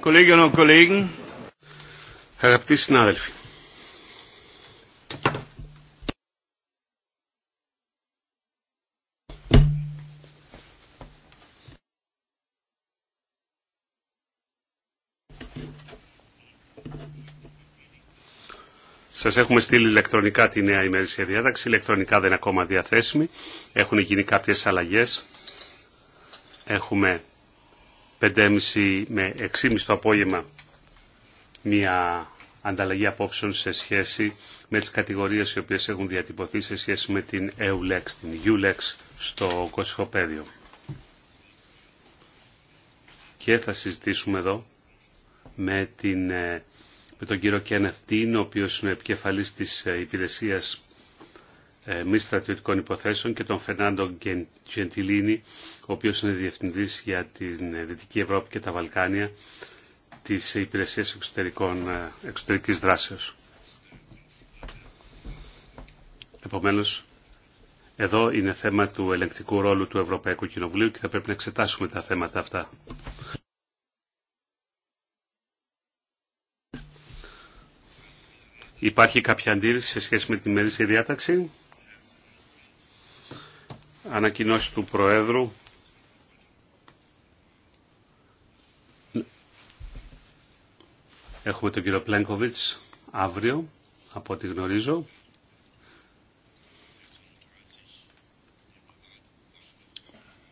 Kolleginnen und Αγαπητοί συνάδελφοι, Σας έχουμε στείλει ηλεκτρονικά τη νέα ημερήσια διάταξη. Ηλεκτρονικά δεν είναι ακόμα διαθέσιμη. Έχουν γίνει κάποιες αλλαγές. Έχουμε 5.30 με 6.30 το απόγευμα μια ανταλλαγή απόψεων σε σχέση με τις κατηγορίες οι οποίες έχουν διατυπωθεί σε σχέση με την EULEX, την EULEX στο Κωσυχοπαίδιο. Και θα συζητήσουμε εδώ με, την, ε, με τον κύριο Κένεθ ο οποίος είναι επικεφαλής της ε, υπηρεσίας ε, μη στρατιωτικών υποθέσεων και τον Φερνάντο Τζεντιλίνη, ο οποίος είναι διευθυντής για την ε, Δυτική Ευρώπη και τα Βαλκάνια της υπηρεσία Εξωτερικών, ε, Εξωτερικής Επομένω, Επομένως, εδώ είναι θέμα του ελεγκτικού ρόλου του Ευρωπαϊκού Κοινοβουλίου και θα πρέπει να εξετάσουμε τα θέματα αυτά. Υπάρχει κάποια αντίρρηση σε σχέση με τη μερική διάταξη ανακοινώσει του Προέδρου. Έχουμε τον κύριο Πλένκοβιτς αύριο, από ό,τι γνωρίζω.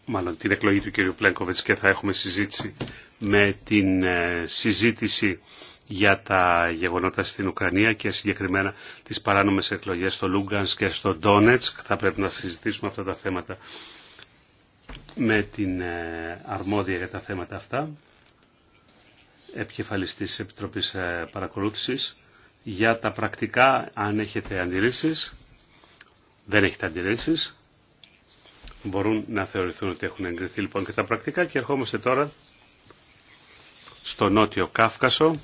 Μάλλον την εκλογή του κύριου Πλένκοβιτς και θα έχουμε συζήτηση με την ε, συζήτηση για τα γεγονότα στην Ουκρανία και συγκεκριμένα τις παράνομες εκλογές στο Λούγκανς και στο Ντόνετσκ. Θα πρέπει να συζητήσουμε αυτά τα θέματα με την ε, αρμόδια για τα θέματα αυτά, επικεφαλής της Επιτροπής ε, Παρακολούθησης. Για τα πρακτικά, αν έχετε αντιρρήσεις, δεν έχετε αντιρρήσεις, μπορούν να θεωρηθούν ότι έχουν εγκριθεί λοιπόν και τα πρακτικά και ερχόμαστε τώρα στο Νότιο Κάφκασο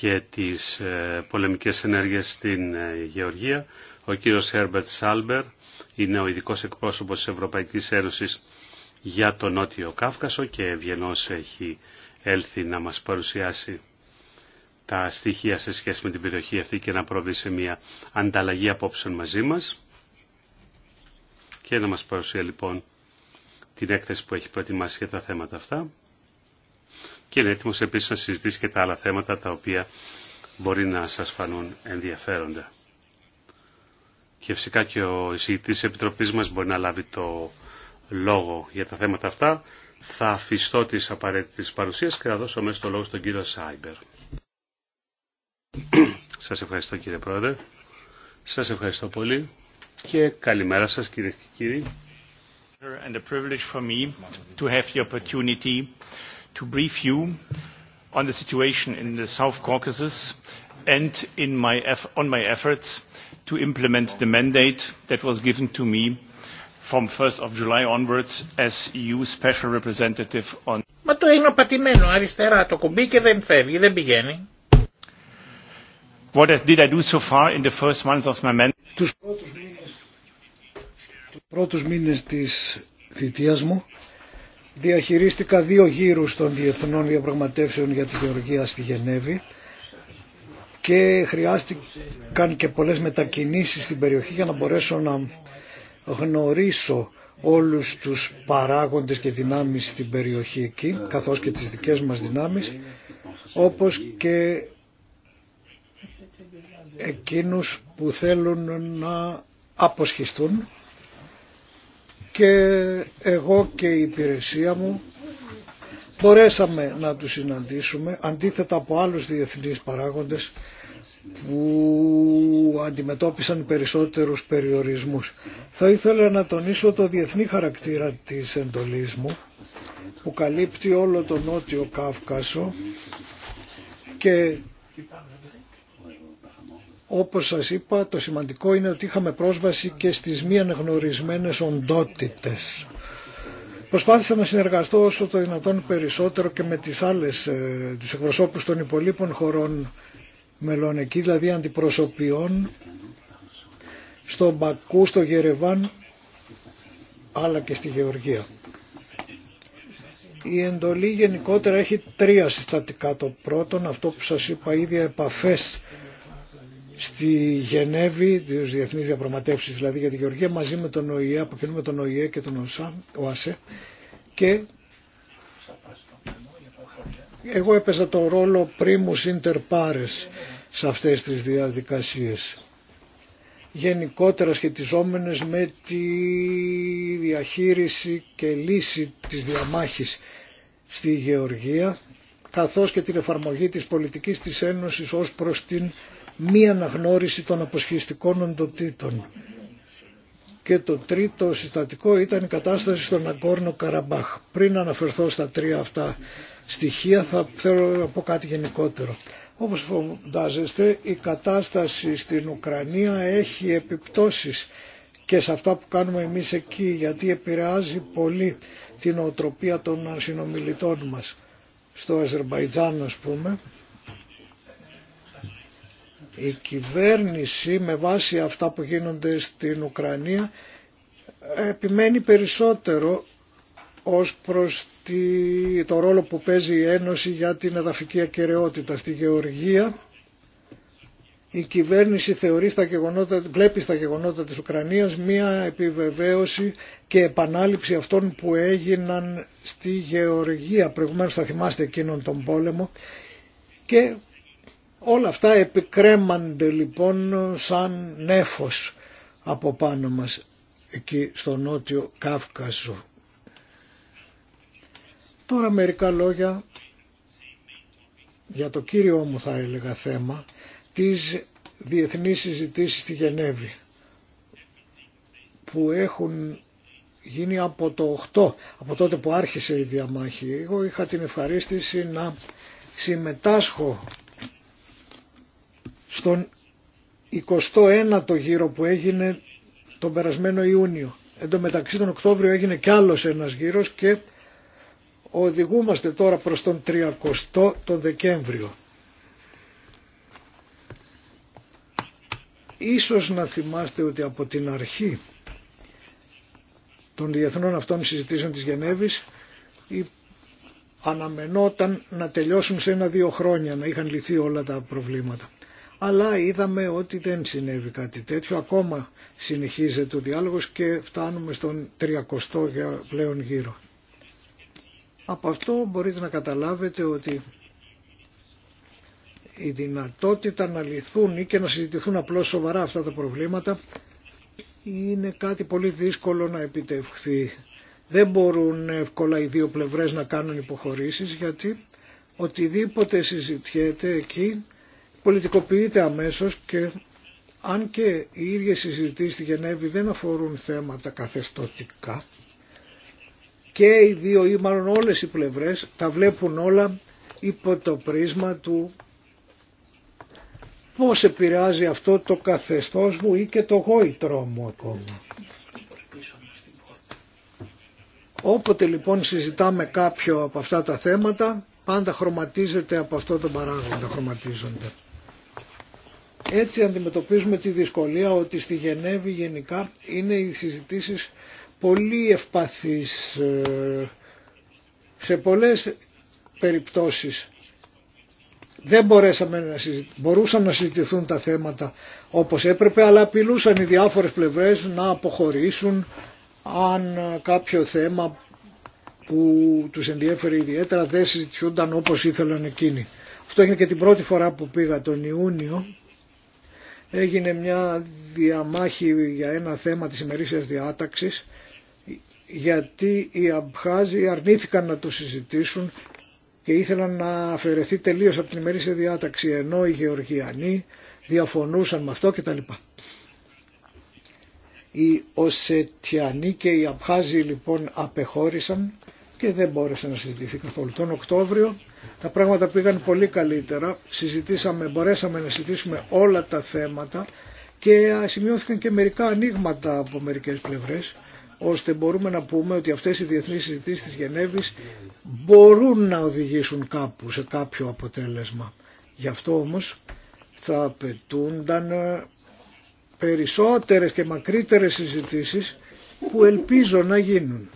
και τις ε, πολεμικές ενέργειες στην ε, Γεωργία. Ο κύριος Herbert Σάλμπερ είναι ο ειδικό εκπρόσωπος της Ευρωπαϊκής Ένωσης για το Νότιο Κάφκασο και ευγενώς έχει έλθει να μας παρουσιάσει τα στοιχεία σε σχέση με την περιοχή αυτή και να προβεί σε μια ανταλλαγή απόψεων μαζί μας και να μας παρουσιάσει λοιπόν την έκθεση που έχει προετοιμάσει για τα θέματα αυτά και είναι έτοιμος επίσης να συζητήσει και τα άλλα θέματα τα οποία μπορεί να σας φανούν ενδιαφέροντα. Και φυσικά και ο εισηγητής της Επιτροπής μας μπορεί να λάβει το λόγο για τα θέματα αυτά. Θα αφιστώ τις απαραίτητες παρουσίες και θα δώσω μέσα το λόγο στον κύριο Σάιμπερ. σας ευχαριστώ κύριε Πρόεδρε. Σας ευχαριστώ πολύ και καλημέρα σας κύριε και κύριοι to brief you on the situation in the South Caucasus and in my on my efforts to implement the mandate that was given to me from 1st of July onwards as EU Special Representative on... Μα το είναι πατημένο αριστερά το κουμπί και δεν φεύγει, δεν πηγαίνει. What did I do so far in the first months of my mandate? Τους πρώτους μήνες, τους πρώτους μήνες της θητείας μου διαχειρίστηκα δύο γύρους των διεθνών διαπραγματεύσεων για τη Γεωργία στη Γενέβη και χρειάστηκαν και πολλές μετακινήσεις στην περιοχή για να μπορέσω να γνωρίσω όλους τους παράγοντες και δυνάμεις στην περιοχή εκεί, καθώς και τις δικές μας δυνάμεις, όπως και εκείνους που θέλουν να αποσχιστούν και εγώ και η υπηρεσία μου μπορέσαμε να τους συναντήσουμε αντίθετα από άλλους διεθνείς παράγοντες που αντιμετώπισαν περισσότερους περιορισμούς. Θα ήθελα να τονίσω το διεθνή χαρακτήρα της εντολής μου που καλύπτει όλο τον Νότιο Κάυκασο και όπως σας είπα, το σημαντικό είναι ότι είχαμε πρόσβαση και στις μη αναγνωρισμένες οντότητες. Προσπάθησα να συνεργαστώ όσο το δυνατόν περισσότερο και με τις άλλες, ε, τους εκπροσώπους των υπολείπων χωρών μελών εκεί, δηλαδή αντιπροσωπιών, στο Μπακού, στο Γερεβάν, αλλά και στη Γεωργία. Η εντολή γενικότερα έχει τρία συστατικά. Το πρώτον, αυτό που σας είπα ίδια επαφές στη Γενέβη, τη διεθνεί διαπραγματεύσει δηλαδή για τη Γεωργία, μαζί με τον ΟΗΕ, τον ΟΗΕ και τον ΟΣΑ, ΟΑΣΕ. Και εγώ έπαιζα το ρόλο πρίμους inter pares σε αυτές τις διαδικασίες. Γενικότερα σχετιζόμενες με τη διαχείριση και λύση της διαμάχης στη Γεωργία καθώς και την εφαρμογή της πολιτικής της Ένωσης ως προς την μη αναγνώριση των αποσχιστικών οντοτήτων. Και το τρίτο συστατικό ήταν η κατάσταση στον Αγκόρνο Καραμπάχ. Πριν αναφερθώ στα τρία αυτά στοιχεία θα θέλω να πω κάτι γενικότερο. Όπως φαντάζεστε η κατάσταση στην Ουκρανία έχει επιπτώσεις και σε αυτά που κάνουμε εμείς εκεί γιατί επηρεάζει πολύ την οτροπία των συνομιλητών μας. Στο Αζερβαϊτζάν ας πούμε η κυβέρνηση με βάση αυτά που γίνονται στην Ουκρανία επιμένει περισσότερο ως προς τη, το ρόλο που παίζει η Ένωση για την εδαφική ακαιρεότητα. Στη Γεωργία η κυβέρνηση θεωρεί στα γεγονότα, βλέπει στα γεγονότα της Ουκρανίας μία επιβεβαίωση και επανάληψη αυτών που έγιναν στη Γεωργία. Προηγουμένως θα θυμάστε εκείνον τον πόλεμο και Όλα αυτά επικρέμανται λοιπόν σαν νέφος από πάνω μας εκεί στο νότιο Κάυκασο. Τώρα μερικά λόγια για το κύριο μου θα έλεγα θέμα της διεθνή συζητήσεις στη Γενέβη που έχουν γίνει από το 8, από τότε που άρχισε η διαμάχη. Εγώ είχα την ευχαρίστηση να συμμετάσχω στον 21ο γύρο που έγινε τον περασμένο Ιούνιο. Εν τω μεταξύ τον Οκτώβριο έγινε κι άλλος ένας γύρος και οδηγούμαστε τώρα προς τον 30ο τον Δεκέμβριο. Ίσως να θυμάστε ότι από την αρχή των διεθνών αυτών συζητήσεων της Γενέβης αναμενόταν να τελειώσουν σε ένα-δύο χρόνια, να είχαν λυθεί όλα τα προβλήματα αλλά είδαμε ότι δεν συνέβη κάτι τέτοιο. Ακόμα συνεχίζεται ο διάλογος και φτάνουμε στον 300 πλέον γύρο. Από αυτό μπορείτε να καταλάβετε ότι η δυνατότητα να λυθούν ή και να συζητηθούν απλώς σοβαρά αυτά τα προβλήματα είναι κάτι πολύ δύσκολο να επιτευχθεί. Δεν μπορούν εύκολα οι δύο πλευρές να κάνουν υποχωρήσεις γιατί οτιδήποτε συζητιέται εκεί πολιτικοποιείται αμέσως και αν και οι ίδιες οι συζητήσεις στη Γενέβη δεν αφορούν θέματα καθεστωτικά και οι δύο ή μάλλον όλες οι πλευρές τα βλέπουν όλα υπό το πρίσμα του πώς επηρεάζει αυτό το καθεστώς μου ή και το γόητρό μου ακόμα. Όποτε λοιπόν συζητάμε κάποιο από αυτά τα θέματα, πάντα χρωματίζεται από αυτό το παράγοντα, χρωματίζονται. Έτσι αντιμετωπίζουμε τη δυσκολία ότι στη Γενέβη γενικά είναι οι συζητήσεις πολύ ευπαθείς ε, σε πολλές περιπτώσεις. Δεν μπορέσαμε να συζητη... μπορούσαν να συζητηθούν τα θέματα όπως έπρεπε, αλλά απειλούσαν οι διάφορες πλευρές να αποχωρήσουν αν κάποιο θέμα που τους ενδιέφερε ιδιαίτερα δεν συζητιούνταν όπως ήθελαν εκείνοι. Αυτό έγινε και την πρώτη φορά που πήγα τον Ιούνιο έγινε μια διαμάχη για ένα θέμα της ημερήσιας διάταξης γιατί οι Αμπχάζοι αρνήθηκαν να το συζητήσουν και ήθελαν να αφαιρεθεί τελείως από την ημερήσια διάταξη ενώ οι Γεωργιανοί διαφωνούσαν με αυτό κτλ. Οι Οσετιανοί και οι Αμπχάζοι λοιπόν απεχώρησαν και δεν μπόρεσε να συζητηθεί καθόλου. Τον Οκτώβριο τα πράγματα πήγαν πολύ καλύτερα, συζητήσαμε, μπορέσαμε να συζητήσουμε όλα τα θέματα και σημειώθηκαν και μερικά ανοίγματα από μερικές πλευρές ώστε μπορούμε να πούμε ότι αυτές οι διεθνείς συζητήσεις της Γενέβης μπορούν να οδηγήσουν κάπου σε κάποιο αποτέλεσμα. Γι' αυτό όμως θα απαιτούνταν ε, περισσότερες και μακρύτερες συζητήσεις που ελπίζω να γίνουν.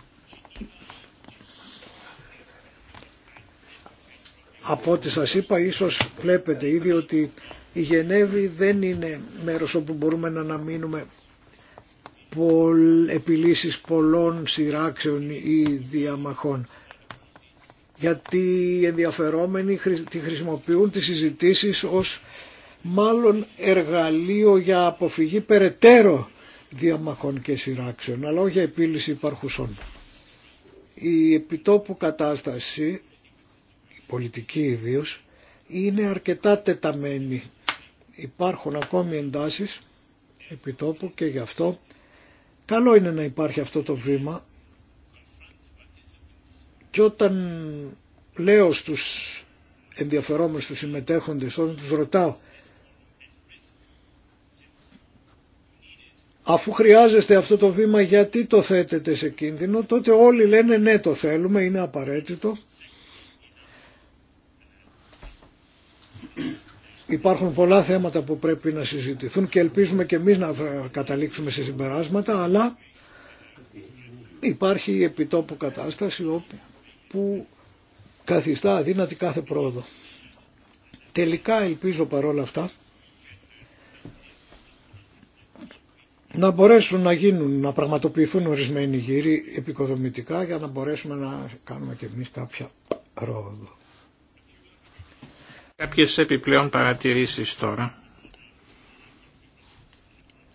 Από ό,τι σας είπα ίσως βλέπετε ήδη ότι η Γενέβη δεν είναι μέρος όπου μπορούμε να αναμείνουμε επιλύσεις πολλών σειράξεων ή διαμαχών γιατί οι ενδιαφερόμενοι τη χρησιμοποιούν τις συζητήσεις ως μάλλον εργαλείο για αποφυγή περαιτέρω διαμαχών και σειράξεων αλλά όχι για επίλυση υπαρχουσών. Η επιτόπου κατάσταση πολιτική ιδίω, είναι αρκετά τεταμένη. Υπάρχουν ακόμη εντάσεις επιτόπου και γι' αυτό καλό είναι να υπάρχει αυτό το βήμα και όταν λέω στους ενδιαφερόμενους, τους συμμετέχοντες, όταν τους ρωτάω αφού χρειάζεστε αυτό το βήμα γιατί το θέτετε σε κίνδυνο, τότε όλοι λένε ναι το θέλουμε, είναι απαραίτητο Υπάρχουν πολλά θέματα που πρέπει να συζητηθούν και ελπίζουμε και εμείς να καταλήξουμε σε συμπεράσματα, αλλά υπάρχει η επιτόπου κατάσταση που καθιστά αδύνατη κάθε πρόοδο. Τελικά ελπίζω παρόλα αυτά να μπορέσουν να γίνουν, να πραγματοποιηθούν ορισμένοι γύροι επικοδομητικά για να μπορέσουμε να κάνουμε και εμείς κάποια πρόοδο. Κάποιες επιπλέον παρατηρήσεις τώρα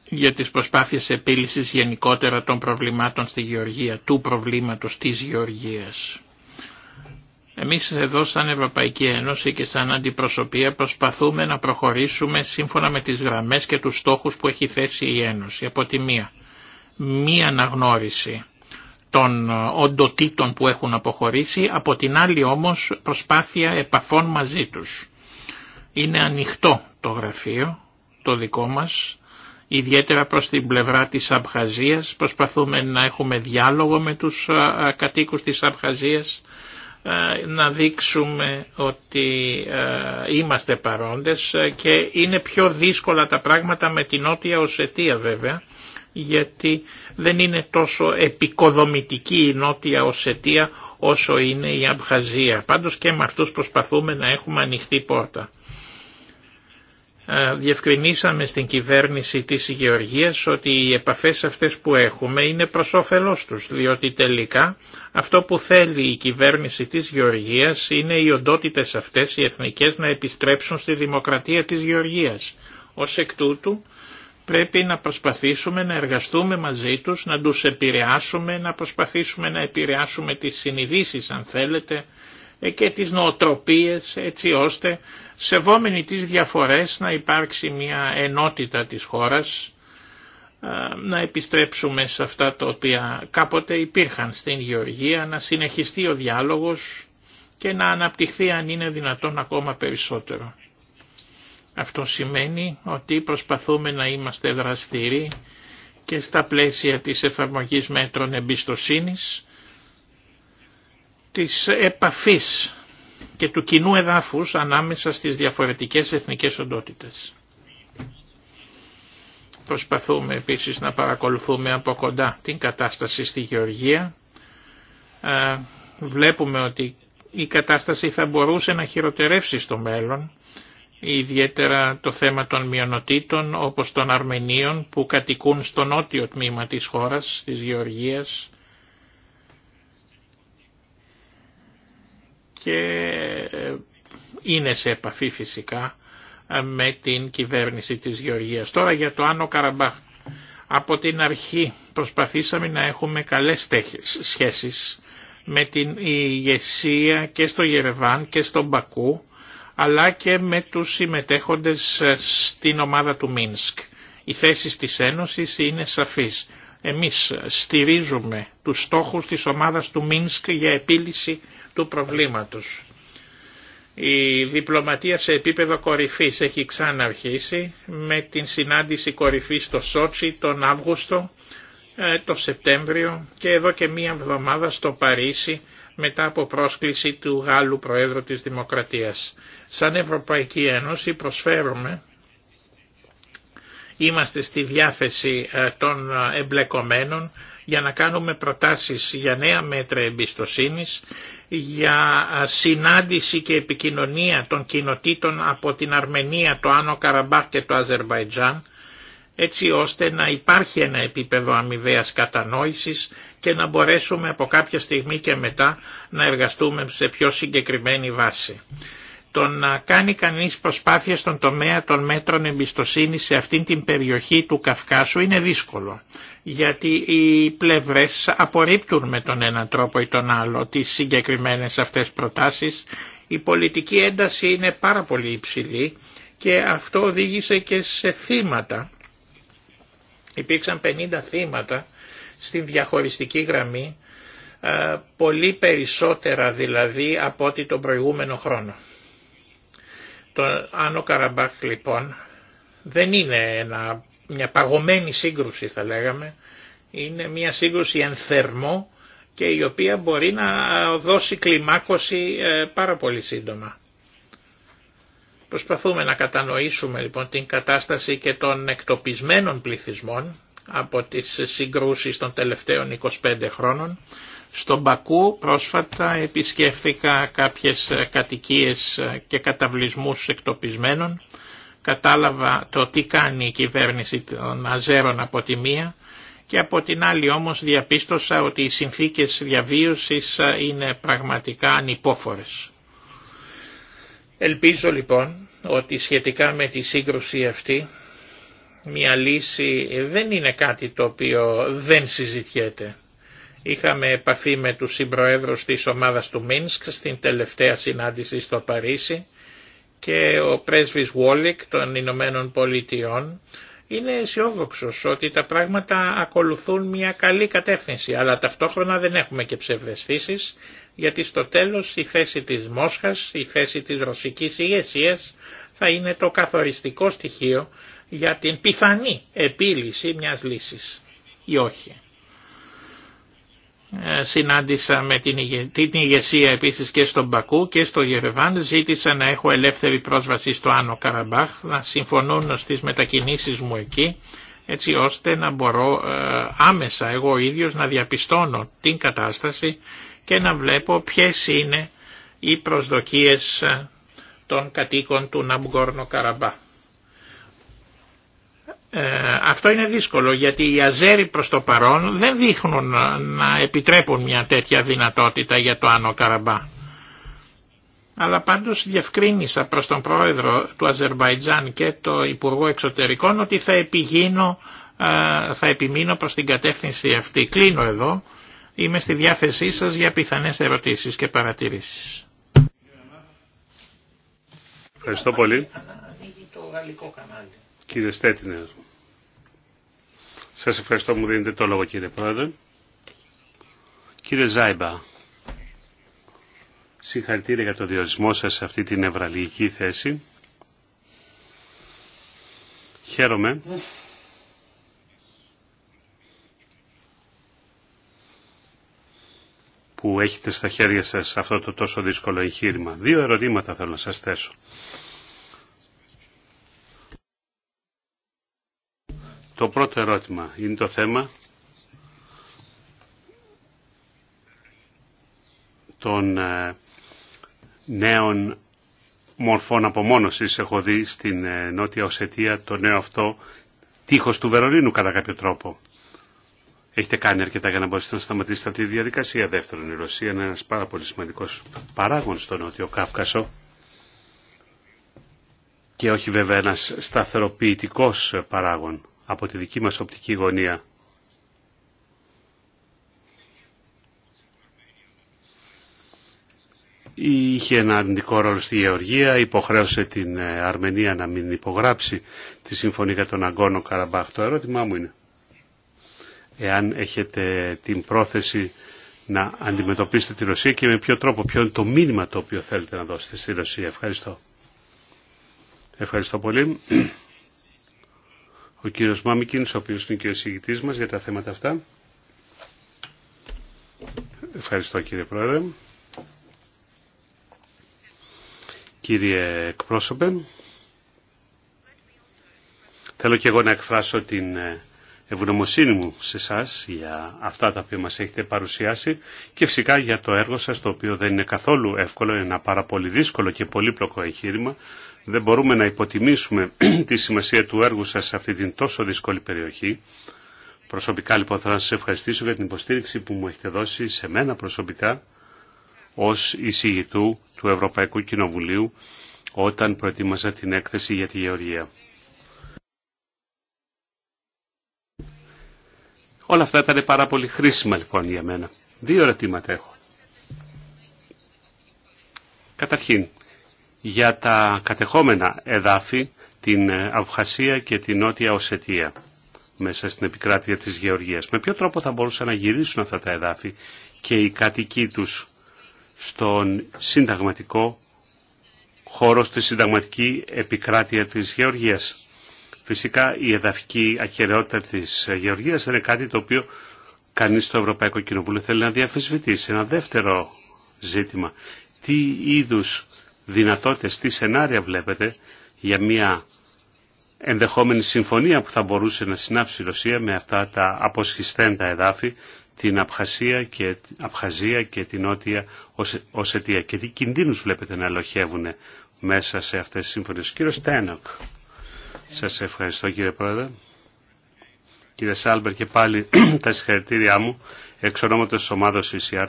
για τις προσπάθειες επίλυσης γενικότερα των προβλημάτων στη γεωργία, του προβλήματος της γεωργίας. Εμείς εδώ σαν Ευρωπαϊκή Ένωση και σαν αντιπροσωπεία προσπαθούμε να προχωρήσουμε σύμφωνα με τις γραμμές και τους στόχους που έχει θέσει η Ένωση. Από τη μία, μία αναγνώριση των οντοτήτων που έχουν αποχωρήσει, από την άλλη όμως προσπάθεια επαφών μαζί τους. Είναι ανοιχτό το γραφείο, το δικό μας, ιδιαίτερα προς την πλευρά της Αμπχαζίας. Προσπαθούμε να έχουμε διάλογο με τους κατοίκους της Αμπχαζίας, να δείξουμε ότι είμαστε παρόντες και είναι πιο δύσκολα τα πράγματα με την Νότια Οσετία βέβαια γιατί δεν είναι τόσο επικοδομητική η Νότια Οσετία όσο είναι η Αμπχαζία. Πάντως και με αυτούς προσπαθούμε να έχουμε ανοιχτή πόρτα. Ε, διευκρινίσαμε στην κυβέρνηση της Γεωργίας ότι οι επαφές αυτές που έχουμε είναι προς όφελός τους, διότι τελικά αυτό που θέλει η κυβέρνηση της Γεωργίας είναι οι οντότητες αυτές οι εθνικές να επιστρέψουν στη δημοκρατία της Γεωργίας. Ως εκ τούτου πρέπει να προσπαθήσουμε να εργαστούμε μαζί τους, να τους επηρεάσουμε, να προσπαθήσουμε να επηρεάσουμε τις συνειδήσεις αν θέλετε ε, και τις νοοτροπίες έτσι ώστε σεβόμενοι τις διαφορές να υπάρξει μια ενότητα της χώρας ε, να επιστρέψουμε σε αυτά τα οποία κάποτε υπήρχαν στην Γεωργία, να συνεχιστεί ο διάλογος και να αναπτυχθεί αν είναι δυνατόν ακόμα περισσότερο. Αυτό σημαίνει ότι προσπαθούμε να είμαστε δραστηροί και στα πλαίσια της εφαρμογής μέτρων εμπιστοσύνης, της επαφής και του κοινού εδάφους ανάμεσα στις διαφορετικές εθνικές οντότητες. Προσπαθούμε επίσης να παρακολουθούμε από κοντά την κατάσταση στη Γεωργία. Ε, βλέπουμε ότι η κατάσταση θα μπορούσε να χειροτερεύσει στο μέλλον, ιδιαίτερα το θέμα των μειονοτήτων όπως των Αρμενίων που κατοικούν στο νότιο τμήμα της χώρας, της Γεωργίας, και ε, είναι σε επαφή φυσικά ε, με την κυβέρνηση της Γεωργίας. Τώρα για το Άνω Καραμπάχ. Από την αρχή προσπαθήσαμε να έχουμε καλές σχέσεις με την ηγεσία και στο Γερεβάν και στον Μπακού αλλά και με τους συμμετέχοντες ε, στην ομάδα του Μίνσκ. Οι θέσεις της Ένωσης είναι σαφείς. Εμείς στηρίζουμε τους στόχους της ομάδας του Μίνσκ για επίλυση του προβλήματος. Η διπλωματία σε επίπεδο κορυφής έχει ξαναρχίσει με την συνάντηση κορυφής στο Σότσι τον Αύγουστο, ε, το Σεπτέμβριο και εδώ και μία εβδομάδα στο Παρίσι μετά από πρόσκληση του Γάλλου Προέδρου της Δημοκρατίας. Σαν Ευρωπαϊκή Ένωση προσφέρουμε, είμαστε στη διάθεση ε, των ε, εμπλεκομένων για να κάνουμε προτάσεις για νέα μέτρα εμπιστοσύνης, για συνάντηση και επικοινωνία των κοινοτήτων από την Αρμενία, το Άνω Καραμπάχ και το Αζερβαϊτζάν, έτσι ώστε να υπάρχει ένα επίπεδο αμοιβαίας κατανόησης και να μπορέσουμε από κάποια στιγμή και μετά να εργαστούμε σε πιο συγκεκριμένη βάση. Το να κάνει κανείς προσπάθεια στον τομέα των μέτρων εμπιστοσύνης σε αυτήν την περιοχή του Καυκάσου είναι δύσκολο γιατί οι πλευρές απορρίπτουν με τον έναν τρόπο ή τον άλλο τις συγκεκριμένες αυτές προτάσεις. Η πολιτική ένταση είναι πάρα πολύ υψηλή και αυτό οδήγησε και σε θύματα. Υπήρξαν 50 θύματα στην διαχωριστική γραμμή, πολύ περισσότερα δηλαδή από ό,τι τον προηγούμενο χρόνο. Το Άνω Καραμπάχ λοιπόν δεν είναι ένα μια παγωμένη σύγκρουση θα λέγαμε, είναι μια σύγκρουση εν θερμό και η οποία μπορεί να δώσει κλιμάκωση ε, πάρα πολύ σύντομα. Προσπαθούμε να κατανοήσουμε λοιπόν την κατάσταση και των εκτοπισμένων πληθυσμών από τις συγκρούσεις των τελευταίων 25 χρόνων. Στον Πακού πρόσφατα επισκέφθηκα κάποιες κατοικίες και καταβλισμούς εκτοπισμένων κατάλαβα το τι κάνει η κυβέρνηση των Αζέρων από τη μία και από την άλλη όμως διαπίστωσα ότι οι συνθήκες διαβίωσης ε, είναι πραγματικά ανυπόφορες. Ελπίζω λοιπόν ότι σχετικά με τη σύγκρουση αυτή μια λύση δεν είναι κάτι το οποίο δεν συζητιέται. Είχαμε επαφή με τους συμπροέδρους της ομάδας του Μίνσκ στην τελευταία συνάντηση στο Παρίσι και ο πρέσβης Βόλικ των Ηνωμένων Πολιτειών είναι αισιόδοξο ότι τα πράγματα ακολουθούν μια καλή κατεύθυνση, αλλά ταυτόχρονα δεν έχουμε και ψευδεστήσεις, γιατί στο τέλος η θέση της Μόσχας, η θέση της ρωσικής ηγεσία θα είναι το καθοριστικό στοιχείο για την πιθανή επίλυση μιας λύσης ή όχι. Ε, συνάντησα με την, ηγε... ηγεσία επίσης και στον Πακού και στο Γερεβάν ζήτησα να έχω ελεύθερη πρόσβαση στο Άνω Καραμπάχ να συμφωνούν στις μετακινήσεις μου εκεί έτσι ώστε να μπορώ ε, άμεσα εγώ ίδιος να διαπιστώνω την κατάσταση και να βλέπω ποιες είναι οι προσδοκίες ε, των κατοίκων του Ναμπγκόρνο Καραμπάχ. Ε, αυτό είναι δύσκολο γιατί οι Αζέροι προς το παρόν δεν δείχνουν να επιτρέπουν μια τέτοια δυνατότητα για το Άνω Καραμπά. Αλλά πάντως διευκρίνησα προς τον πρόεδρο του Αζερβαϊτζάν και το Υπουργό Εξωτερικών ότι θα, επιγίνω, ε, θα επιμείνω προς την κατεύθυνση αυτή. Κλείνω εδώ. Είμαι στη διάθεσή σας για πιθανές ερωτήσεις και παρατηρήσεις. Ευχαριστώ πολύ. Το κύριε Στέτινερ. Σας ευχαριστώ μου δίνετε το λόγο κύριε Πρόεδρε. Κύριε Ζάιμπα, συγχαρητήρια για το διορισμό σας σε αυτή την ευραλική θέση. Χαίρομαι. που έχετε στα χέρια σας αυτό το τόσο δύσκολο εγχείρημα. Δύο ερωτήματα θέλω να σας θέσω. Το πρώτο ερώτημα είναι το θέμα των ε, νέων μορφών απομόνωσης. Έχω δει στην ε, Νότια Οσετία το νέο αυτό τείχος του Βερολίνου κατά κάποιο τρόπο. Έχετε κάνει αρκετά για να μπορέσετε να σταματήσετε αυτή τη διαδικασία. Δεύτερον, η Ρωσία είναι ένας πάρα πολύ σημαντικός παράγων στο Νότιο Κάυκασο και όχι βέβαια ένας σταθεροποιητικός παράγων από τη δική μας οπτική γωνία. Είχε ένα αρνητικό ρόλο στη Γεωργία, υποχρέωσε την ε, Αρμενία να μην υπογράψει τη Συμφωνία για τον Αγκόνο Καραμπάχ. Το ερώτημά μου είναι, εάν έχετε την πρόθεση να αντιμετωπίσετε τη Ρωσία και με ποιο τρόπο, ποιο είναι το μήνυμα το οποίο θέλετε να δώσετε στη Ρωσία. Ευχαριστώ. Ευχαριστώ πολύ ο κύριος Μάμικινς, ο οποίος είναι και ο εισηγητής μας για τα θέματα αυτά. Ευχαριστώ κύριε Πρόεδρε. Κύριε εκπρόσωπε, θέλω και εγώ να εκφράσω την ε, ευγνωμοσύνη μου σε εσά για αυτά τα οποία μας έχετε παρουσιάσει και φυσικά για το έργο σας το οποίο δεν είναι καθόλου εύκολο, είναι ένα πάρα πολύ δύσκολο και πολύπλοκο εγχείρημα. Δεν μπορούμε να υποτιμήσουμε τη σημασία του έργου σας σε αυτή την τόσο δύσκολη περιοχή. Προσωπικά λοιπόν θέλω να σας ευχαριστήσω για την υποστήριξη που μου έχετε δώσει σε μένα προσωπικά ως εισηγητού του Ευρωπαϊκού Κοινοβουλίου όταν προετοίμαζα την έκθεση για τη Γεωργία. Όλα αυτά ήταν πάρα πολύ χρήσιμα λοιπόν για μένα. Δύο ερωτήματα έχω. Καταρχήν, για τα κατεχόμενα εδάφη, την Αυχασία και την Νότια Οσετία μέσα στην επικράτεια της Γεωργίας. Με ποιο τρόπο θα μπορούσαν να γυρίσουν αυτά τα εδάφη και οι κατοικοί τους στον συνταγματικό χώρο, στη συνταγματική επικράτεια της Γεωργίας. Φυσικά η εδαφική ακεραιότητα της Γεωργίας είναι κάτι το οποίο κανείς στο Ευρωπαϊκό Κοινοβούλιο θέλει να διαφυσβητήσει. Ένα δεύτερο ζήτημα. Τι είδους δυνατότητες, τι σενάρια βλέπετε για μια ενδεχόμενη συμφωνία που θα μπορούσε να συνάψει η Ρωσία με αυτά τα αποσχιστέντα εδάφη, την Απχασία και, Απχαζία και την Νότια αιτία Και τι κινδύνους βλέπετε να ελοχεύουν μέσα σε αυτές τις συμφωνίες. Κύριος Τένοκ. Σας ευχαριστώ κύριε Πρόεδρε. Κύριε Σάλμπερ και πάλι τα συγχαρητήριά μου εξ ονόματο τη ομάδα ΙΣΙΑΡ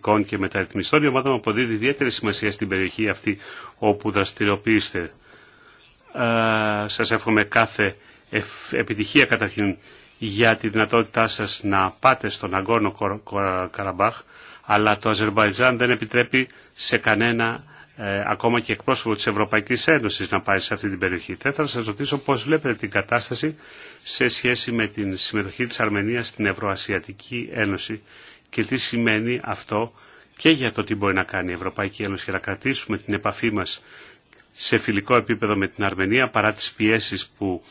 των και μεταρρυθμιστών. Η ομάδα μου αποδίδει ιδιαίτερη σημασία στην περιοχή αυτή όπου δραστηριοποιείστε. Ε, σας εύχομαι κάθε επιτυχία καταρχήν για τη δυνατότητά σας να πάτε στον Αγκόνο Καραμπάχ, αλλά το Αζερβαϊτζάν δεν επιτρέπει σε κανένα ε, ακόμα και εκπρόσωπο της Ευρωπαϊκής Ένωσης να πάει σε αυτή την περιοχή. Θα ήθελα να σας ρωτήσω πώς βλέπετε την κατάσταση σε σχέση με την συμμετοχή της Αρμενίας στην Ευρωασιατική Ένωση και τι σημαίνει αυτό και για το τι μπορεί να κάνει η Ευρωπαϊκή Ένωση για να κρατήσουμε την επαφή μας σε φιλικό επίπεδο με την Αρμενία παρά τις πιέσεις που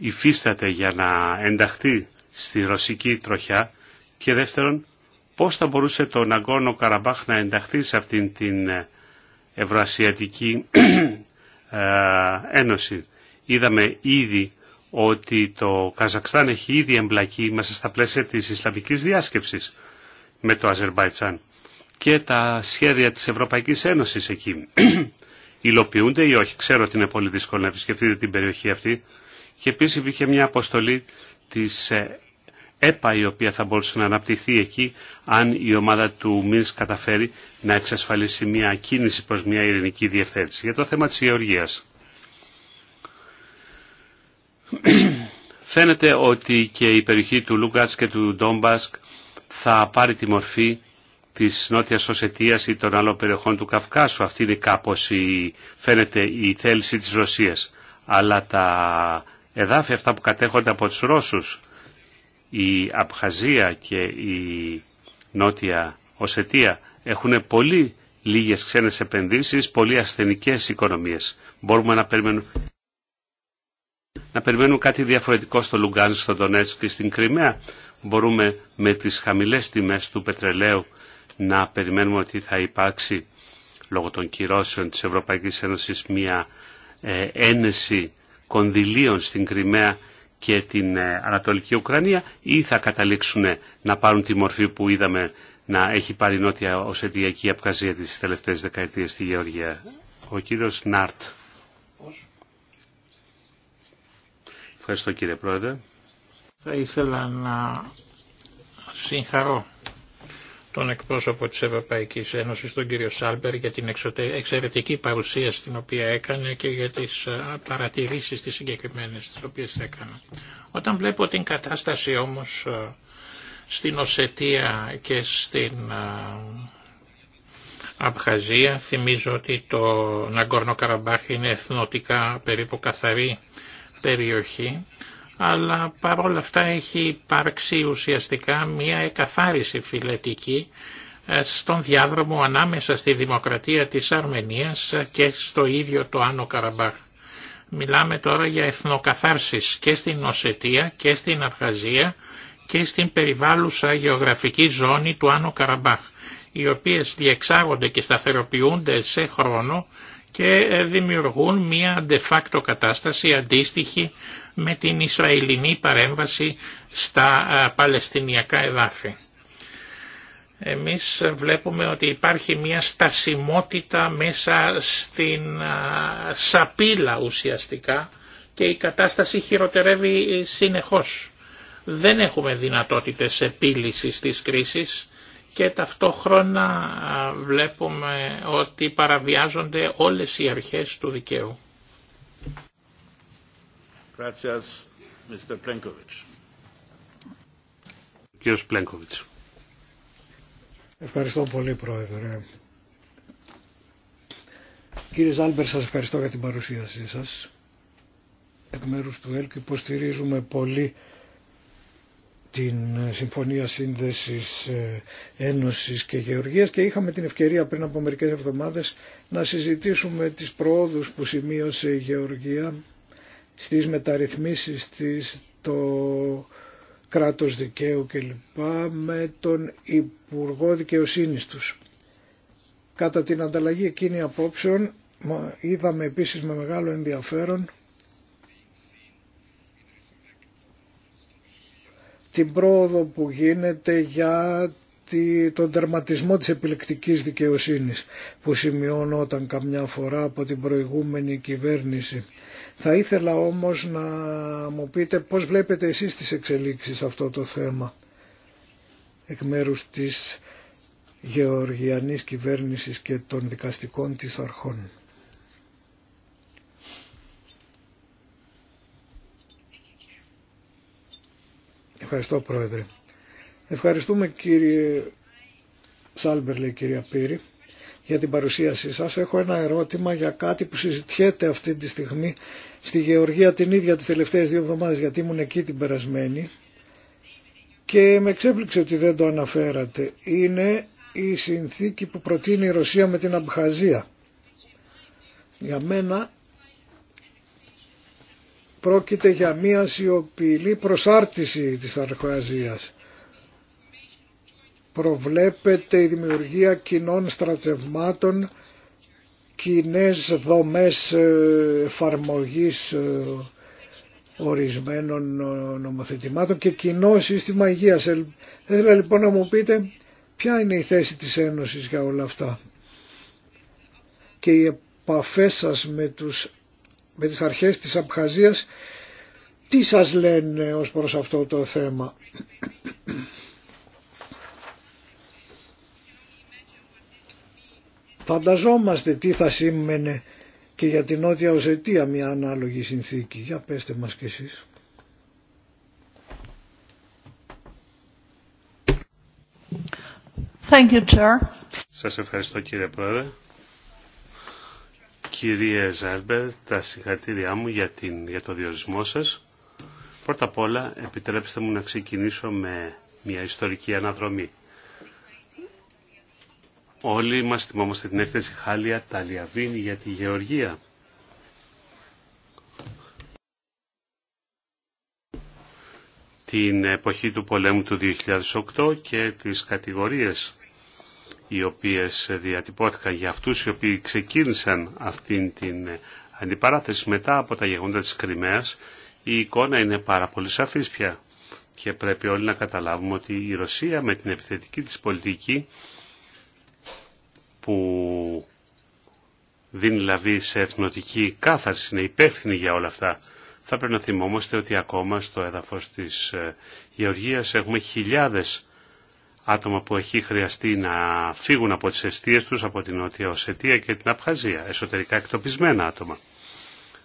υφίσταται για να ενταχθεί στη ρωσική τροχιά και δεύτερον πώς θα μπορούσε το Ναγκόνο Καραμπάχ να ενταχθεί σε αυτήν την ε, Ευρωασιατική ε, Ένωση. Είδαμε ήδη ότι το Καζακστάν έχει ήδη εμπλακεί μέσα στα πλαίσια της Ισλαμικής διάσκεψης με το Αζερμπαϊτζάν και τα σχέδια της Ευρωπαϊκής Ένωσης εκεί υλοποιούνται ή όχι. Ξέρω ότι είναι πολύ δύσκολο να επισκεφτείτε την περιοχή αυτή και επίσης υπήρχε μια αποστολή της ε, ΕΠΑ η οποία θα μπορούσε να αναπτυχθεί εκεί αν η ομάδα του Μίνς καταφέρει να εξασφαλίσει μια κίνηση προς μια ειρηνική διευθέτηση. Για το θέμα της γεωργίας. Φαίνεται ότι και η περιοχή του Λούγκατς και του Ντόμπασκ θα πάρει τη μορφή της Νότιας Οσετίας ή των άλλων περιοχών του Καυκάσου. Αυτή είναι κάπως η, φαίνεται η θέληση της Ρωσίας. Αλλά τα εδάφια αυτά που κατέχονται από τους Ρώσους η Απχαζία και η Νότια Οσετία έχουν πολύ λίγες ξένες επενδύσεις, πολύ ασθενικές οικονομίες. Μπορούμε να περιμένουμε, να περιμένουμε κάτι διαφορετικό στο Λουγκάν, στο Ντονέτσκ και στην Κρυμαία. Μπορούμε με τις χαμηλές τιμές του πετρελαίου να περιμένουμε ότι θα υπάρξει λόγω των κυρώσεων της Ευρωπαϊκής Ένωσης μια ε, ένεση κονδυλίων στην Κρυμαία και την ε, Ανατολική Ουκρανία ή θα καταλήξουν να πάρουν τη μορφή που είδαμε να έχει πάρει η Νότια Οσετιακή Απκαζία τις τελευταίες δεκαετίες στη Γεωργία. Ο κύριος Νάρτ. Ευχαριστώ κύριε Πρόεδρε. Θα ήθελα να συγχαρώ τον εκπρόσωπο της Ευρωπαϊκής Ένωσης, τον κύριο Σάλμπερ, για την εξαιρετική παρουσία στην οποία έκανε και για τις ε, παρατηρήσεις τις συγκεκριμένες τις οποίες έκανε. Όταν βλέπω την κατάσταση όμως ε, στην Οσετία και στην ε, Απχαζία, θυμίζω ότι το Ναγκόρνο Καραμπάχ είναι εθνοτικά περίπου καθαρή περιοχή αλλά παρόλα αυτά έχει υπάρξει ουσιαστικά μια εκαθάριση φυλετική ε, στον διάδρομο ανάμεσα στη δημοκρατία της Αρμενίας και στο ίδιο το Άνω Καραμπάχ. Μιλάμε τώρα για εθνοκαθάρσεις και στην Οσετία και στην Αρχαζία και στην περιβάλλουσα γεωγραφική ζώνη του Άνω Καραμπάχ, οι οποίες διεξάγονται και σταθεροποιούνται σε χρόνο και ε, δημιουργούν μία de facto κατάσταση αντίστοιχη με την Ισραηλινή παρέμβαση στα ε, Παλαιστινιακά εδάφη. Εμείς βλέπουμε ότι υπάρχει μία στασιμότητα μέσα στην ε, σαπίλα ουσιαστικά και η κατάσταση χειροτερεύει συνεχώς. Δεν έχουμε δυνατότητες επίλυσης της κρίσης και ταυτόχρονα βλέπουμε ότι παραβιάζονται όλες οι αρχές του δικαίου. Ευχαριστώ πολύ Πρόεδρε. Κύριε Ζάλμπερ, σας ευχαριστώ για την παρουσίασή σας. Εκ μέρους του ΕΛΚ υποστηρίζουμε πολύ την ε, Συμφωνία Σύνδεσης ε, Ένωσης και Γεωργίας και είχαμε την ευκαιρία πριν από μερικές εβδομάδες να συζητήσουμε τις προόδους που σημείωσε η Γεωργία στις μεταρρυθμίσεις της, το κράτος δικαίου κλπ. με τον Υπουργό Δικαιοσύνης τους. Κατά την ανταλλαγή εκείνη απόψεων είδαμε επίσης με μεγάλο ενδιαφέρον την πρόοδο που γίνεται για τον τερματισμό της επιλεκτικής δικαιοσύνης που όταν καμιά φορά από την προηγούμενη κυβέρνηση. Θα ήθελα όμως να μου πείτε πώς βλέπετε εσείς τις εξελίξεις σε αυτό το θέμα εκ μέρους της γεωργιανής κυβέρνησης και των δικαστικών της αρχών. Ευχαριστώ Πρόεδρε. Ευχαριστούμε κύριε Σάλμπερ, λέει κυρία Πύρη, για την παρουσίασή σας. Έχω ένα ερώτημα για κάτι που συζητιέται αυτή τη στιγμή στη Γεωργία την ίδια τις τελευταίες δύο εβδομάδες, γιατί ήμουν εκεί την περασμένη και με εξέπληξε ότι δεν το αναφέρατε. Είναι η συνθήκη που προτείνει η Ρωσία με την Αμπχαζία. Για μένα Πρόκειται για μια σιωπηλή προσάρτηση της Αρχοαζίας. Προβλέπεται η δημιουργία κοινών στρατευμάτων, κοινέ δομές ε, εφαρμογής ε, ορισμένων ε, νομοθετημάτων και κοινό σύστημα υγείας. Θέλω λοιπόν να μου πείτε ποια είναι η θέση της Ένωσης για όλα αυτά και οι επαφές σας με τους με τις αρχές της Αμπχαζίας τι σας λένε ως προς αυτό το θέμα. Φανταζόμαστε τι θα σήμαινε και για την Νότια Οζετία μια ανάλογη συνθήκη. Για πέστε μας κι εσείς. Thank you, Σας ευχαριστώ κύριε Πρόεδρε. Κύριε Ζάρμπερ, τα συγχαρητήριά μου για, την, για το διορισμό σας. Πρώτα απ' όλα, επιτρέψτε μου να ξεκινήσω με μια ιστορική αναδρομή. Όλοι μας θυμόμαστε την έκθεση Χάλια Ταλιαβίνη για τη Γεωργία. Την εποχή του πολέμου του 2008 και τις κατηγορίες οι οποίες διατυπώθηκαν για αυτούς οι οποίοι ξεκίνησαν αυτήν την αντιπαράθεση μετά από τα γεγονότα της Κρυμαίας, η εικόνα είναι πάρα πολύ σαφής πια. Και πρέπει όλοι να καταλάβουμε ότι η Ρωσία με την επιθετική της πολιτική που δίνει λαβή σε εθνοτική κάθαρση, είναι υπεύθυνη για όλα αυτά. Θα πρέπει να θυμόμαστε ότι ακόμα στο έδαφος της ε, Γεωργίας έχουμε χιλιάδες άτομα που έχει χρειαστεί να φύγουν από τις αιστείες τους από την Νότια Οσετία και την Απχαζία, εσωτερικά εκτοπισμένα άτομα.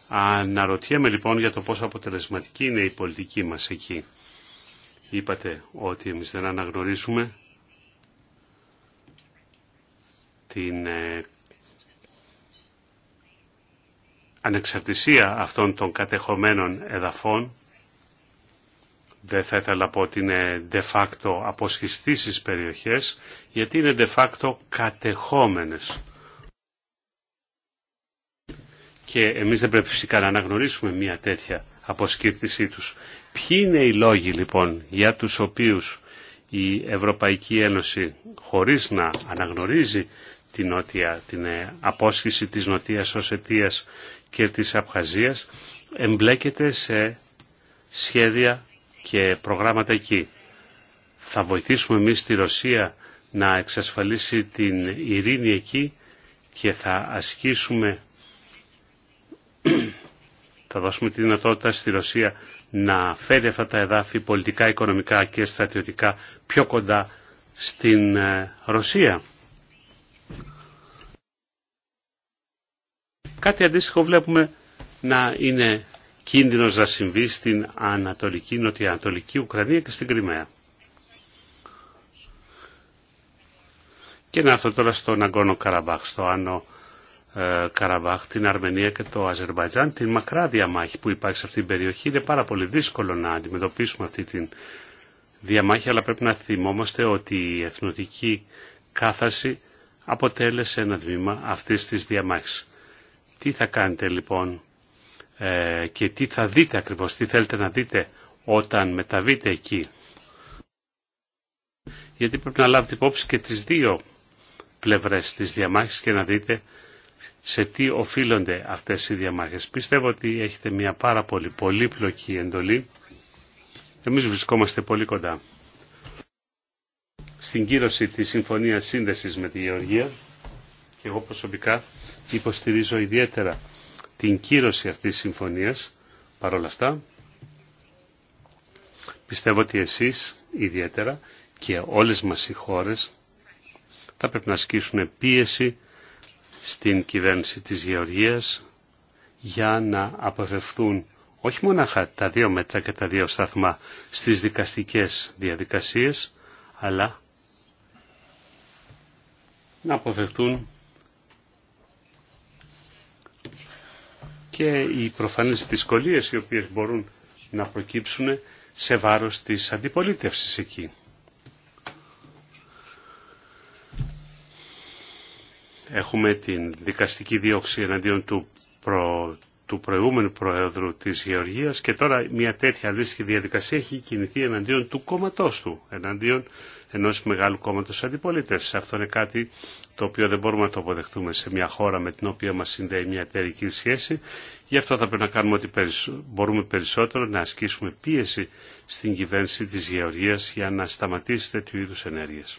Αναρωτιέμαι λοιπόν για το πόσο αποτελεσματική είναι η πολιτική μας εκεί. Είπατε ότι εμείς δεν αναγνωρίζουμε την ε, ανεξαρτησία αυτών των κατεχομένων εδαφών δεν θα ήθελα να πω ότι είναι de facto αποσχιστήσεις περιοχές, γιατί είναι de facto κατεχόμενες. Και εμείς δεν πρέπει φυσικά να αναγνωρίσουμε μια τέτοια αποσκύρτησή τους. Ποιοι είναι οι λόγοι λοιπόν για τους οποίους η Ευρωπαϊκή Ένωση χωρίς να αναγνωρίζει την, νότια, την ε, απόσχηση της Νοτίας ως και της Απχαζίας εμπλέκεται σε σχέδια και προγράμματα εκεί. Θα βοηθήσουμε εμείς τη Ρωσία να εξασφαλίσει την ειρήνη εκεί και θα ασκήσουμε, θα δώσουμε τη δυνατότητα στη Ρωσία να φέρει αυτά τα εδάφη πολιτικά, οικονομικά και στρατιωτικά πιο κοντά στην ε, Ρωσία. Κάτι αντίστοιχο βλέπουμε να είναι κίνδυνος να συμβεί στην Ανατολική, Νοτιοανατολική Ουκρανία και στην Κρυμαία. Και να έρθω τώρα στον Αγκόνο Καραμπάχ, στο Άνω ε, Καραμπάχ, την Αρμενία και το Αζερμπαϊτζάν, την μακρά διαμάχη που υπάρχει σε αυτή την περιοχή. Είναι πάρα πολύ δύσκολο να αντιμετωπίσουμε αυτή την διαμάχη, αλλά πρέπει να θυμόμαστε ότι η εθνοτική κάθαση αποτέλεσε ένα τμήμα αυτής της διαμάχης. Τι θα κάνετε λοιπόν ε, και τι θα δείτε ακριβώς, τι θέλετε να δείτε όταν μεταβείτε εκεί. Γιατί πρέπει να λάβετε υπόψη και τις δύο πλευρές της διαμάχης και να δείτε σε τι οφείλονται αυτές οι διαμάχες. Πιστεύω ότι έχετε μια πάρα πολύ πολύπλοκη εντολή. Εμείς βρισκόμαστε πολύ κοντά στην κύρωση της Συμφωνίας Σύνδεσης με τη Γεωργία και εγώ προσωπικά υποστηρίζω ιδιαίτερα την κύρωση αυτής της συμφωνίας. Παρ' όλα αυτά, πιστεύω ότι εσείς ιδιαίτερα και όλες μας οι χώρες θα πρέπει να ασκήσουν πίεση στην κυβέρνηση της Γεωργίας για να αποφευθούν όχι μόνο τα δύο μέτρα και τα δύο σταθμά στις δικαστικές διαδικασίες, αλλά να αποφευθούν και οι προφανείς δυσκολίες οι οποίες μπορούν να προκύψουν σε βάρος της αντιπολίτευσης εκεί. Έχουμε την δικαστική δίωξη εναντίον του, προ, του προηγούμενου Προέδρου της Γεωργίας και τώρα μια τέτοια αντίστοιχη διαδικασία έχει κινηθεί εναντίον του κόμματός του, εναντίον ενός μεγάλου κόμματος αντιπολίτευσης. Αυτό είναι κάτι το οποίο δεν μπορούμε να το αποδεχτούμε σε μια χώρα με την οποία μας συνδέει μια εταιρική σχέση. Γι' αυτό θα πρέπει να κάνουμε ότι μπορούμε περισσότερο να ασκήσουμε πίεση στην κυβέρνηση της Γεωργίας για να σταματήσει τέτοιου είδους ενέργειες.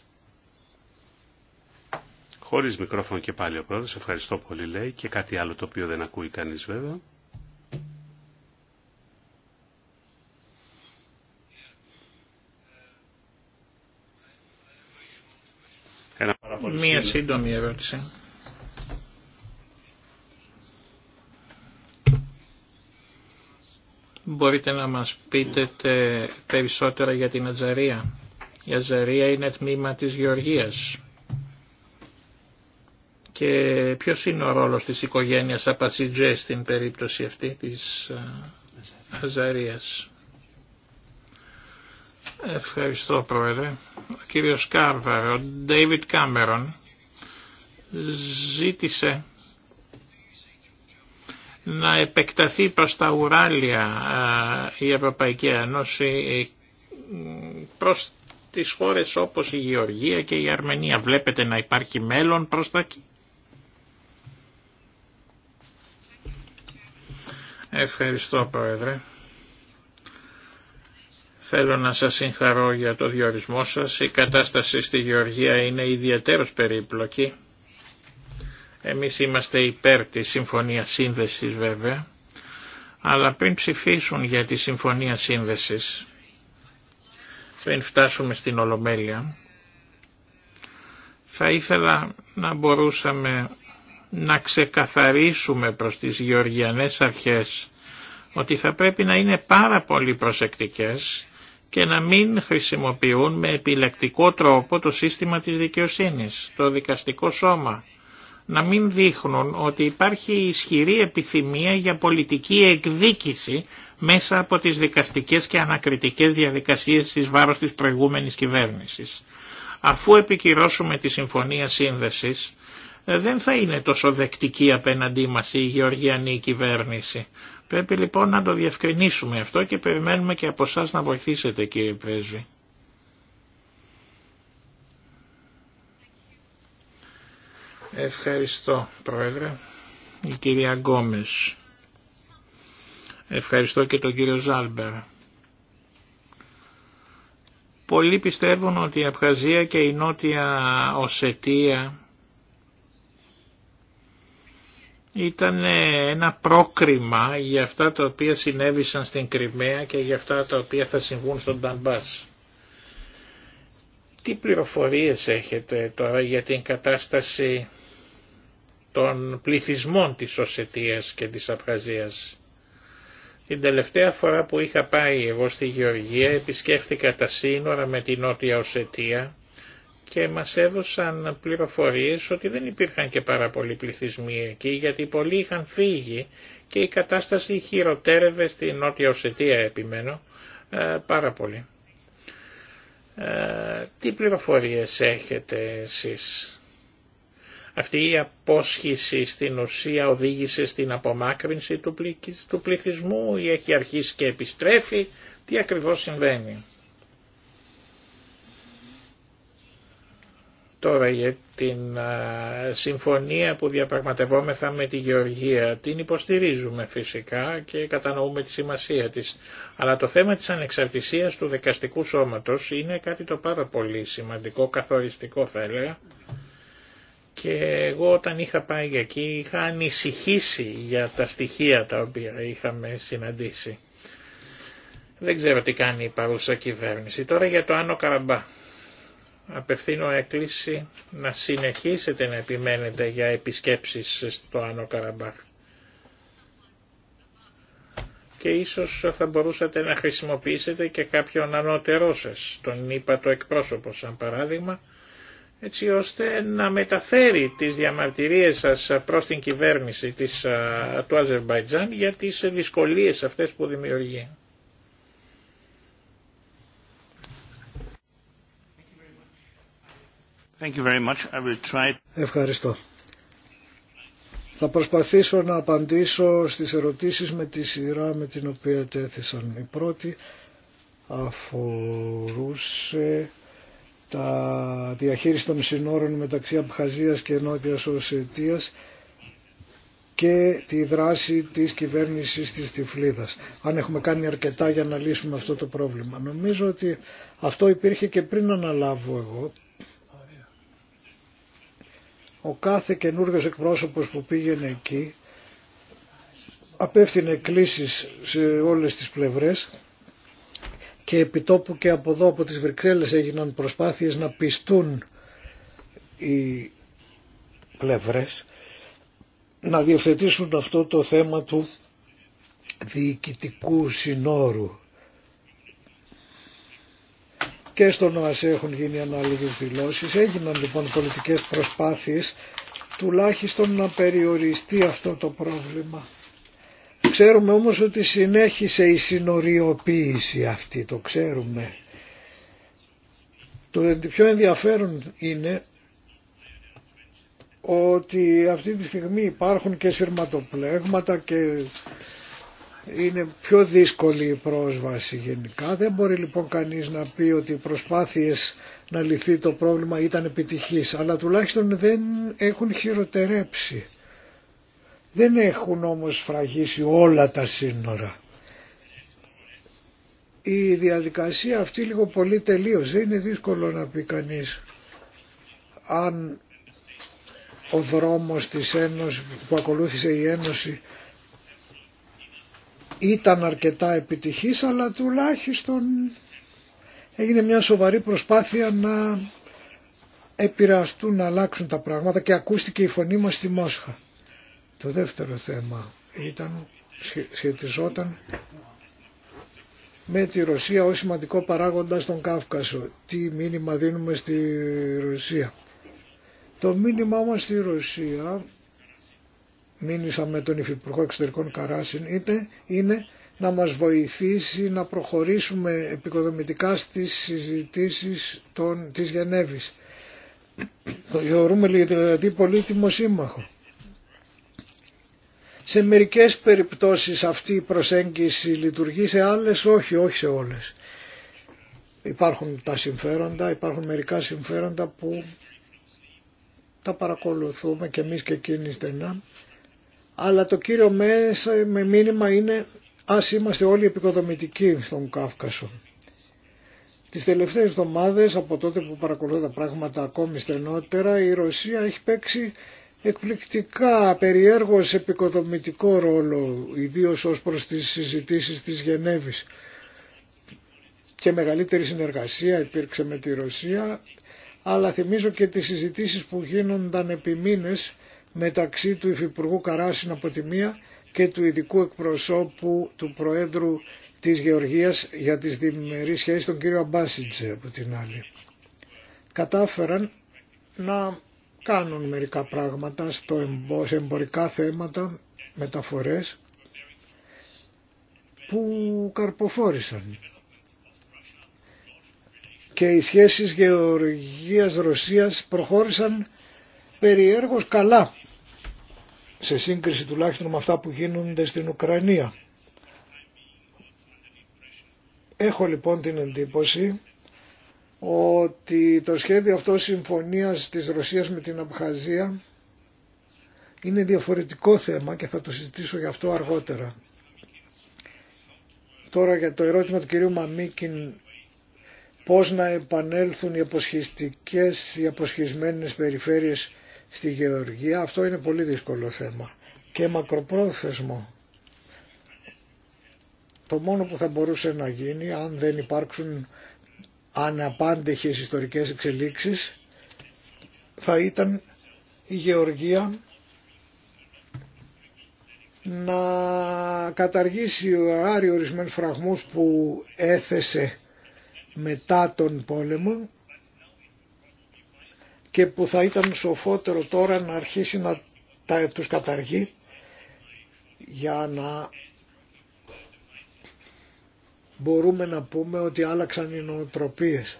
Χωρίς μικρόφωνο και πάλι ο πρόεδρος, ευχαριστώ πολύ λέει και κάτι άλλο το οποίο δεν ακούει κανείς βέβαια. Μία σύντομη ερώτηση. Μπορείτε να μας πείτε περισσότερα για την Ατζαρία. Η Ατζαρία είναι τμήμα της Γεωργίας και ποιος είναι ο ρόλος της οικογένειας Απασιτζέ στην περίπτωση αυτή της Αζαρίας. Ευχαριστώ Πρόεδρε. Ο κύριος Κάρβαρ, ο Ντέιβιτ Κάμερον ζήτησε να επεκταθεί προς τα Ουράλια η Ευρωπαϊκή Ένωση ε, προς τις χώρες όπως η Γεωργία και η Αρμενία. Βλέπετε να υπάρχει μέλλον προς τα εκεί. Ευχαριστώ Πρόεδρε. Θέλω να σας συγχαρώ για το διορισμό σας. Η κατάσταση στη Γεωργία είναι ιδιαίτερος περίπλοκη. Εμείς είμαστε υπέρ της Συμφωνίας Σύνδεσης βέβαια, αλλά πριν ψηφίσουν για τη Συμφωνία Σύνδεσης, πριν φτάσουμε στην Ολομέλεια, θα ήθελα να μπορούσαμε να ξεκαθαρίσουμε προς τις γεωργιανές αρχές ότι θα πρέπει να είναι πάρα πολύ προσεκτικές και να μην χρησιμοποιούν με επιλεκτικό τρόπο το σύστημα της δικαιοσύνης, το δικαστικό σώμα. Να μην δείχνουν ότι υπάρχει ισχυρή επιθυμία για πολιτική εκδίκηση μέσα από τις δικαστικές και ανακριτικές διαδικασίες της βάρος της προηγούμενης κυβέρνησης. Αφού επικυρώσουμε τη Συμφωνία Σύνδεσης, ε, δεν θα είναι τόσο δεκτική απέναντί μας η γεωργιανή κυβέρνηση. Πρέπει λοιπόν να το διευκρινίσουμε αυτό και περιμένουμε και από εσά να βοηθήσετε κύριε Πρέσβη. Ευχαριστώ Πρόεδρε. Η κυρία Γκόμες. Ευχαριστώ και τον κύριο Ζάλμπερ. Πολλοί πιστεύουν ότι η Απχαζία και η Νότια Οσετία ήταν ε, ένα πρόκριμα για αυτά τα οποία συνέβησαν στην Κρυμαία και για αυτά τα οποία θα συμβούν στον Ταμπάς. Τι πληροφορίες έχετε τώρα για την κατάσταση των πληθυσμών της Οσετίας και της Απραζίας; Την τελευταία φορά που είχα πάει εγώ στη Γεωργία επισκέφθηκα τα σύνορα με την Νότια Οσετία και μας έδωσαν πληροφορίες ότι δεν υπήρχαν και πάρα πολλοί πληθυσμοί εκεί γιατί πολλοί είχαν φύγει και η κατάσταση χειροτέρευε στη Νότια Οσετία επιμένω ε, πάρα πολύ. Ε, τι πληροφορίες έχετε εσείς. Αυτή η απόσχηση στην ουσία οδήγησε στην απομάκρυνση του πληθυσμού ή έχει αρχίσει και επιστρέφει. Τι ακριβώς συμβαίνει. Τώρα για την συμφωνία που διαπραγματευόμεθα με τη Γεωργία την υποστηρίζουμε φυσικά και κατανοούμε τη σημασία της. Αλλά το θέμα της ανεξαρτησίας του δικαστικού σώματος είναι κάτι το πάρα πολύ σημαντικό, καθοριστικό θα έλεγα. Και εγώ όταν είχα πάει εκεί είχα ανησυχήσει για τα στοιχεία τα οποία είχαμε συναντήσει. Δεν ξέρω τι κάνει η παρούσα κυβέρνηση. Τώρα για το Άνω Καραμπά απευθύνω έκκληση να συνεχίσετε να επιμένετε για επισκέψεις στο Άνω Καραμπάχ. Και ίσως θα μπορούσατε να χρησιμοποιήσετε και κάποιον ανώτερό σας, τον είπα το εκπρόσωπο σαν παράδειγμα, έτσι ώστε να μεταφέρει τις διαμαρτυρίες σας προς την κυβέρνηση της, του Αζερμπαϊτζάν για τις δυσκολίες αυτές που δημιουργεί. Ευχαριστώ. Θα προσπαθήσω να απαντήσω στις ερωτήσεις με τη σειρά με την οποία τέθησαν. Η πρώτη αφορούσε τα διαχείριση των συνόρων μεταξύ Αμπχαζίας και Νότιας Οσετίας και τη δράση της κυβέρνησης της Τυφλίδας. Αν έχουμε κάνει αρκετά για να λύσουμε αυτό το πρόβλημα. Νομίζω ότι αυτό υπήρχε και πριν αναλάβω εγώ ο κάθε καινούργιος εκπρόσωπος που πήγαινε εκεί απέφτεινε κλήσεις σε όλες τις πλευρές και επιτόπου και από εδώ από τις Βρυξέλλες έγιναν προσπάθειες να πιστούν οι πλευρές να διευθετήσουν αυτό το θέμα του διοικητικού συνόρου και στον ΟΑΣΕ έχουν γίνει ανάλογες δηλώσεις. Έγιναν λοιπόν πολιτικές προσπάθειες τουλάχιστον να περιοριστεί αυτό το πρόβλημα. Ξέρουμε όμως ότι συνέχισε η συνοριοποίηση αυτή, το ξέρουμε. Το πιο ενδιαφέρον είναι ότι αυτή τη στιγμή υπάρχουν και σειρματοπλέγματα και είναι πιο δύσκολη η πρόσβαση γενικά. Δεν μπορεί λοιπόν κανείς να πει ότι οι προσπάθειες να λυθεί το πρόβλημα ήταν επιτυχής, αλλά τουλάχιστον δεν έχουν χειροτερέψει. Δεν έχουν όμως φραγίσει όλα τα σύνορα. Η διαδικασία αυτή λίγο πολύ τελείωσε. Είναι δύσκολο να πει κανείς αν ο δρόμος της Ένωσης, που ακολούθησε η Ένωση ήταν αρκετά επιτυχής αλλά τουλάχιστον έγινε μια σοβαρή προσπάθεια να επηρεαστούν να αλλάξουν τα πράγματα και ακούστηκε η φωνή μας στη Μόσχα. Το δεύτερο θέμα ήταν, σχετιζόταν με τη Ρωσία ως σημαντικό παράγοντα στον Κάυκασο. Τι μήνυμα δίνουμε στη Ρωσία. Το μήνυμά μας στη Ρωσία Μήνυσα με τον Υφυπουργό Εξωτερικών Καράσιν είτε είναι να μας βοηθήσει να προχωρήσουμε επικοδομητικά στις συζητήσεις των, της Γενέβης. Το θεωρούμε δηλαδή πολύτιμο σύμμαχο. Σε μερικές περιπτώσεις αυτή η προσέγγιση λειτουργεί, σε άλλες όχι, όχι σε όλες. Υπάρχουν τα συμφέροντα, υπάρχουν μερικά συμφέροντα που τα παρακολουθούμε και εμείς και εκείνοι στενά αλλά το κύριο μέσα με μήνυμα είναι ας είμαστε όλοι επικοδομητικοί στον Κάφκασο. Τις τελευταίες εβδομάδες από τότε που παρακολουθώ τα πράγματα ακόμη στενότερα η Ρωσία έχει παίξει εκπληκτικά περιέργως επικοδομητικό ρόλο ιδίως ως προς τις συζητήσεις της Γενέβης και μεγαλύτερη συνεργασία υπήρξε με τη Ρωσία αλλά θυμίζω και τις συζητήσεις που γίνονταν επί μήνες μεταξύ του Υφυπουργού Καράσιν από τη μία και του ειδικού εκπροσώπου του Προέδρου της Γεωργίας για τις διμερείς σχέσεις τον κύριο Αμπάσιτζε από την άλλη. Κατάφεραν να κάνουν μερικά πράγματα στο σε εμπορικά θέματα, μεταφορές, που καρποφόρησαν. Και οι σχέσεις Γεωργίας-Ρωσίας προχώρησαν περιέργως καλά σε σύγκριση τουλάχιστον με αυτά που γίνονται στην Ουκρανία. Έχω λοιπόν την εντύπωση ότι το σχέδιο αυτό συμφωνίας της Ρωσίας με την Αμπχαζία είναι διαφορετικό θέμα και θα το συζητήσω γι' αυτό αργότερα. Τώρα για το ερώτημα του κυρίου Μαμίκιν πώς να επανέλθουν οι αποσχιστικές, οι αποσχισμένες περιφέρειες στη Γεωργία. Αυτό είναι πολύ δύσκολο θέμα και μακροπρόθεσμο. Το μόνο που θα μπορούσε να γίνει αν δεν υπάρξουν αναπάντεχες ιστορικές εξελίξεις θα ήταν η Γεωργία να καταργήσει ο Άρη ορισμένους φραγμούς που έθεσε μετά τον πόλεμο και που θα ήταν σοφότερο τώρα να αρχίσει να τα, τους καταργεί για να μπορούμε να πούμε ότι άλλαξαν οι νοοτροπίες.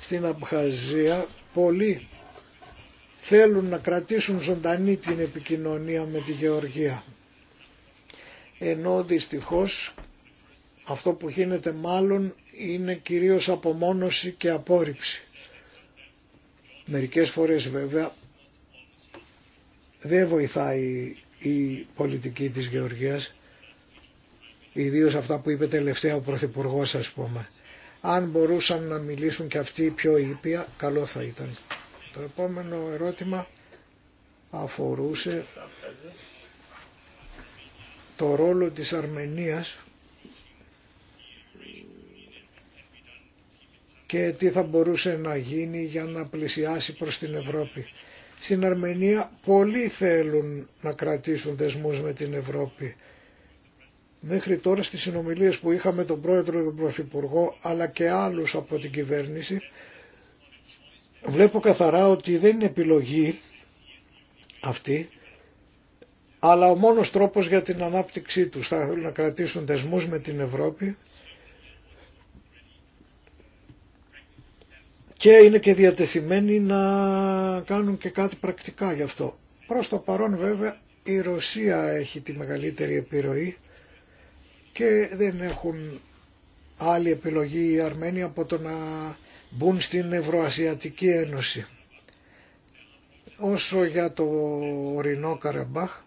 Στην Αμπχαζία πολλοί θέλουν να κρατήσουν ζωντανή την επικοινωνία με τη Γεωργία. Ενώ δυστυχώς αυτό που γίνεται μάλλον είναι κυρίως απομόνωση και απόρριψη. Μερικές φορές βέβαια δεν βοηθάει η πολιτική της Γεωργίας, ιδίως αυτά που είπε τελευταία ο Πρωθυπουργό ας πούμε. Αν μπορούσαν να μιλήσουν και αυτοί πιο ήπια, καλό θα ήταν. Το επόμενο ερώτημα αφορούσε το ρόλο της Αρμενίας και τι θα μπορούσε να γίνει για να πλησιάσει προς την Ευρώπη. Στην Αρμενία πολλοί θέλουν να κρατήσουν δεσμούς με την Ευρώπη. Μέχρι τώρα στις συνομιλίες που είχαμε τον πρόεδρο και τον πρωθυπουργό αλλά και άλλους από την κυβέρνηση βλέπω καθαρά ότι δεν είναι επιλογή αυτή αλλά ο μόνος τρόπος για την ανάπτυξή τους θα θέλουν να κρατήσουν δεσμούς με την Ευρώπη και είναι και διατεθειμένοι να κάνουν και κάτι πρακτικά γι' αυτό. Προς το παρόν βέβαια η Ρωσία έχει τη μεγαλύτερη επιρροή και δεν έχουν άλλη επιλογή οι Αρμένοι από το να μπουν στην Ευρωασιατική Ένωση. Όσο για το ορεινό Καραμπάχ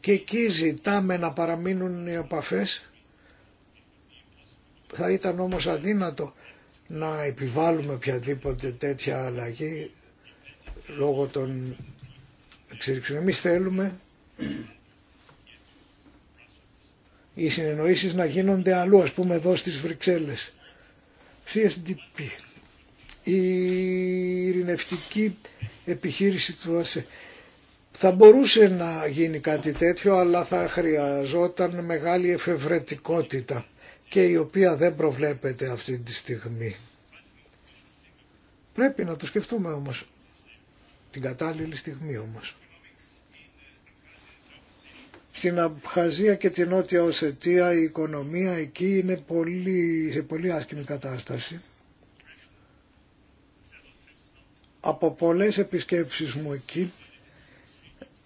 και εκεί ζητάμε να παραμείνουν οι επαφές θα ήταν όμως αδύνατο να επιβάλλουμε οποιαδήποτε τέτοια αλλαγή λόγω των εξελίξεων. Εμείς θέλουμε οι συνεννοήσεις να γίνονται αλλού, ας πούμε εδώ στις Βρυξέλλες. CSDP, η ειρηνευτική επιχείρηση του ΑΣΕ. Θα μπορούσε να γίνει κάτι τέτοιο, αλλά θα χρειαζόταν μεγάλη εφευρετικότητα και η οποία δεν προβλέπεται αυτή τη στιγμή. Πρέπει να το σκεφτούμε όμως την κατάλληλη στιγμή όμως. Στην Αμπχαζία και την Νότια Οσετία η οικονομία εκεί είναι πολύ, σε πολύ άσκημη κατάσταση. Από πολλές επισκέψεις μου εκεί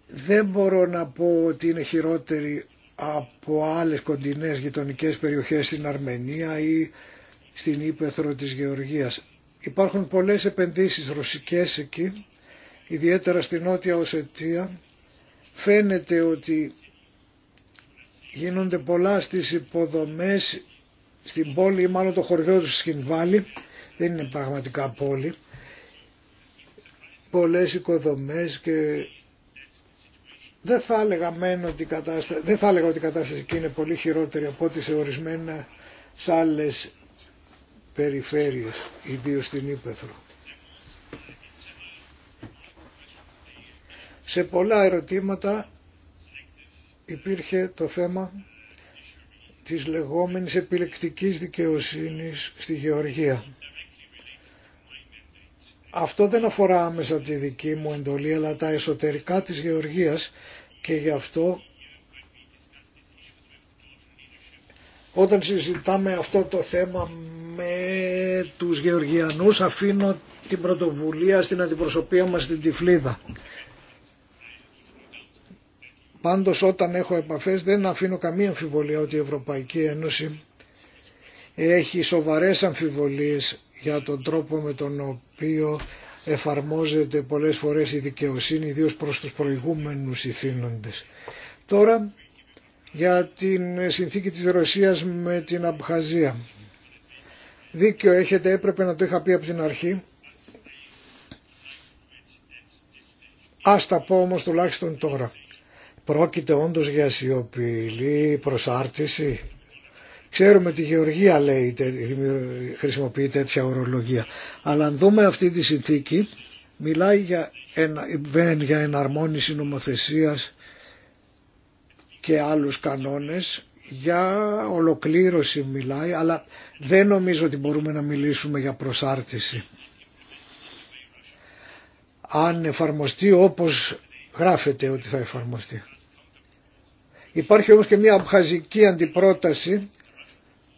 δεν μπορώ να πω ότι είναι χειρότερη από άλλες κοντινές γειτονικές περιοχές στην Αρμενία ή στην Ήπεθρο της Γεωργίας. Υπάρχουν πολλές επενδύσεις ρωσικές εκεί, ιδιαίτερα στην Νότια Οσετία. Φαίνεται ότι γίνονται πολλά στις υποδομές στην πόλη ή μάλλον το χωριό του Σκινβάλι, δεν είναι πραγματικά πόλη, πολλές οικοδομές και δεν θα έλεγα, ότι, η κατάσταση, δεν ότι η κατάσταση εκεί είναι πολύ χειρότερη από ό,τι σε ορισμένα σε άλλε περιφέρειες, ιδίω στην Ήπεθρο. Σε πολλά ερωτήματα υπήρχε το θέμα της λεγόμενης επιλεκτικής δικαιοσύνης στη Γεωργία. Αυτό δεν αφορά άμεσα τη δική μου εντολή αλλά τα εσωτερικά της γεωργίας και γι' αυτό όταν συζητάμε αυτό το θέμα με τους γεωργιανούς αφήνω την πρωτοβουλία στην αντιπροσωπεία μας στην Τυφλίδα. Πάντως όταν έχω επαφές δεν αφήνω καμία αμφιβολία ότι η Ευρωπαϊκή Ένωση έχει σοβαρές αμφιβολίες για τον τρόπο με τον οποίο εφαρμόζεται πολλές φορές η δικαιοσύνη, ιδίω προς τους προηγούμενους ηθήνοντες. Τώρα για την συνθήκη της Ρωσίας με την Αμπχαζία. Δίκιο έχετε, έπρεπε να το είχα πει από την αρχή. Ας τα πω όμως τουλάχιστον τώρα. Πρόκειται όντως για σιωπηλή προσάρτηση Ξέρουμε ότι η Γεωργία λέει, χρησιμοποιεί τέτοια ορολογία. Αλλά αν δούμε αυτή τη συνθήκη, μιλάει για, ένα για εναρμόνιση νομοθεσίας και άλλους κανόνες, για ολοκλήρωση μιλάει, αλλά δεν νομίζω ότι μπορούμε να μιλήσουμε για προσάρτηση. Αν εφαρμοστεί όπως γράφεται ότι θα εφαρμοστεί. Υπάρχει όμως και μια αμπχαζική αντιπρόταση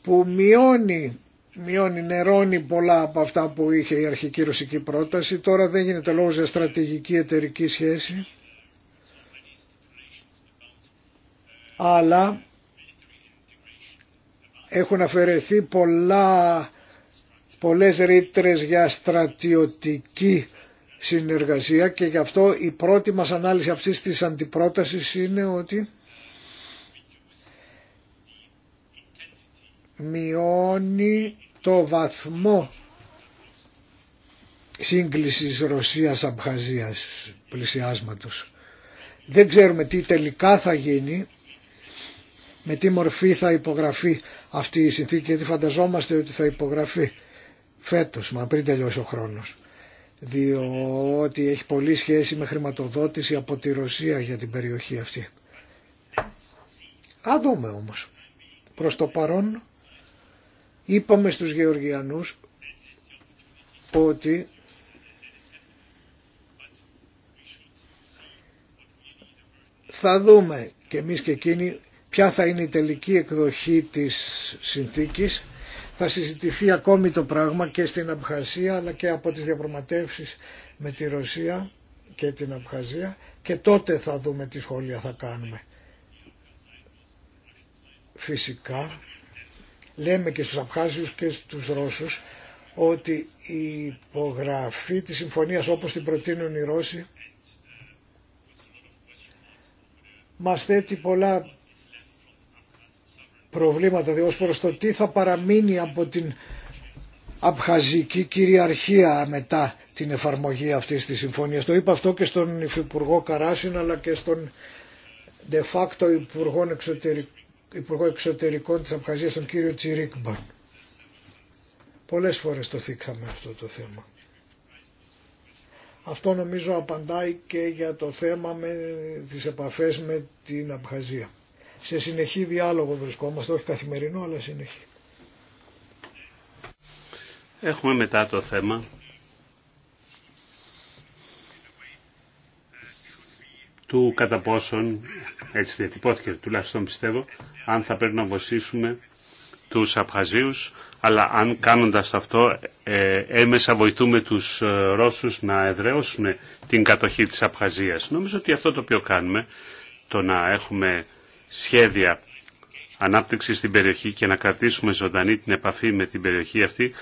που μειώνει, μειώνει, νερώνει πολλά από αυτά που είχε η αρχική ρωσική πρόταση. Τώρα δεν γίνεται λόγος για στρατηγική εταιρική σχέση. Αλλά έχουν αφαιρεθεί πολλά, πολλές ρήτρε για στρατιωτική συνεργασία και γι' αυτό η πρώτη μας ανάλυση αυτής της αντιπρότασης είναι ότι μειώνει το βαθμό σύγκλησης Ρωσίας-Αμπχαζίας πλησιάσματος. Δεν ξέρουμε τι τελικά θα γίνει, με τι μορφή θα υπογραφεί αυτή η συνθήκη, γιατί φανταζόμαστε ότι θα υπογραφεί φέτος, μα πριν τελειώσει ο χρόνος. Διότι έχει πολύ σχέση με χρηματοδότηση από τη Ρωσία για την περιοχή αυτή. Α δούμε όμως. Προς το παρόν Είπαμε στους Γεωργιανούς ότι θα δούμε και εμείς και εκείνοι ποια θα είναι η τελική εκδοχή της συνθήκης. Θα συζητηθεί ακόμη το πράγμα και στην Αμπχασία αλλά και από τις διαπραγματεύσεις με τη Ρωσία και την Αμπχαζία και τότε θα δούμε τι σχόλια θα κάνουμε. Φυσικά λέμε και στους Απχάζιους και στους Ρώσους ότι η υπογραφή της συμφωνίας όπως την προτείνουν οι Ρώσοι μας θέτει πολλά προβλήματα διότι ως προς το τι θα παραμείνει από την Απχαζική κυριαρχία μετά την εφαρμογή αυτής της συμφωνίας. Το είπα αυτό και στον Υφυπουργό Καράσιν αλλά και στον de facto Υπουργό Εξωτερικών Υπουργό Εξωτερικών της Αμχαζίας τον κύριο Τσιρίκμπαν. Πολλές φορές το θίξαμε αυτό το θέμα. Αυτό νομίζω απαντάει και για το θέμα με τις επαφές με την Απχαζία. Σε συνεχή διάλογο βρισκόμαστε, όχι καθημερινό, αλλά συνεχή. Έχουμε μετά το θέμα του κατά πόσον, έτσι διατυπώθηκε τουλάχιστον πιστεύω, αν θα πρέπει να βοηθήσουμε τους Απχαζίους, αλλά αν κάνοντας αυτό ε, έμεσα βοηθούμε τους ε, Ρώσους να εδραιώσουν την κατοχή της Απχαζίας. Νομίζω ότι αυτό το οποίο κάνουμε, το να έχουμε σχέδια ανάπτυξη στην περιοχή και να κρατήσουμε ζωντανή την επαφή με την περιοχή αυτή,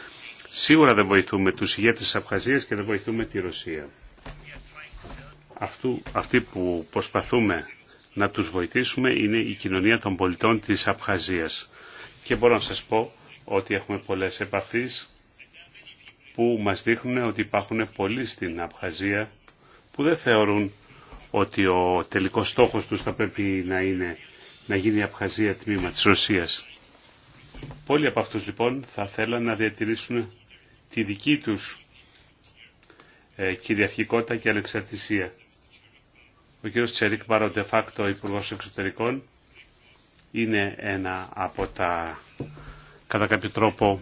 σίγουρα δεν βοηθούμε τους ηγέτες της Απχαζίας και δεν βοηθούμε τη Ρωσία αυτού, αυτοί που προσπαθούμε να τους βοηθήσουμε είναι η κοινωνία των πολιτών της Απχαζίας. Και μπορώ να σας πω ότι έχουμε πολλές επαφείς που μας δείχνουν ότι υπάρχουν πολλοί στην Απχαζία που δεν θεωρούν ότι ο τελικός στόχος τους θα πρέπει να, είναι, να γίνει η Απχαζία τμήμα της Ρωσίας. Πολλοί από αυτούς λοιπόν θα θέλαν να διατηρήσουν τη δική τους ε, κυριαρχικότητα και ανεξαρτησία. Ο κύριος Τσερίκ Μπάρο facto Υπουργός Εξωτερικών, είναι ένα από τα, κατά κάποιο τρόπο,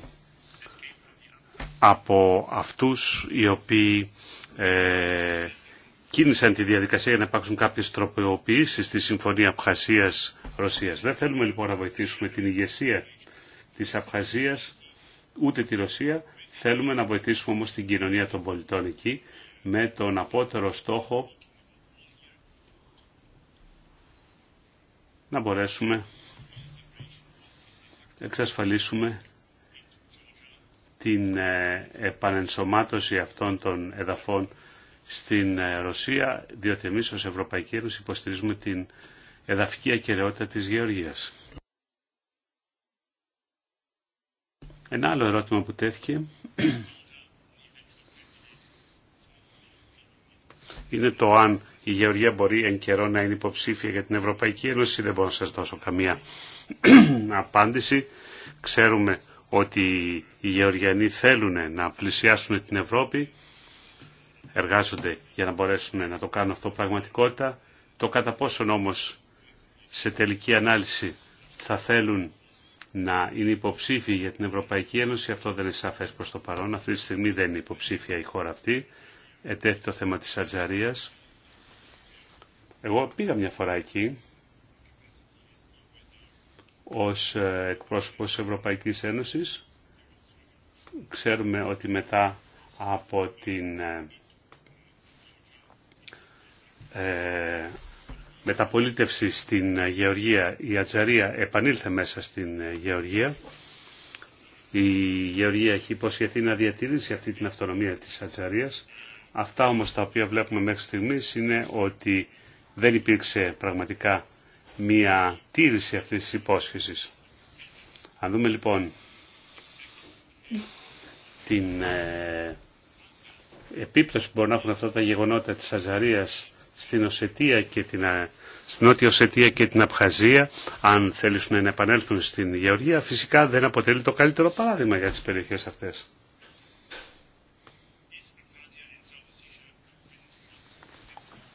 από αυτούς οι οποίοι ε, κίνησαν τη διαδικασία για να υπάρξουν κάποιες τροποποιήσεις στη Συμφωνία Απχασίας-Ρωσίας. Δεν θέλουμε λοιπόν να βοηθήσουμε την ηγεσία της Απχασίας ούτε τη Ρωσία. Θέλουμε να βοηθήσουμε όμως την κοινωνία των πολιτών εκεί με τον απότερο στόχο να μπορέσουμε να εξασφαλίσουμε την ε, επανενσωμάτωση αυτών των εδαφών στην ε, Ρωσία, διότι εμείς ως Ευρωπαϊκή Ένωση υποστηρίζουμε την εδαφική ακεραιότητα της Γεωργίας. Ένα άλλο ερώτημα που τέθηκε είναι το αν η Γεωργία μπορεί εν καιρό να είναι υποψήφια για την Ευρωπαϊκή Ένωση. Δεν μπορώ να σας δώσω καμία απάντηση. Ξέρουμε ότι οι Γεωργιανοί θέλουν να πλησιάσουν την Ευρώπη, εργάζονται για να μπορέσουν να το κάνουν αυτό πραγματικότητα. Το κατά πόσον όμως σε τελική ανάλυση θα θέλουν να είναι υποψήφιοι για την Ευρωπαϊκή Ένωση, αυτό δεν είναι σαφές προς το παρόν. Αυτή τη στιγμή δεν είναι υποψήφια η χώρα αυτή. Ετέθη το θέμα της Ατζαρίας. Εγώ πήγα μια φορά εκεί ως ε, εκπρόσωπος της Ευρωπαϊκής Ένωσης. Ξέρουμε ότι μετά από την ε, ε, μεταπολίτευση στην Γεωργία, η Ατζαρία επανήλθε μέσα στην Γεωργία. Η Γεωργία έχει υποσχεθεί να διατηρήσει αυτή την αυτονομία της Ατζαρίας. Αυτά όμως τα οποία βλέπουμε μέχρι στιγμής είναι ότι δεν υπήρξε πραγματικά μία τήρηση αυτής της υπόσχεσης. Αν δούμε λοιπόν την ε, επίπτωση που μπορεί να έχουν αυτά τα γεγονότα της Αζαρίας στην Οσετία και την, ε, στην Νότια Οσετία και την Απχαζία, αν θέλουν να επανέλθουν στην Γεωργία, φυσικά δεν αποτελεί το καλύτερο παράδειγμα για τις περιοχές αυτές.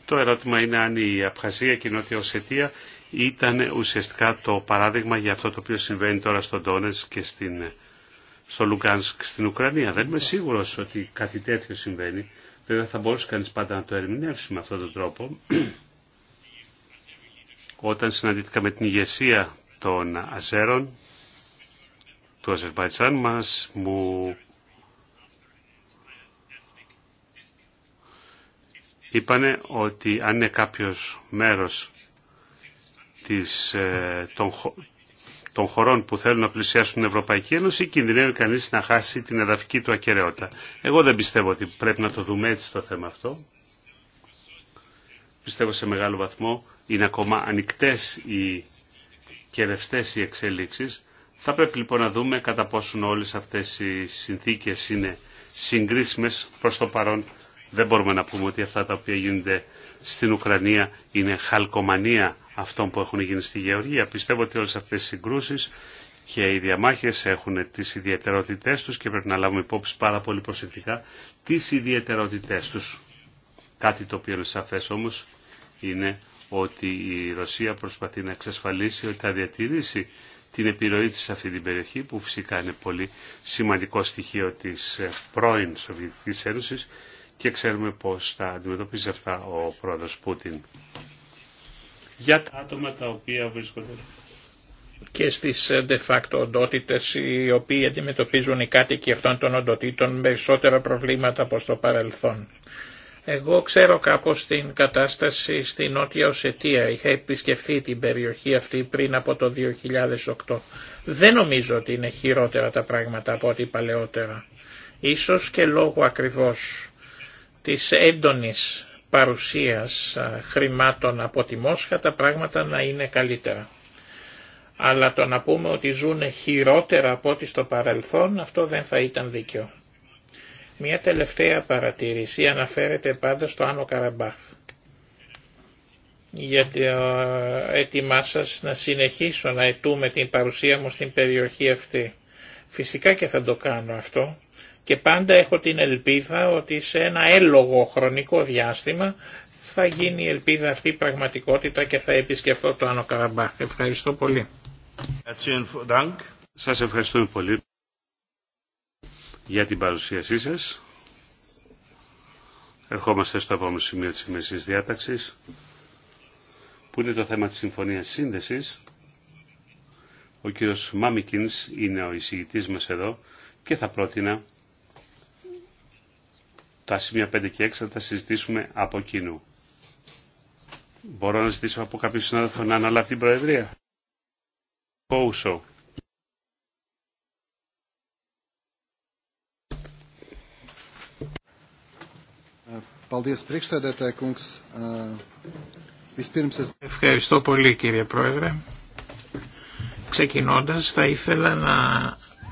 Το ερώτημα είναι αν η Απχασία και η Νότια Οσετία ήταν ουσιαστικά το παράδειγμα για αυτό το οποίο συμβαίνει τώρα στον Τόνες και στην, στο Λουγκάνσκ στην Ουκρανία. Δεν είμαι σίγουρος ότι κάτι τέτοιο συμβαίνει. Βέβαια θα μπορούσε κανείς πάντα να το ερμηνεύσει με αυτόν τον τρόπο. Όταν συναντήθηκα με την ηγεσία των Αζέρων του Αζερβαϊτζάν μας μου είπανε ότι αν είναι κάποιος μέρος της, ε, των, χωρών που θέλουν να πλησιάσουν την Ευρωπαϊκή Ένωση κινδυνεύει κανείς να χάσει την εδαφική του ακαιρεότητα. Εγώ δεν πιστεύω ότι πρέπει να το δούμε έτσι το θέμα αυτό. Πιστεύω σε μεγάλο βαθμό είναι ακόμα ανοιχτέ οι και οι εξέλιξεις. Θα πρέπει λοιπόν να δούμε κατά πόσον όλες αυτές οι συνθήκες είναι συγκρίσιμες προς το παρόν δεν μπορούμε να πούμε ότι αυτά τα οποία γίνονται στην Ουκρανία είναι χαλκομανία αυτών που έχουν γίνει στη Γεωργία. Πιστεύω ότι όλες αυτές οι συγκρούσεις και οι διαμάχες έχουν τις ιδιαιτερότητές τους και πρέπει να λάβουμε υπόψη πάρα πολύ προσεκτικά τις ιδιαιτερότητές τους. Κάτι το οποίο είναι σαφές όμως είναι ότι η Ρωσία προσπαθεί να εξασφαλίσει ότι θα διατηρήσει την επιρροή της σε αυτή την περιοχή που φυσικά είναι πολύ σημαντικό στοιχείο της ε, πρώην Σοβιετικής Ένωσης και ξέρουμε πώς θα αντιμετωπίζει αυτά ο πρόεδρος Πούτιν. Για τα άτομα τα οποία βρίσκονται και στις ε, de facto οντότητες οι οποίοι αντιμετωπίζουν οι κάτοικοι αυτών των οντοτήτων περισσότερα προβλήματα από στο παρελθόν. Εγώ ξέρω κάπως την κατάσταση στη Νότια Οσετία. Είχα επισκεφθεί την περιοχή αυτή πριν από το 2008. Δεν νομίζω ότι είναι χειρότερα τα πράγματα από ό,τι παλαιότερα. Ίσως και λόγω ακριβώς της έντονης παρουσίας χρημάτων από τη Μόσχα τα πράγματα να είναι καλύτερα. Αλλά το να πούμε ότι ζουν χειρότερα από ό,τι στο παρελθόν αυτό δεν θα ήταν δίκιο. Μια τελευταία παρατήρηση αναφέρεται πάντα στο Άνω Καραμπάχ. Γιατί το έτοιμά σα να συνεχίσω να ετούμε την παρουσία μου στην περιοχή αυτή. Φυσικά και θα το κάνω αυτό και πάντα έχω την ελπίδα ότι σε ένα έλογο χρονικό διάστημα θα γίνει η ελπίδα αυτή πραγματικότητα και θα επισκεφθώ το Άνω Καραμπάχ. Ευχαριστώ πολύ. Σας ευχαριστούμε πολύ για την παρουσίασή σας. Ερχόμαστε στο επόμενο σημείο της σημερινής διάταξης, που είναι το θέμα της Συμφωνίας Σύνδεσης. Ο κύριος Μάμικινς είναι ο εισηγητής μας εδώ και θα πρότεινα τα σημεία 5 και 6 θα τα συζητήσουμε από κοινού. Μπορώ να ζητήσω από κάποιον συνάδελφο να αναλάβει την Προεδρία. Κόουσο. Eh, Ευχαριστώ πολύ κύριε Πρόεδρε. Ξεκινώντας θα ήθελα να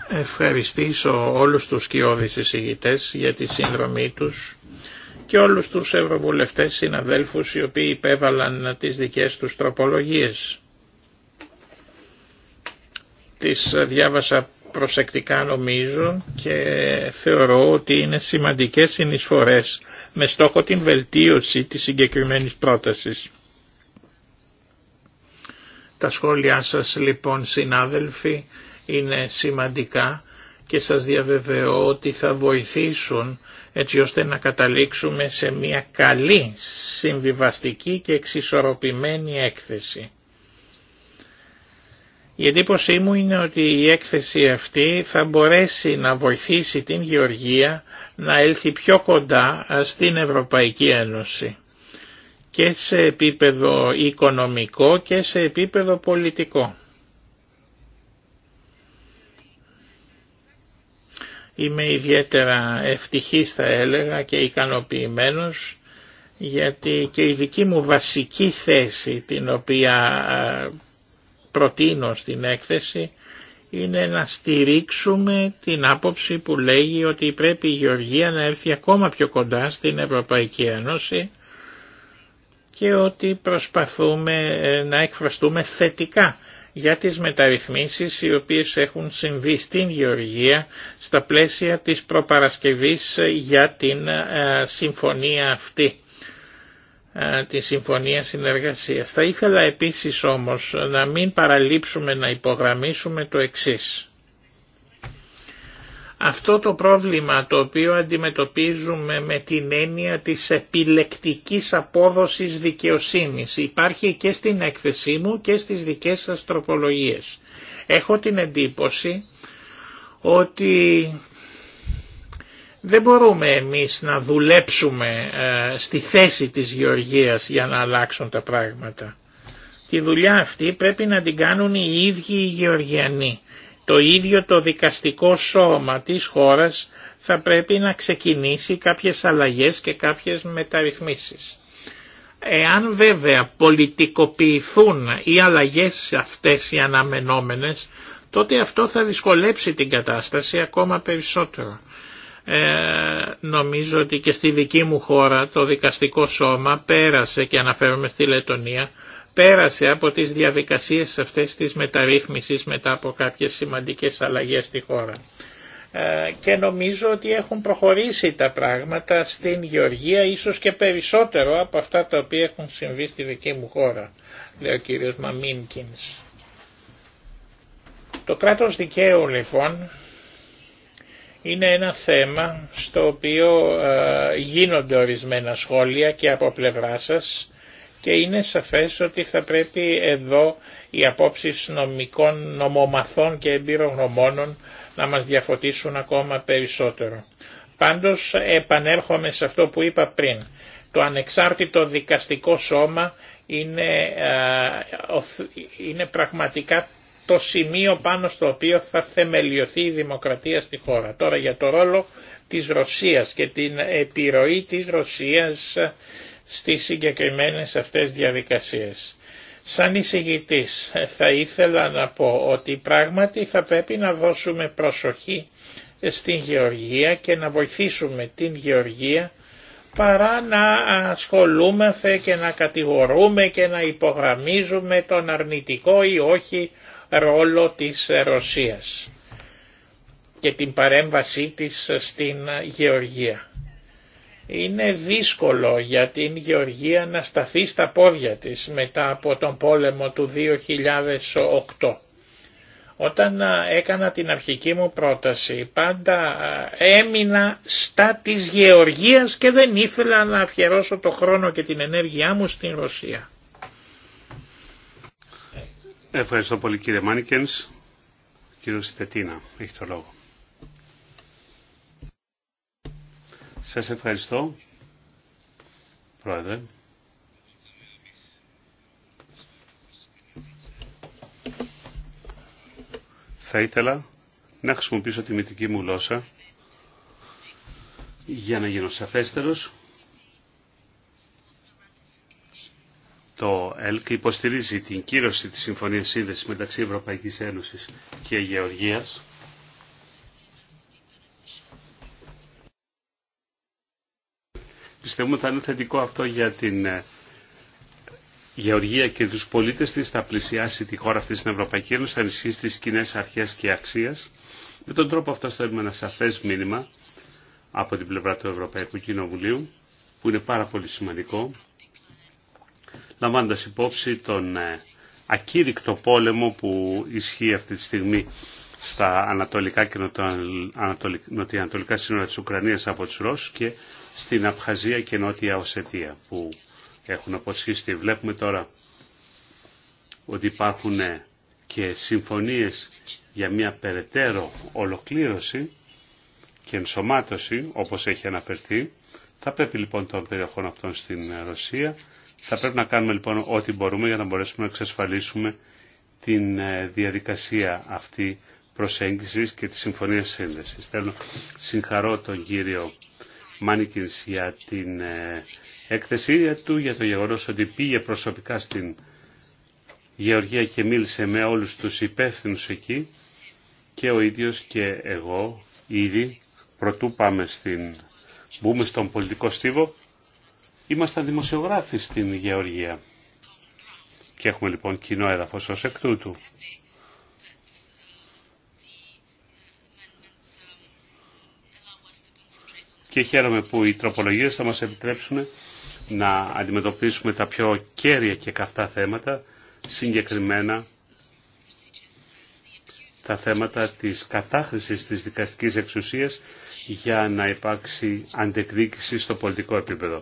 ευχαριστήσω όλους τους κοιόδης εισηγητές για τη σύνδρομή τους και όλους τους ευρωβουλευτές συναδέλφους οι οποίοι υπέβαλαν τις δικές τους τροπολογίες. Τις διάβασα προσεκτικά νομίζω και θεωρώ ότι είναι σημαντικές συνεισφορές με στόχο την βελτίωση της συγκεκριμένης πρότασης. Τα σχόλιά σας λοιπόν συνάδελφοι είναι σημαντικά και σας διαβεβαιώ ότι θα βοηθήσουν έτσι ώστε να καταλήξουμε σε μια καλή συμβιβαστική και εξισορροπημένη έκθεση. Η εντύπωσή μου είναι ότι η έκθεση αυτή θα μπορέσει να βοηθήσει την Γεωργία να έλθει πιο κοντά στην Ευρωπαϊκή Ένωση και σε επίπεδο οικονομικό και σε επίπεδο πολιτικό. Είμαι ιδιαίτερα ευτυχής θα έλεγα και ικανοποιημένος γιατί και η δική μου βασική θέση την οποία ε, προτείνω στην έκθεση είναι να στηρίξουμε την άποψη που λέγει ότι πρέπει η Γεωργία να έρθει ακόμα πιο κοντά στην Ευρωπαϊκή Ένωση και ότι προσπαθούμε ε, να εκφραστούμε θετικά για τις μεταρρυθμίσεις οι οποίες έχουν συμβεί στην Γεωργία στα πλαίσια της προπαρασκευής για την ε, συμφωνία αυτή ε, τη Συμφωνία Συνεργασίας. Θα ήθελα επίσης όμως να μην παραλείψουμε να υπογραμμίσουμε το εξής. Αυτό το πρόβλημα το οποίο αντιμετωπίζουμε με την έννοια της επιλεκτικής απόδοσης δικαιοσύνης υπάρχει και στην έκθεσή μου και στις δικές σας τροπολογίες. Έχω την εντύπωση ότι δεν μπορούμε εμείς να δουλέψουμε ε, στη θέση της Γεωργίας για να αλλάξουν τα πράγματα. Τη δουλειά αυτή πρέπει να την κάνουν οι ίδιοι οι Γεωργιανοί το ίδιο το δικαστικό σώμα της χώρας θα πρέπει να ξεκινήσει κάποιες αλλαγές και κάποιες μεταρρυθμίσεις. Εάν βέβαια πολιτικοποιηθούν οι αλλαγές αυτές οι αναμενόμενες, τότε αυτό θα δυσκολέψει την κατάσταση ακόμα περισσότερο. Ε, νομίζω ότι και στη δική μου χώρα το δικαστικό σώμα πέρασε και αναφέρομαι στη Λετωνία πέρασε από τις διαδικασίες αυτές της μεταρρύθμισης μετά από κάποιες σημαντικές αλλαγές στη χώρα. Ε, και νομίζω ότι έχουν προχωρήσει τα πράγματα στην Γεωργία ίσως και περισσότερο από αυτά τα οποία έχουν συμβεί στη δική μου χώρα, λέει ο κύριος Μαμίνκινς. Το κράτος δικαίου λοιπόν είναι ένα θέμα στο οποίο ε, γίνονται ορισμένα σχόλια και από πλευρά σας και είναι σαφές ότι θα πρέπει εδώ οι απόψεις νομικών νομομαθών και εμπειρογνωμόνων να μας διαφωτίσουν ακόμα περισσότερο. Πάντως επανέρχομαι σε αυτό που είπα πριν. Το ανεξάρτητο δικαστικό σώμα είναι, είναι πραγματικά το σημείο πάνω στο οποίο θα θεμελιωθεί η δημοκρατία στη χώρα. Τώρα για το ρόλο της Ρωσίας και την επιρροή της Ρωσίας στις συγκεκριμένες αυτές διαδικασίες. Σαν εισηγητής θα ήθελα να πω ότι πράγματι θα πρέπει να δώσουμε προσοχή στην γεωργία και να βοηθήσουμε την γεωργία παρά να ασχολούμαστε και να κατηγορούμε και να υπογραμμίζουμε τον αρνητικό ή όχι ρόλο της Ρωσίας και την παρέμβασή της στην γεωργία είναι δύσκολο για την Γεωργία να σταθεί στα πόδια της μετά από τον πόλεμο του 2008. Όταν έκανα την αρχική μου πρόταση πάντα έμεινα στα της Γεωργίας και δεν ήθελα να αφιερώσω το χρόνο και την ενέργειά μου στην Ρωσία. Ευχαριστώ πολύ κύριε Μάνικενς. Κύριο Στετίνα, έχει το λόγο. Σας ευχαριστώ, Πρόεδρε. Θα ήθελα να χρησιμοποιήσω τη μετική μου γλώσσα για να γίνω σαφέστερος. Το ΕΛΚ υποστηρίζει την κύρωση της Συμφωνίας Σύνδεσης μεταξύ Ευρωπαϊκής Ένωσης και Γεωργίας Πιστεύουμε θα είναι θετικό αυτό για την ε, γεωργία και τους πολίτες της, θα πλησιάσει τη χώρα αυτή στην Ευρωπαϊκή Ένωση, θα ενισχύσει τις κοινέ αρχές και αξίες. Με τον τρόπο αυτό θέλουμε ένα σαφές μήνυμα από την πλευρά του Ευρωπαϊκού Κοινοβουλίου, που είναι πάρα πολύ σημαντικό, λαμβάνοντας υπόψη τον ε, ακήρυκτο πόλεμο που ισχύει αυτή τη στιγμή στα ανατολικά και νοτιοανατολικά σύνορα της Ουκρανίας από τους Ρώσους και στην Απχαζία και Νότια Οσετία που έχουν αποσχίσει. Βλέπουμε τώρα ότι υπάρχουν και συμφωνίες για μια περαιτέρω ολοκλήρωση και ενσωμάτωση, όπως έχει αναφερθεί. Θα πρέπει λοιπόν των περιοχών αυτών στην Ρωσία. Θα πρέπει να κάνουμε λοιπόν ό,τι μπορούμε για να μπορέσουμε να εξασφαλίσουμε την ε, διαδικασία αυτή προσέγγισης και τη συμφωνία σύνδεσης. Θέλω συγχαρώ τον κύριο Μάνικινς για την ε, έκθεσή του, για το γεγονός ότι πήγε προσωπικά στην Γεωργία και μίλησε με όλους τους υπεύθυνους εκεί και ο ίδιος και εγώ ήδη πρωτού πάμε στην, μπούμε στον πολιτικό στίβο ήμασταν δημοσιογράφοι στην Γεωργία και έχουμε λοιπόν κοινό έδαφος ως εκ τούτου και χαίρομαι που οι τροπολογίες θα μας επιτρέψουν να αντιμετωπίσουμε τα πιο κέρια και καυτά θέματα, συγκεκριμένα τα θέματα της κατάχρησης της δικαστικής εξουσίας για να υπάρξει αντεκδίκηση στο πολιτικό επίπεδο.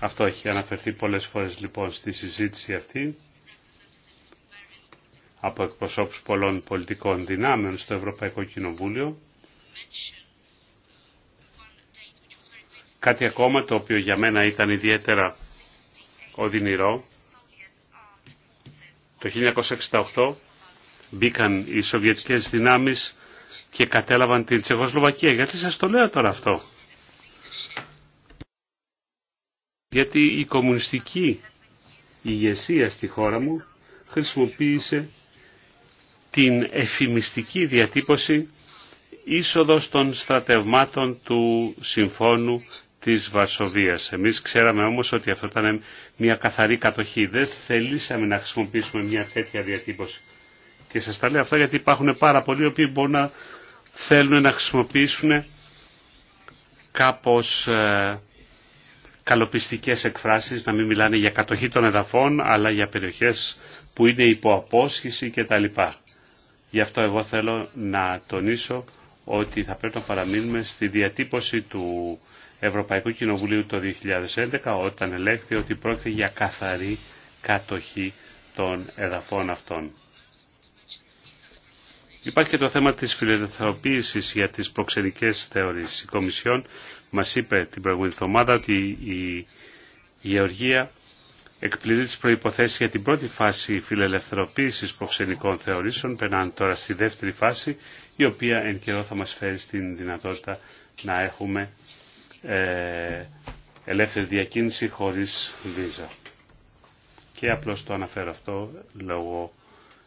Αυτό έχει αναφερθεί πολλές φορές λοιπόν στη συζήτηση αυτή από εκπροσώπους πολλών πολιτικών δυνάμεων στο Ευρωπαϊκό Κοινοβούλιο Κάτι ακόμα το οποίο για μένα ήταν ιδιαίτερα οδυνηρό. Το 1968 μπήκαν οι Σοβιετικές δυνάμεις και κατέλαβαν την Τσεχοσλοβακία. Γιατί σας το λέω τώρα αυτό. Γιατί η κομμουνιστική ηγεσία στη χώρα μου χρησιμοποίησε την εφημιστική διατύπωση είσοδος των στρατευμάτων του Συμφώνου της Βαρσοβίας. Εμείς ξέραμε όμως ότι αυτό ήταν μια καθαρή κατοχή. Δεν θελήσαμε να χρησιμοποιήσουμε μια τέτοια διατύπωση. Και σας τα λέω αυτά γιατί υπάρχουν πάρα πολλοί οι οποίοι μπορούν να θέλουν να χρησιμοποιήσουν κάπως ε, καλοπιστικές εκφράσεις, να μην μιλάνε για κατοχή των εδαφών, αλλά για περιοχές που είναι υπό απόσχηση κτλ. Γι' αυτό εγώ θέλω να τονίσω ότι θα πρέπει να παραμείνουμε στη διατύπωση του Ευρωπαϊκού Κοινοβουλίου το 2011 όταν ελέγχθη ότι πρόκειται για καθαρή κατοχή των εδαφών αυτών. Υπάρχει και το θέμα της φιλελευθερωποίησης για τις προξενικές θεωρήσεις. Η Κομισιόν μας είπε την προηγούμενη εβδομάδα ότι η Γεωργία εκπληρεί τις προϋποθέσεις για την πρώτη φάση φιλελευθερωποίησης προξενικών θεωρήσεων, περνάνε τώρα στη δεύτερη φάση, η οποία εν καιρό θα μας φέρει στην δυνατότητα να έχουμε ε, ελεύθερη διακίνηση χωρίς βίζα. Και απλώς το αναφέρω αυτό λόγω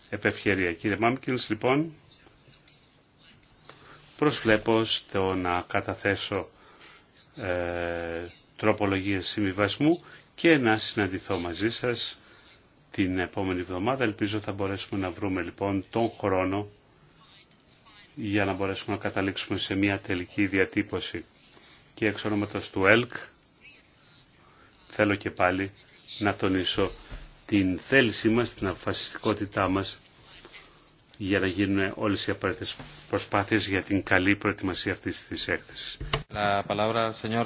επευκαιρία. Κύριε Μάμκινς, λοιπόν, προσβλέπω στο να καταθέσω ε, τροπολογίες συμβιβασμού και να συναντηθώ μαζί σας την επόμενη εβδομάδα. Ελπίζω θα μπορέσουμε να βρούμε λοιπόν τον χρόνο για να μπορέσουμε να καταλήξουμε σε μια τελική διατύπωση και εξ ονόματος του ΕΛΚ θέλω και πάλι να τονίσω την θέλησή μας, την αποφασιστικότητά μας για να γίνουν όλες οι απαραίτητες προσπάθειες για την καλή προετοιμασία αυτής της έκθεσης. La palabra, señor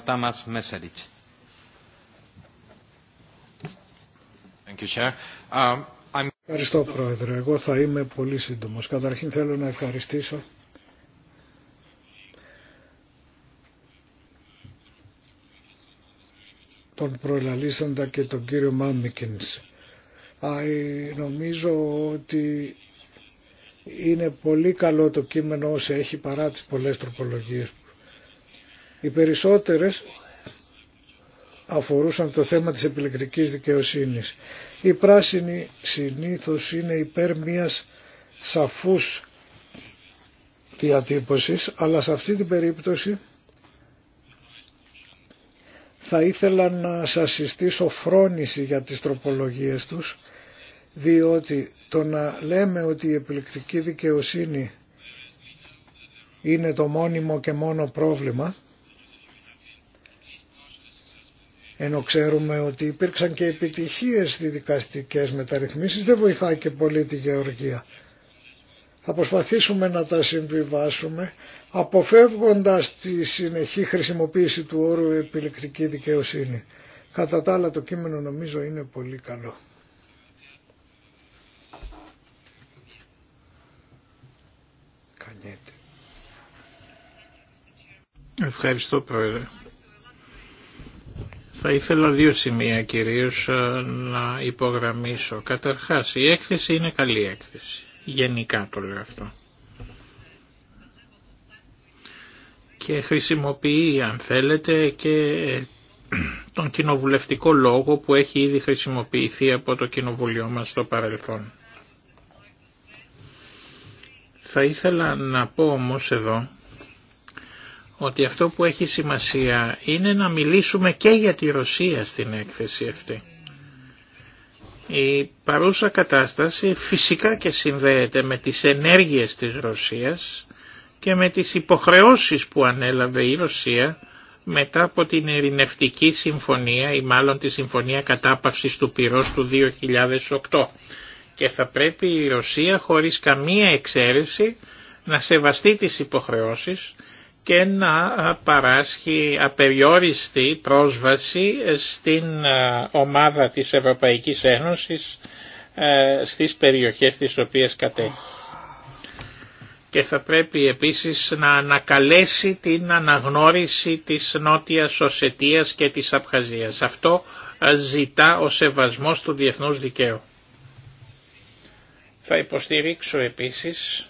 um, Ευχαριστώ, Πρόεδρε. Εγώ θα είμαι πολύ σύντομος. Καταρχήν θέλω να ευχαριστήσω τον προλαλήσαντα και τον κύριο Μάμικινς. Ε, νομίζω ότι είναι πολύ καλό το κείμενο όσο έχει παρά τις πολλές τροπολογίες. Οι περισσότερες αφορούσαν το θέμα της επιλεκτικής δικαιοσύνης. Η πράσινη συνήθως είναι υπέρ μιας σαφούς διατύπωσης, αλλά σε αυτή την περίπτωση θα ήθελα να σας συστήσω φρόνηση για τις τροπολογίες τους, διότι το να λέμε ότι η επιλεκτική δικαιοσύνη είναι το μόνιμο και μόνο πρόβλημα, ενώ ξέρουμε ότι υπήρξαν και επιτυχίες στις δικαστικές μεταρρυθμίσεις, δεν βοηθάει και πολύ τη γεωργία. Θα προσπαθήσουμε να τα συμβιβάσουμε αποφεύγοντας τη συνεχή χρησιμοποίηση του όρου επιλεκτική δικαιοσύνη. Κατά τα άλλα το κείμενο νομίζω είναι πολύ καλό. Ευχαριστώ Πρόεδρε. Θα ήθελα δύο σημεία κυρίως ε, να υπογραμμίσω. Καταρχάς η έκθεση είναι καλή έκθεση. Γενικά το λέω αυτό. Και χρησιμοποιεί αν θέλετε και ε, τον κοινοβουλευτικό λόγο που έχει ήδη χρησιμοποιηθεί από το κοινοβουλίο μας στο παρελθόν. Θα ήθελα να πω όμως εδώ ότι αυτό που έχει σημασία είναι να μιλήσουμε και για τη Ρωσία στην έκθεση αυτή. Η παρούσα κατάσταση φυσικά και συνδέεται με τις ενέργειες της Ρωσίας και με τις υποχρεώσεις που ανέλαβε η Ρωσία μετά από την ειρηνευτική συμφωνία ή μάλλον τη συμφωνία κατάπαυσης του πυρός του 2008 και θα πρέπει η Ρωσία χωρίς καμία εξαίρεση να σεβαστεί τις υποχρεώσεις και να παράσχει απεριόριστη πρόσβαση στην ομάδα της Ευρωπαϊκής Ένωσης στις περιοχές τις οποίες κατέχει. Και θα πρέπει επίσης να ανακαλέσει την αναγνώριση της Νότιας Οσετίας και της Απχαζίας. Αυτό ζητά ο σεβασμός του διεθνούς δικαίου. Θα υποστηρίξω επίσης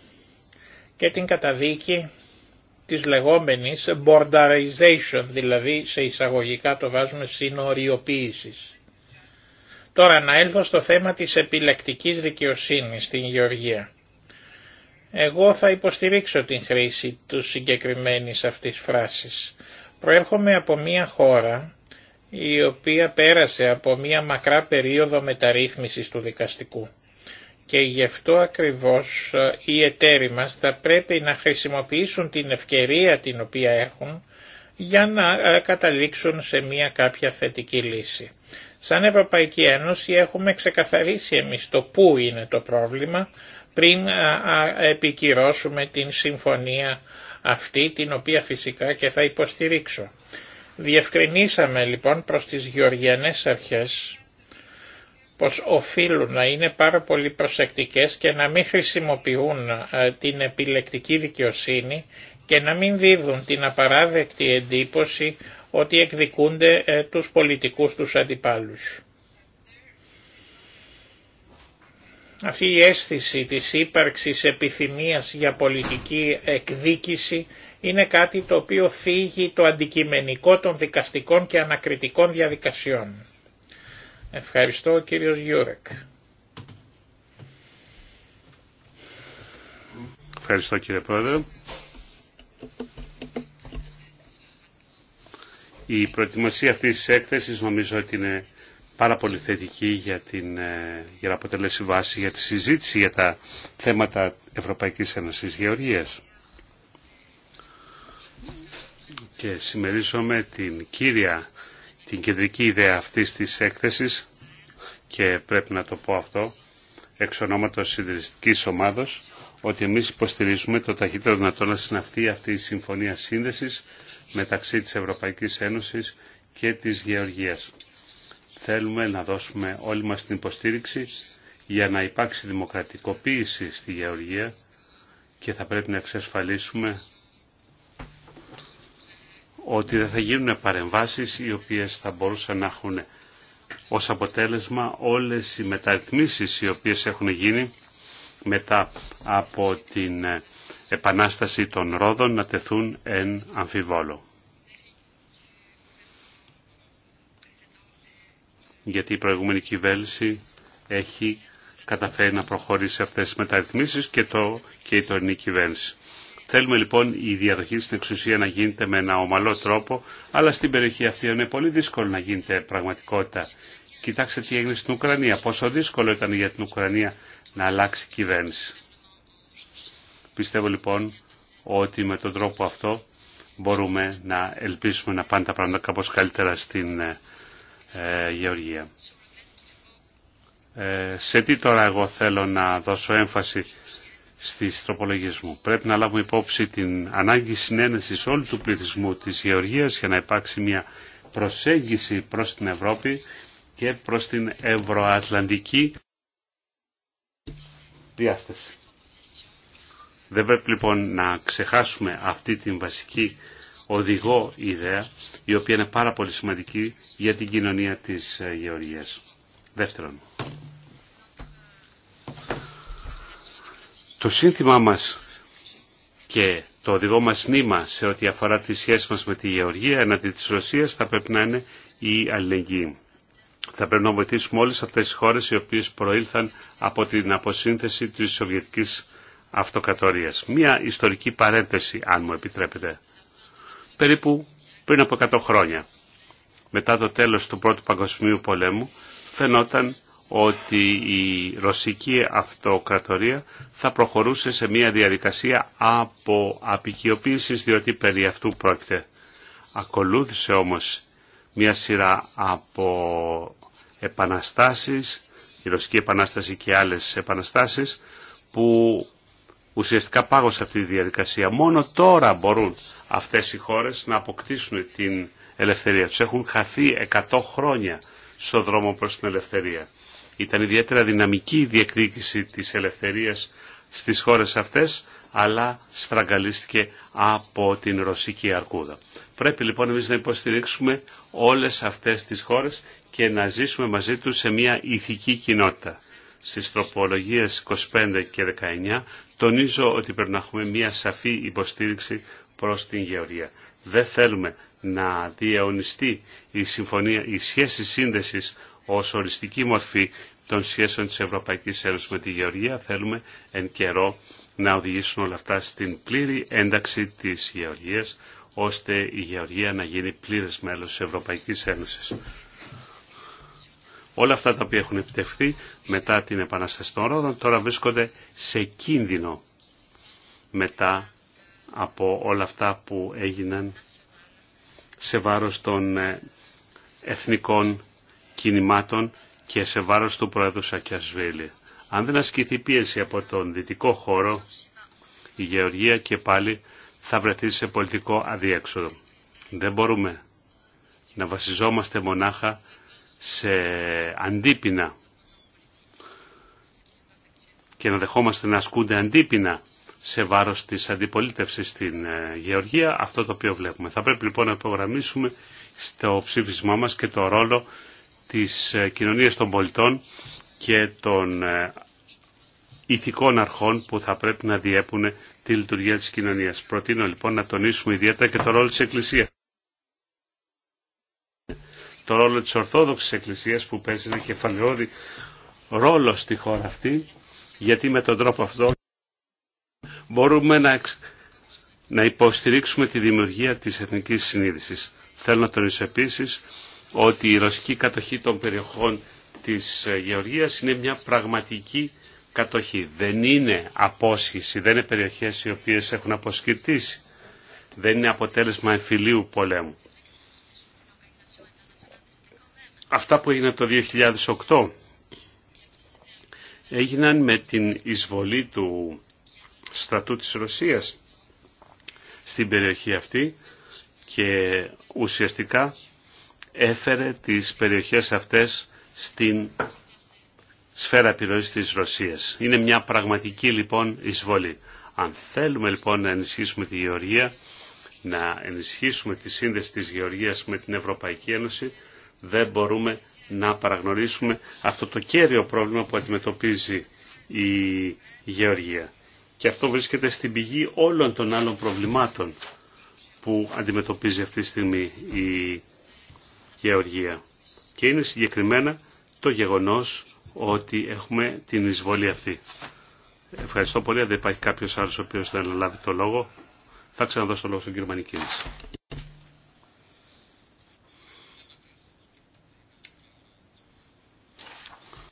και την καταδίκη της λεγόμενης borderization, δηλαδή σε εισαγωγικά το βάζουμε συνοριοποίησης. Τώρα να έλθω στο θέμα της επιλεκτικής δικαιοσύνης στην Γεωργία. Εγώ θα υποστηρίξω την χρήση του συγκεκριμένης αυτής φράσης. Προέρχομαι από μια χώρα η οποία πέρασε από μια μακρά περίοδο μεταρρύθμισης του δικαστικού. Και γι' αυτό ακριβώς ε, οι εταίροι μας θα πρέπει να χρησιμοποιήσουν την ευκαιρία την οποία έχουν για να ε, καταλήξουν σε μια κάποια θετική λύση. Σαν Ευρωπαϊκή Ένωση έχουμε ξεκαθαρίσει εμείς το πού είναι το πρόβλημα πριν ε, επικυρώσουμε την συμφωνία αυτή την οποία φυσικά και θα υποστηρίξω. Διευκρινίσαμε λοιπόν προς τις Γεωργιανές Αρχές πως οφείλουν να είναι πάρα πολύ προσεκτικές και να μην χρησιμοποιούν ε, την επιλεκτική δικαιοσύνη και να μην δίδουν την απαράδεκτη εντύπωση ότι εκδικούνται ε, τους πολιτικούς τους αντιπάλους. Αυτή η αίσθηση της ύπαρξης επιθυμίας για πολιτική εκδίκηση είναι κάτι το οποίο φύγει το αντικειμενικό των δικαστικών και ανακριτικών διαδικασιών. Ευχαριστώ κύριος Γιούρεκ. Ευχαριστώ κύριε Πρόεδρε. Η προετοιμασία αυτής της έκθεσης νομίζω ότι είναι πάρα πολύ θετική για, την, ε, για να αποτελέσει βάση για τη συζήτηση για τα θέματα Ευρωπαϊκής Ένωσης Γεωργίας. Και συμμερίζομαι την κύρια την κεντρική ιδέα αυτής της έκθεσης και πρέπει να το πω αυτό εξ ονόματος συντηρητικής ομάδος ότι εμείς υποστηρίζουμε το ταχύτερο δυνατό να συναυτεί αυτή η συμφωνία σύνδεσης μεταξύ της Ευρωπαϊκής Ένωσης και της Γεωργίας. Θέλουμε να δώσουμε όλη μας την υποστήριξη για να υπάρξει δημοκρατικοποίηση στη Γεωργία και θα πρέπει να εξασφαλίσουμε ότι δεν θα γίνουν παρεμβάσεις οι οποίες θα μπορούσαν να έχουν ως αποτέλεσμα όλες οι μεταρρυθμίσεις οι οποίες έχουν γίνει μετά από την ε, επανάσταση των Ρόδων να τεθούν εν αμφιβόλο. Γιατί η προηγούμενη κυβέρνηση έχει καταφέρει να προχωρήσει αυτές τις μεταρρυθμίσεις και, το, και η τωρινή κυβέρνηση. Θέλουμε λοιπόν η διαδοχή στην εξουσία να γίνεται με ένα ομαλό τρόπο, αλλά στην περιοχή αυτή είναι πολύ δύσκολο να γίνεται πραγματικότητα. Κοιτάξτε τι έγινε στην Ουκρανία, πόσο δύσκολο ήταν για την Ουκρανία να αλλάξει κυβέρνηση. Πιστεύω λοιπόν ότι με τον τρόπο αυτό μπορούμε να ελπίσουμε να πάνε τα πράγματα κάπως καλύτερα στην ε, ε, Γεωργία. Ε, σε τι τώρα εγώ θέλω να δώσω έμφαση Στι τροπολογίες μου. Πρέπει να λάβουμε υπόψη την ανάγκη συνένεσης όλου του πληθυσμού της Γεωργίας για να υπάρξει μια προσέγγιση προς την Ευρώπη και προς την ευρωατλαντική διάσταση. Δεν πρέπει λοιπόν να ξεχάσουμε αυτή την βασική οδηγό ιδέα, η οποία είναι πάρα πολύ σημαντική για την κοινωνία της Γεωργίας. Δεύτερον, Το σύνθημά μας και το οδηγό μας νήμα σε ό,τι αφορά τη σχέση μας με τη Γεωργία εναντί της Ρωσίας θα πρέπει να είναι η αλληλεγγύη. Θα πρέπει να βοηθήσουμε όλες αυτές τις χώρες οι οποίες προήλθαν από την αποσύνθεση της Σοβιετικής Αυτοκρατορίας. Μία ιστορική παρένθεση, αν μου επιτρέπετε. Περίπου πριν από 100 χρόνια, μετά το τέλος του Πρώτου Παγκοσμίου Πολέμου, φαινόταν ότι η ρωσική αυτοκρατορία θα προχωρούσε σε μια διαδικασία από απεικιοποίησης διότι περί αυτού πρόκειται. Ακολούθησε όμως μια σειρά από επαναστάσεις, η Ρωσική Επανάσταση και άλλες επαναστάσεις που ουσιαστικά πάγωσε αυτή τη διαδικασία. Μόνο τώρα μπορούν αυτές οι χώρες να αποκτήσουν την ελευθερία τους. Έχουν χαθεί 100 χρόνια στο δρόμο προς την ελευθερία. Ήταν ιδιαίτερα δυναμική η διεκδίκηση της ελευθερίας στις χώρες αυτές, αλλά στραγγαλίστηκε από την ρωσική αρκούδα. Πρέπει λοιπόν εμείς να υποστηρίξουμε όλες αυτές τις χώρες και να ζήσουμε μαζί τους σε μια ηθική κοινότητα. Στις τροπολογίες 25 και 19 τονίζω ότι πρέπει να έχουμε μια σαφή υποστήριξη προς την Γεωργία. Δεν θέλουμε να διαιωνιστεί η, η σχέση σύνδεσης ως οριστική μορφή των σχέσεων της Ευρωπαϊκής Ένωσης με τη Γεωργία θέλουμε εν καιρό να οδηγήσουν όλα αυτά στην πλήρη ένταξη της Γεωργίας ώστε η Γεωργία να γίνει πλήρες μέλος της Ευρωπαϊκής Ένωσης. Όλα αυτά τα οποία έχουν επιτευχθεί μετά την Επανάσταση των Ρόδων τώρα βρίσκονται σε κίνδυνο μετά από όλα αυτά που έγιναν σε βάρος των ε, εθνικών κινημάτων και σε βάρος του Πρόεδρου Σακιασβίλη. Αν δεν ασκηθεί πίεση από τον δυτικό χώρο, η Γεωργία και πάλι θα βρεθεί σε πολιτικό αδιέξοδο. Δεν μπορούμε να βασιζόμαστε μονάχα σε αντίπεινα και να δεχόμαστε να ασκούνται αντίπεινα σε βάρος της αντιπολίτευσης στην ε, Γεωργία, αυτό το οποίο βλέπουμε. Θα πρέπει λοιπόν να υπογραμμίσουμε στο ψήφισμά μας και το ρόλο της ε, κοινωνίας των πολιτών και των ε, ηθικών αρχών που θα πρέπει να διέπουν τη λειτουργία της κοινωνίας. Προτείνω λοιπόν να τονίσουμε ιδιαίτερα και το ρόλο της Εκκλησίας. Το ρόλο της Ορθόδοξης Εκκλησίας που παίζει ένα κεφαλαιόδη ρόλο στη χώρα αυτή, γιατί με τον τρόπο αυτό μπορούμε να, να υποστηρίξουμε τη δημιουργία της εθνικής συνείδησης. Θέλω να τονίσω επίσης ότι η ρωσική κατοχή των περιοχών της ε, Γεωργίας είναι μια πραγματική κατοχή. Δεν είναι απόσχηση, δεν είναι περιοχές οι οποίες έχουν αποσκητήσει. Δεν είναι αποτέλεσμα εμφυλίου πολέμου. Αυτά που έγιναν το 2008 έγιναν με την εισβολή του στρατού της Ρωσίας στην περιοχή αυτή και ουσιαστικά έφερε τις περιοχές αυτές στην σφαίρα επιρροή της Ρωσίας. Είναι μια πραγματική λοιπόν εισβολή. Αν θέλουμε λοιπόν να ενισχύσουμε τη γεωργία, να ενισχύσουμε τη σύνδεση της γεωργίας με την Ευρωπαϊκή Ένωση, δεν μπορούμε να παραγνωρίσουμε αυτό το κέριο πρόβλημα που αντιμετωπίζει η γεωργία. Και αυτό βρίσκεται στην πηγή όλων των άλλων προβλημάτων που αντιμετωπίζει αυτή τη στιγμή η γεωργία. Και είναι συγκεκριμένα το γεγονός ότι έχουμε την εισβολή αυτή. Ευχαριστώ πολύ. Αν δεν υπάρχει κάποιος άλλος ο οποίος θα αναλάβει το λόγο, θα ξαναδώσω το λόγο στον κύριο Μανικίνης.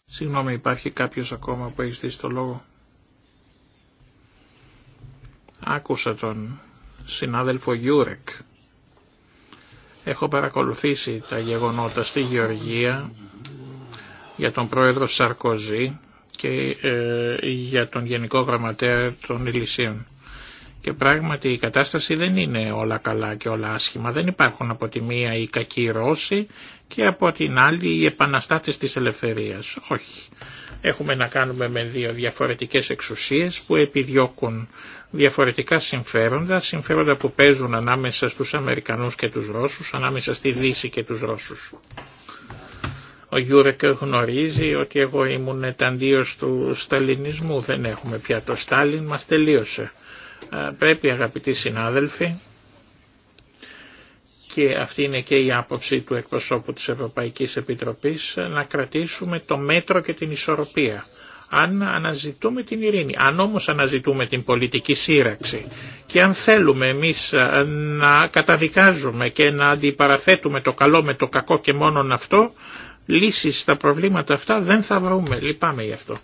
Συγγνώμη, υπάρχει κάποιος ακόμα που έχει στήσει το λόγο. Άκουσα τον συνάδελφο Γιούρεκ Έχω παρακολουθήσει τα γεγονότα στη Γεωργία για τον πρόεδρο Σαρκοζή και ε, για τον Γενικό Γραμματέα των Ηλυσίων. Και πράγματι η κατάσταση δεν είναι όλα καλά και όλα άσχημα. Δεν υπάρχουν από τη μία οι κακοί Ρώσοι και από την άλλη οι επαναστάτες της ελευθερίας. Όχι. Έχουμε να κάνουμε με δύο διαφορετικές εξουσίες που επιδιώκουν διαφορετικά συμφέροντα, συμφέροντα που παίζουν ανάμεσα στους Αμερικανούς και τους Ρώσους, ανάμεσα στη Δύση και τους Ρώσους. Ο Γιούρεκ γνωρίζει ότι εγώ ήμουν εταντίος του Σταλινισμού, δεν έχουμε πια το Στάλιν, μας τελείωσε. Ε, πρέπει αγαπητοί συνάδελφοι και αυτή είναι και η άποψη του εκπροσώπου της Ευρωπαϊκής Επιτροπής, να κρατήσουμε το μέτρο και την ισορροπία. Αν αναζητούμε την ειρήνη, αν όμως αναζητούμε την πολιτική σύραξη και αν θέλουμε εμείς ε, να καταδικάζουμε και να αντιπαραθέτουμε το καλό με το κακό και μόνον αυτό, λύσεις στα προβλήματα αυτά δεν θα βρούμε. Λυπάμαι γι' αυτό.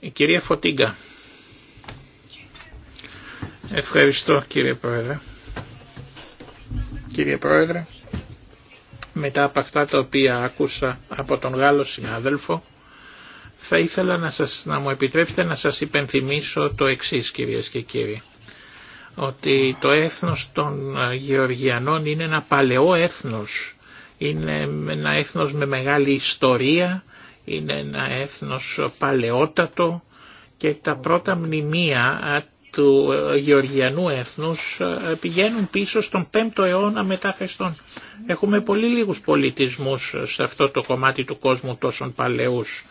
Η κυρία Φωτίγκα. Ευχαριστώ κύριε Πρόεδρε κύριε Πρόεδρε. Μετά από αυτά τα οποία άκουσα από τον Γάλλο συνάδελφο, θα ήθελα να, σας, να μου επιτρέψετε να σας υπενθυμίσω το εξής κυρίες και κύριοι ότι το έθνος των ε, Γεωργιανών είναι ένα παλαιό έθνος, είναι ένα έθνος με μεγάλη ιστορία, είναι ένα έθνος παλαιότατο και τα πρώτα μνημεία ε, του Γεωργιανού έθνους ε, πηγαίνουν πίσω στον 5ο αιώνα μετά Χριστόν. Έχουμε πολύ λίγους πολιτισμούς σε αυτό το κομμάτι του κόσμου τόσων παλαιούς.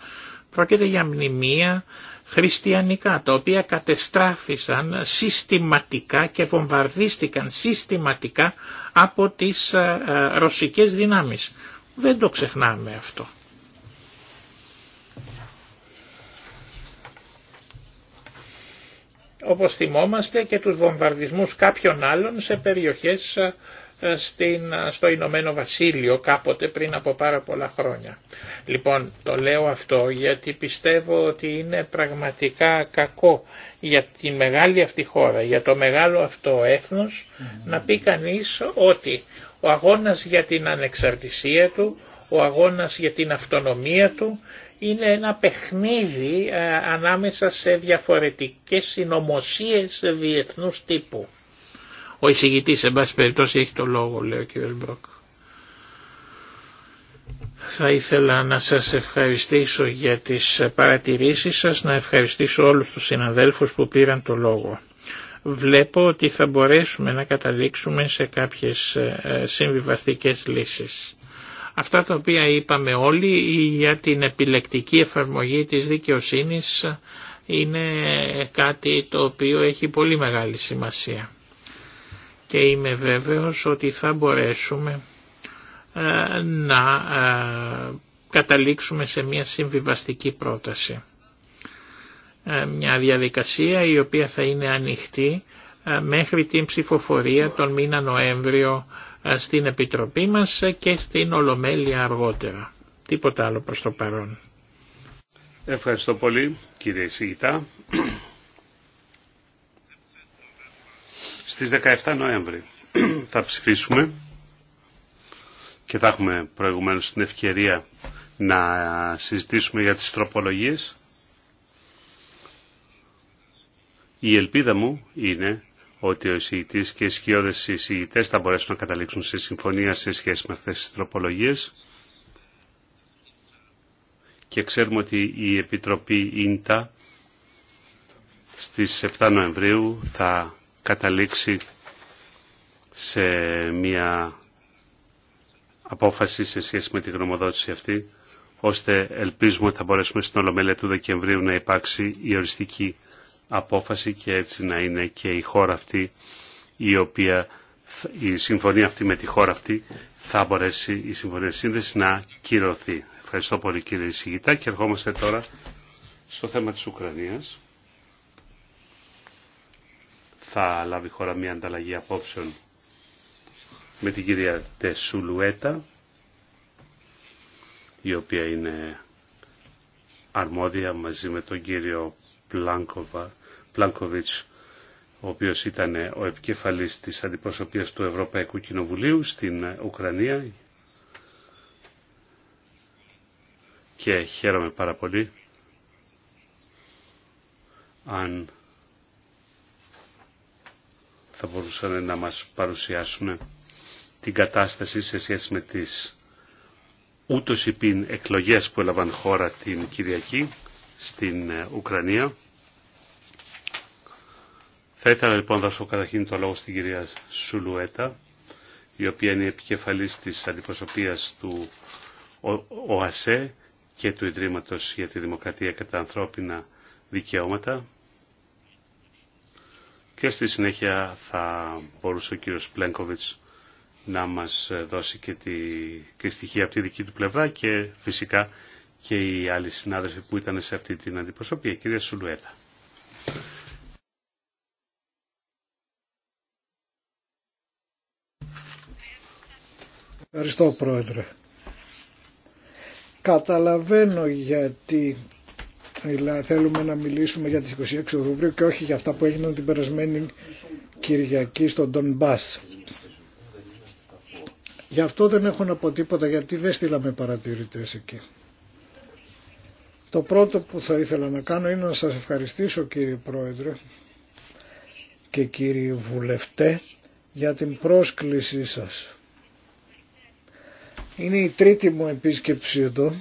Πρόκειται για μνημεία χριστιανικά, τα οποία κατεστράφησαν συστηματικά και βομβαρδίστηκαν συστηματικά από τις ε, ε, ρωσικές δυνάμεις. Δεν το ξεχνάμε αυτό. όπως θυμόμαστε και τους βομβαρδισμούς κάποιων άλλων σε περιοχές ε, ε, στην, ε, στο Ηνωμένο Βασίλειο κάποτε πριν από πάρα πολλά χρόνια. Λοιπόν, το λέω αυτό γιατί πιστεύω ότι είναι πραγματικά κακό για τη μεγάλη αυτή χώρα, για το μεγάλο αυτό έθνος, να πει κανείς ότι ο αγώνας για την ανεξαρτησία του, ο αγώνας για την αυτονομία του είναι ένα παιχνίδι ε, ανάμεσα σε διαφορετικές συνωμοσίες διεθνούς τύπου. Ο εισηγητής, εν πάση περιπτώσει, έχει το λόγο, λέει ο κ. Μπροκ. Θα ήθελα να σας ευχαριστήσω για τις παρατηρήσεις σας, να ευχαριστήσω όλους τους συναδέλφους που πήραν το λόγο. Βλέπω ότι θα μπορέσουμε να καταλήξουμε σε κάποιες ε, συμβιβαστικές λύσεις. Αυτά τα οποία είπαμε όλοι για την επιλεκτική εφαρμογή της δικαιοσύνης είναι κάτι το οποίο έχει πολύ μεγάλη σημασία. Και είμαι βέβαιος ότι θα μπορέσουμε ε, να ε, καταλήξουμε σε μια συμβιβαστική πρόταση. Ε, μια διαδικασία η οποία θα είναι ανοιχτή μέχρι την ψηφοφορία τον μήνα Νοέμβριο ε, στην Επιτροπή μας ε, και στην Ολομέλεια αργότερα. Τίποτα άλλο προς το παρόν. Ευχαριστώ πολύ κύριε Σιγητά. Στις 17 Νοέμβρη θα ψηφίσουμε και θα έχουμε προηγουμένως την ευκαιρία να συζητήσουμε για τις τροπολογίες. Η ελπίδα μου είναι ότι ο εισηγητή και οι σκιώδε εισηγητέ θα μπορέσουν να καταλήξουν σε συμφωνία σε σχέση με αυτέ τι τροπολογίε. Και ξέρουμε ότι η Επιτροπή ΙΝΤΑ στις 7 Νοεμβρίου θα καταλήξει σε μια απόφαση σε σχέση με την γνωμοδότηση αυτή, ώστε ελπίζουμε ότι θα μπορέσουμε στην Ολομέλεια του Δεκεμβρίου να υπάρξει η οριστική απόφαση και έτσι να είναι και η χώρα αυτή η οποία η συμφωνία αυτή με τη χώρα αυτή θα μπορέσει η συμφωνία σύνδεση να κυρωθεί. Ευχαριστώ πολύ κύριε Ισηγητά και ερχόμαστε τώρα στο θέμα της Ουκρανίας. Θα λάβει χώρα μια ανταλλαγή απόψεων με την κυρία Τεσουλουέτα η οποία είναι αρμόδια μαζί με τον κύριο Πλάνκοβα, Πλάνκοβιτς, ο οποίος ήταν ο επικεφαλής της αντιπροσωπείας του Ευρωπαϊκού Κοινοβουλίου στην ε, Ουκρανία και χαίρομαι πάρα πολύ αν θα μπορούσαν να μας παρουσιάσουν την κατάσταση σε σχέση με τις ούτως υπήν εκλογές που έλαβαν χώρα την Κυριακή στην ε, Ουκρανία. Θα ήθελα λοιπόν να δώσω καταρχήν το λόγο στην κυρία Σουλουέτα, η οποία είναι επικεφαλής της αντιπροσωπείας του ΟΑΣΕ και του Ιδρύματος για τη Δημοκρατία και τα Ανθρώπινα Δικαιώματα. Και στη συνέχεια θα μπορούσε ο κύριος Πλένκοβιτς να μας δώσει και, τη, και στοιχεία από τη δική του πλευρά και φυσικά και οι άλλοι συνάδελφοι που ήταν σε αυτή την αντιπροσωπεία. Κυρία Σουλουέτα. Ευχαριστώ Πρόεδρε. Καταλαβαίνω γιατί θέλουμε να μιλήσουμε για τις 26 Οκτωβρίου και όχι για αυτά που έγιναν την περασμένη Κυριακή στον Τον Μπάς. Γι' αυτό δεν έχω να πω τίποτα γιατί δεν στείλαμε παρατηρητές εκεί. Το πρώτο που θα ήθελα να κάνω είναι να σας ευχαριστήσω κύριε Πρόεδρε και κύριοι Βουλευτέ για την πρόσκλησή σας. Είναι η τρίτη μου επίσκεψη εδώ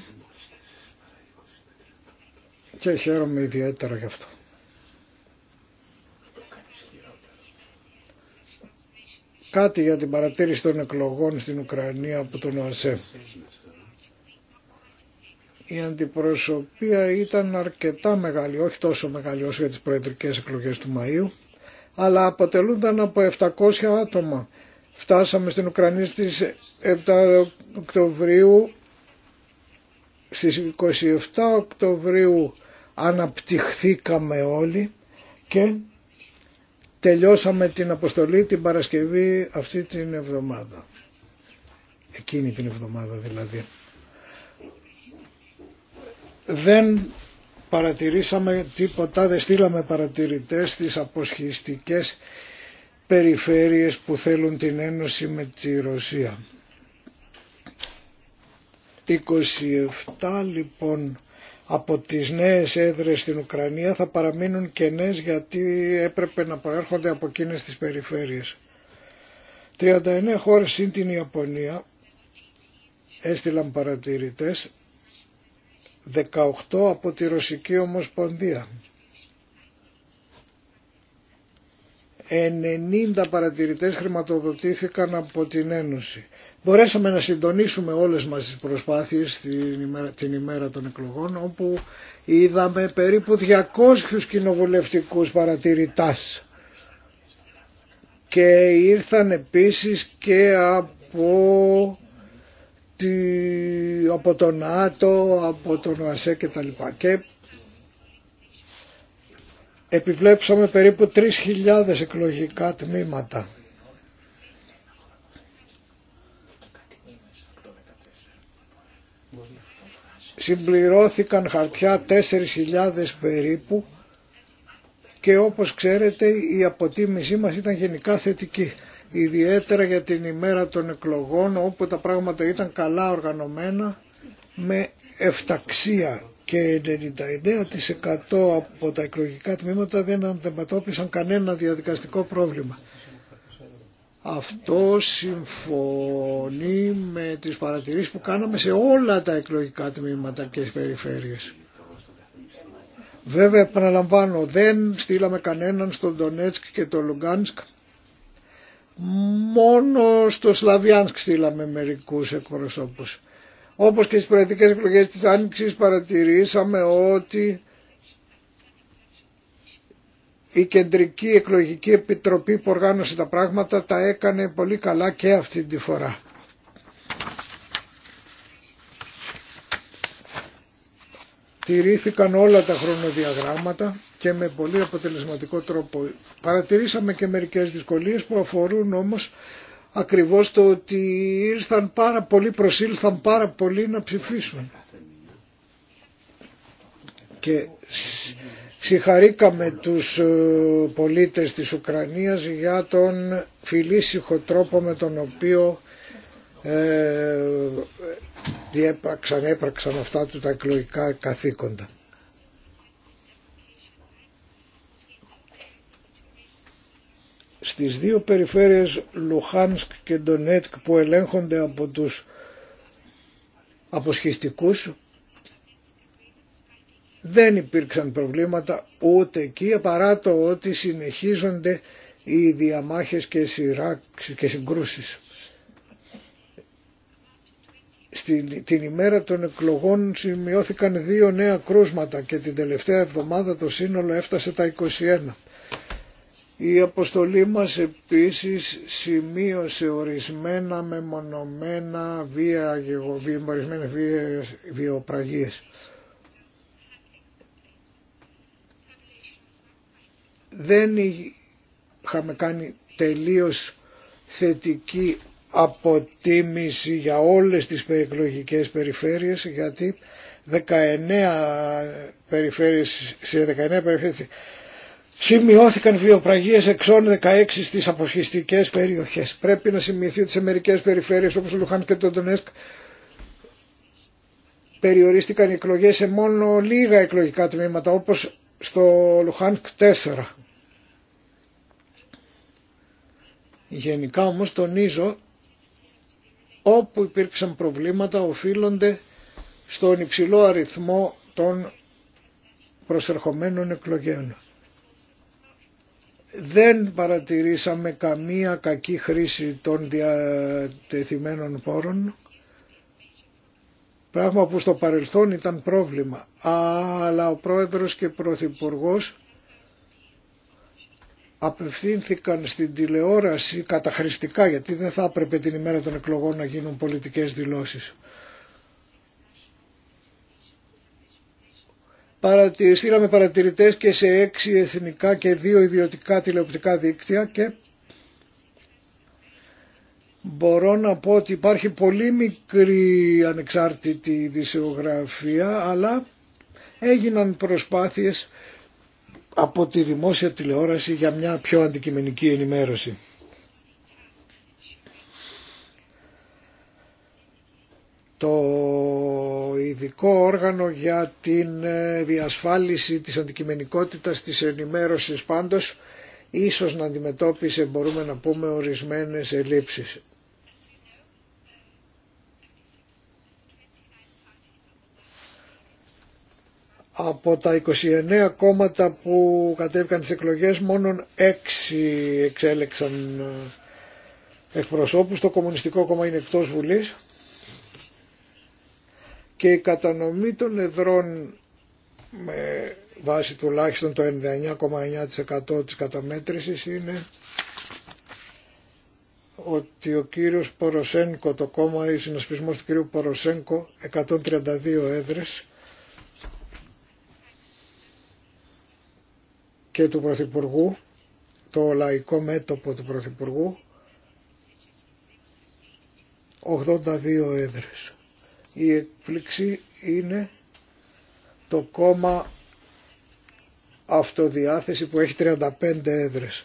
και χαίρομαι ιδιαίτερα γι' αυτό. Κάτι για την παρατήρηση των εκλογών στην Ουκρανία από τον ΟΑΣΕ η αντιπροσωπεία ήταν αρκετά μεγάλη, όχι τόσο μεγάλη όσο για τις προεδρικές εκλογές του Μαΐου, αλλά αποτελούνταν από 700 άτομα. Φτάσαμε στην Ουκρανία στις 7 Οκτωβρίου, στις 27 Οκτωβρίου αναπτυχθήκαμε όλοι και τελειώσαμε την αποστολή την Παρασκευή αυτή την εβδομάδα. Εκείνη την εβδομάδα δηλαδή δεν παρατηρήσαμε τίποτα, δεν στείλαμε παρατηρητές στις αποσχιστικές περιφέρειες που θέλουν την ένωση με τη Ρωσία. 27 λοιπόν από τις νέες έδρες στην Ουκρανία θα παραμείνουν κενές γιατί έπρεπε να προέρχονται από εκείνες τις περιφέρειες. 39 χώρες συν την Ιαπωνία έστειλαν παρατηρητές 18 από τη Ρωσική Ομοσπονδία. 90 παρατηρητές χρηματοδοτήθηκαν από την Ένωση. Μπορέσαμε να συντονίσουμε όλες μας τις προσπάθειες την ημέρα, την ημέρα των εκλογών όπου είδαμε περίπου 200 κοινοβουλευτικούς παρατηρητάς και ήρθαν επίσης και από από τον Άτο, από τον ΟΑΣΕ και τα λοιπά. Και επιβλέψαμε περίπου 3.000 εκλογικά τμήματα. Συμπληρώθηκαν χαρτιά 4.000 περίπου και όπως ξέρετε η αποτίμησή μας ήταν γενικά θετική ιδιαίτερα για την ημέρα των εκλογών όπου τα πράγματα ήταν καλά οργανωμένα με εφταξία και 99% από τα εκλογικά τμήματα δεν αντιμετώπισαν κανένα διαδικαστικό πρόβλημα. Αυτό συμφωνεί με τις παρατηρήσεις που κάναμε σε όλα τα εκλογικά τμήματα και τις περιφέρειες. Βέβαια, επαναλαμβάνω, δεν στείλαμε κανέναν στον Ντονέτσκ και τον Λουγκάνσκ Μόνο στο Σλαβιάνσκ στείλαμε μερικούς εκπροσώπους. Όπως και στις προεδρικές εκλογές της Άνοιξης παρατηρήσαμε ότι η Κεντρική Εκλογική Επιτροπή που οργάνωσε τα πράγματα τα έκανε πολύ καλά και αυτή τη φορά. Τηρήθηκαν όλα τα χρονοδιαγράμματα και με πολύ αποτελεσματικό τρόπο. Παρατηρήσαμε και μερικές δυσκολίες που αφορούν όμως ακριβώς το ότι ήρθαν πάρα πολύ προσήλθαν πάρα πολλοί να ψηφίσουν. Και συγχαρήκαμε τους ε, πολίτες της Ουκρανίας για τον φιλήσυχο τρόπο με τον οποίο ε, διέπραξαν, έπραξαν αυτά του τα εκλογικά καθήκοντα. στις δύο περιφέρειες Λουχάνσκ και Ντονέτσκ που ελέγχονται από τους αποσχιστικούς δεν υπήρξαν προβλήματα ούτε εκεί παρά το ότι συνεχίζονται οι διαμάχες και, σειράξεις συγκρούσεις. Στην, την ημέρα των εκλογών σημειώθηκαν δύο νέα κρούσματα και την τελευταία εβδομάδα το σύνολο έφτασε τα 21. Η αποστολή μας επίσης σημείωσε ορισμένα μεμονωμένα βία, ορισμένες βίες, βιοπραγίες. Δεν είχαμε κάνει τελείως θετική αποτίμηση για όλες τις περιεκλογικές περιφέρειες γιατί 19 περιφέρειες, σε 19 περιφέρειες Σημειώθηκαν βιοπραγίες εξών 16 στις αποσχιστικές περιοχές. Πρέπει να σημειωθεί ότι σε μερικές περιφέρειες όπως ο Λουχάν και το Ντονέσκ περιορίστηκαν οι εκλογές σε μόνο λίγα εκλογικά τμήματα όπως στο Λουχάνκ 4. Γενικά όμως τονίζω όπου υπήρξαν προβλήματα οφείλονται στον υψηλό αριθμό των προσερχομένων εκλογέων δεν παρατηρήσαμε καμία κακή χρήση των διατεθειμένων πόρων, πράγμα που στο παρελθόν ήταν πρόβλημα, αλλά ο πρόεδρος και πρωθυπουργός απευθύνθηκαν στην τηλεόραση καταχρηστικά, γιατί δεν θα έπρεπε την ημέρα των εκλογών να γίνουν πολιτικές δηλώσεις. Στείλαμε παρατηρητές και σε έξι εθνικά και δύο ιδιωτικά τηλεοπτικά δίκτυα και μπορώ να πω ότι υπάρχει πολύ μικρή ανεξάρτητη ειδησιογραφία αλλά έγιναν προσπάθειες από τη δημόσια τηλεόραση για μια πιο αντικειμενική ενημέρωση. το ειδικό όργανο για την ε, διασφάλιση της αντικειμενικότητας της ενημέρωσης πάντως ίσως να αντιμετώπισε μπορούμε να πούμε ορισμένες ελλείψεις. Από τα 29 κόμματα που κατέβηκαν τις εκλογές μόνον 6 εξέλεξαν ε, εκπροσώπους. Το Κομμουνιστικό Κόμμα είναι εκτός Βουλής και η κατανομή των εδρών με βάση τουλάχιστον το 99,9% της καταμέτρησης είναι ότι ο κύριος Ποροσένκο, το κόμμα ή συνασπισμός του κύριου Ποροσένκο, 132 έδρες και του Πρωθυπουργού, το λαϊκό μέτωπο του Πρωθυπουργού, 82 έδρες. Η εκπλήξη είναι το κόμμα αυτοδιάθεση που έχει 35 έδρες.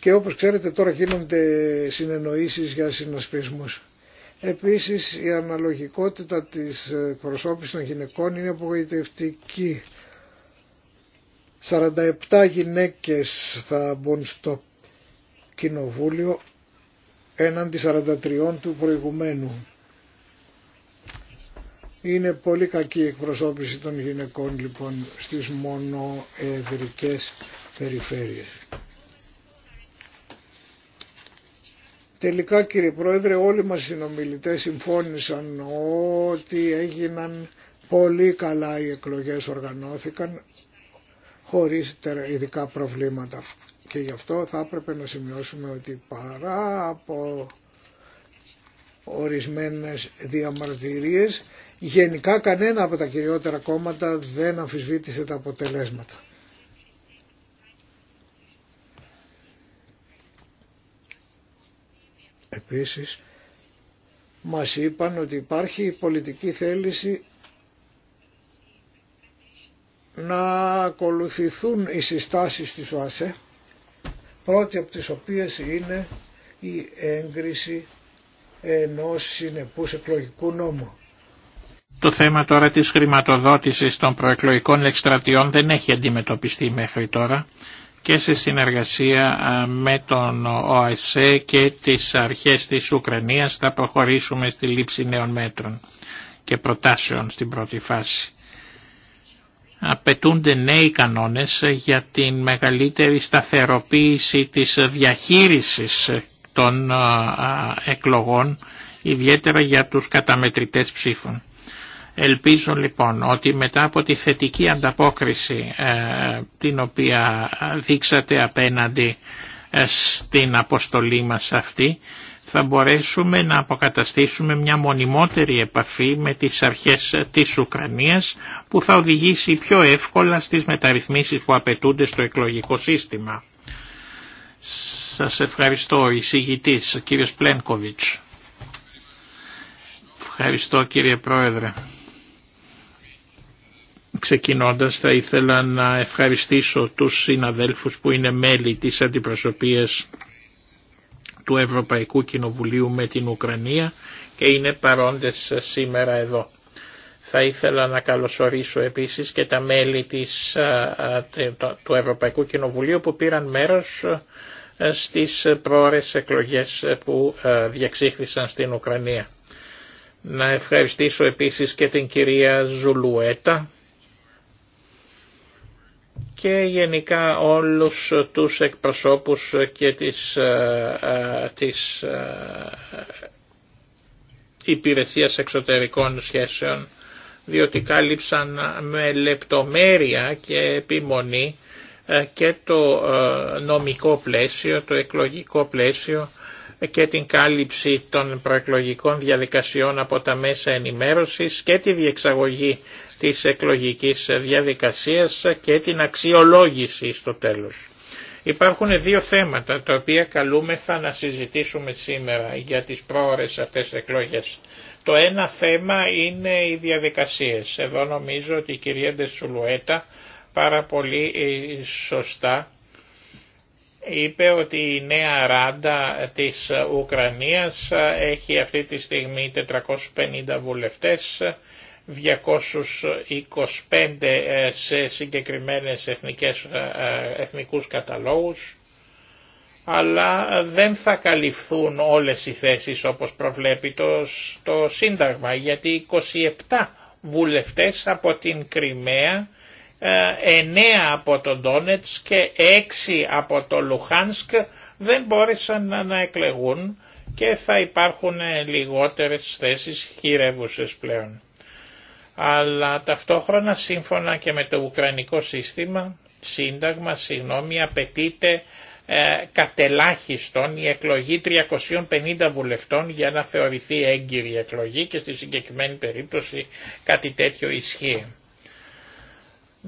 Και όπως ξέρετε τώρα γίνονται συνεννοήσεις για συνασπισμούς. Επίσης η αναλογικότητα της προσώπησης των γυναικών είναι απογοητευτική. 47 γυναίκες θα μπουν στο κοινοβούλιο έναντι 43 του προηγουμένου. Είναι πολύ κακή η εκπροσώπηση των γυναικών λοιπόν στις μονοεδρικές περιφέρειες. Τελικά κύριε Πρόεδρε όλοι μας οι συνομιλητές συμφώνησαν ότι έγιναν πολύ καλά οι εκλογές οργανώθηκαν χωρίς ειδικά προβλήματα. Και γι' αυτό θα έπρεπε να σημειώσουμε ότι παρά από ορισμένες διαμαρτυρίες Γενικά κανένα από τα κυριότερα κόμματα δεν αμφισβήτησε τα αποτελέσματα. Επίσης, μας είπαν ότι υπάρχει πολιτική θέληση να ακολουθηθούν οι συστάσεις της ΟΑΣΕ, πρώτη από τις οποίες είναι η έγκριση ενός συνεπούς εκλογικού νόμου. Το θέμα τώρα της χρηματοδότησης των προεκλογικών εκστρατιών δεν έχει αντιμετωπιστεί μέχρι τώρα και σε συνεργασία με τον ΟΑΣΕ και τις αρχές της Ουκρανίας θα προχωρήσουμε στη λήψη νέων μέτρων και προτάσεων στην πρώτη φάση. Απαιτούνται νέοι κανόνες για την μεγαλύτερη σταθεροποίηση της διαχείρισης των εκλογών, ιδιαίτερα για τους καταμετρητές ψήφων. Ελπίζω λοιπόν ότι μετά από τη θετική ανταπόκριση ε, την οποία δείξατε απέναντι ε, στην αποστολή μας αυτή θα μπορέσουμε να αποκαταστήσουμε μια μονιμότερη επαφή με τις αρχές της Ουκρανίας που θα οδηγήσει πιο εύκολα στις μεταρρυθμίσεις που απαιτούνται στο εκλογικό σύστημα. Σας ευχαριστώ, εισηγητής, κύριος Πλένκοβιτς. Ευχαριστώ κύριε Πρόεδρε. Ξεκινώντας θα ήθελα να ευχαριστήσω τους συναδέλφους που είναι μέλη της αντιπροσωπείας του Ευρωπαϊκού Κοινοβουλίου με την Ουκρανία και είναι παρόντες σήμερα εδώ. Θα ήθελα να καλωσορίσω επίσης και τα μέλη της, του Ευρωπαϊκού Κοινοβουλίου που πήραν μέρος στις πρόορες εκλογές που διεξήχθησαν στην Ουκρανία. Να ευχαριστήσω επίσης και την κυρία Ζουλουέτα και γενικά όλους τους εκπροσώπους και της, ε, ε, της ε, υπηρεσίας εξωτερικών σχέσεων διότι κάλυψαν με λεπτομέρεια και επιμονή και το νομικό πλαίσιο, το εκλογικό πλαίσιο και την κάλυψη των προεκλογικών διαδικασιών από τα μέσα ενημέρωσης και τη διεξαγωγή της εκλογικής διαδικασίας και την αξιολόγηση στο τέλος. Υπάρχουν δύο θέματα τα οποία καλούμεθα να συζητήσουμε σήμερα για τις πρόορες αυτές εκλογές. Το ένα θέμα είναι οι διαδικασίες. Εδώ νομίζω ότι η κυρία Ντεσουλουέτα πάρα πολύ ε, σωστά είπε ότι η νέα ράντα της Ουκρανίας έχει αυτή τη στιγμή 450 βουλευτές 225 ε, σε συγκεκριμένες εθνικές, ε, ε, εθνικούς καταλόγους, αλλά δεν θα καλυφθούν όλες οι θέσεις όπως προβλέπει το, Σύνταγμα, γιατί 27 βουλευτές από την Κρυμαία, 9 από τον Ντόνετς και 6 από το Λουχάνσκ δεν μπόρεσαν να εκλεγούν και θα υπάρχουν λιγότερες θέσεις χειρεύουσες πλέον αλλά ταυτόχρονα σύμφωνα και με το Ουκρανικό σύστημα, σύνταγμα, συγγνώμη, απαιτείται ε, κατελάχιστον η εκλογή 350 βουλευτών για να θεωρηθεί έγκυρη εκλογή και στη συγκεκριμένη περίπτωση κάτι τέτοιο ισχύει.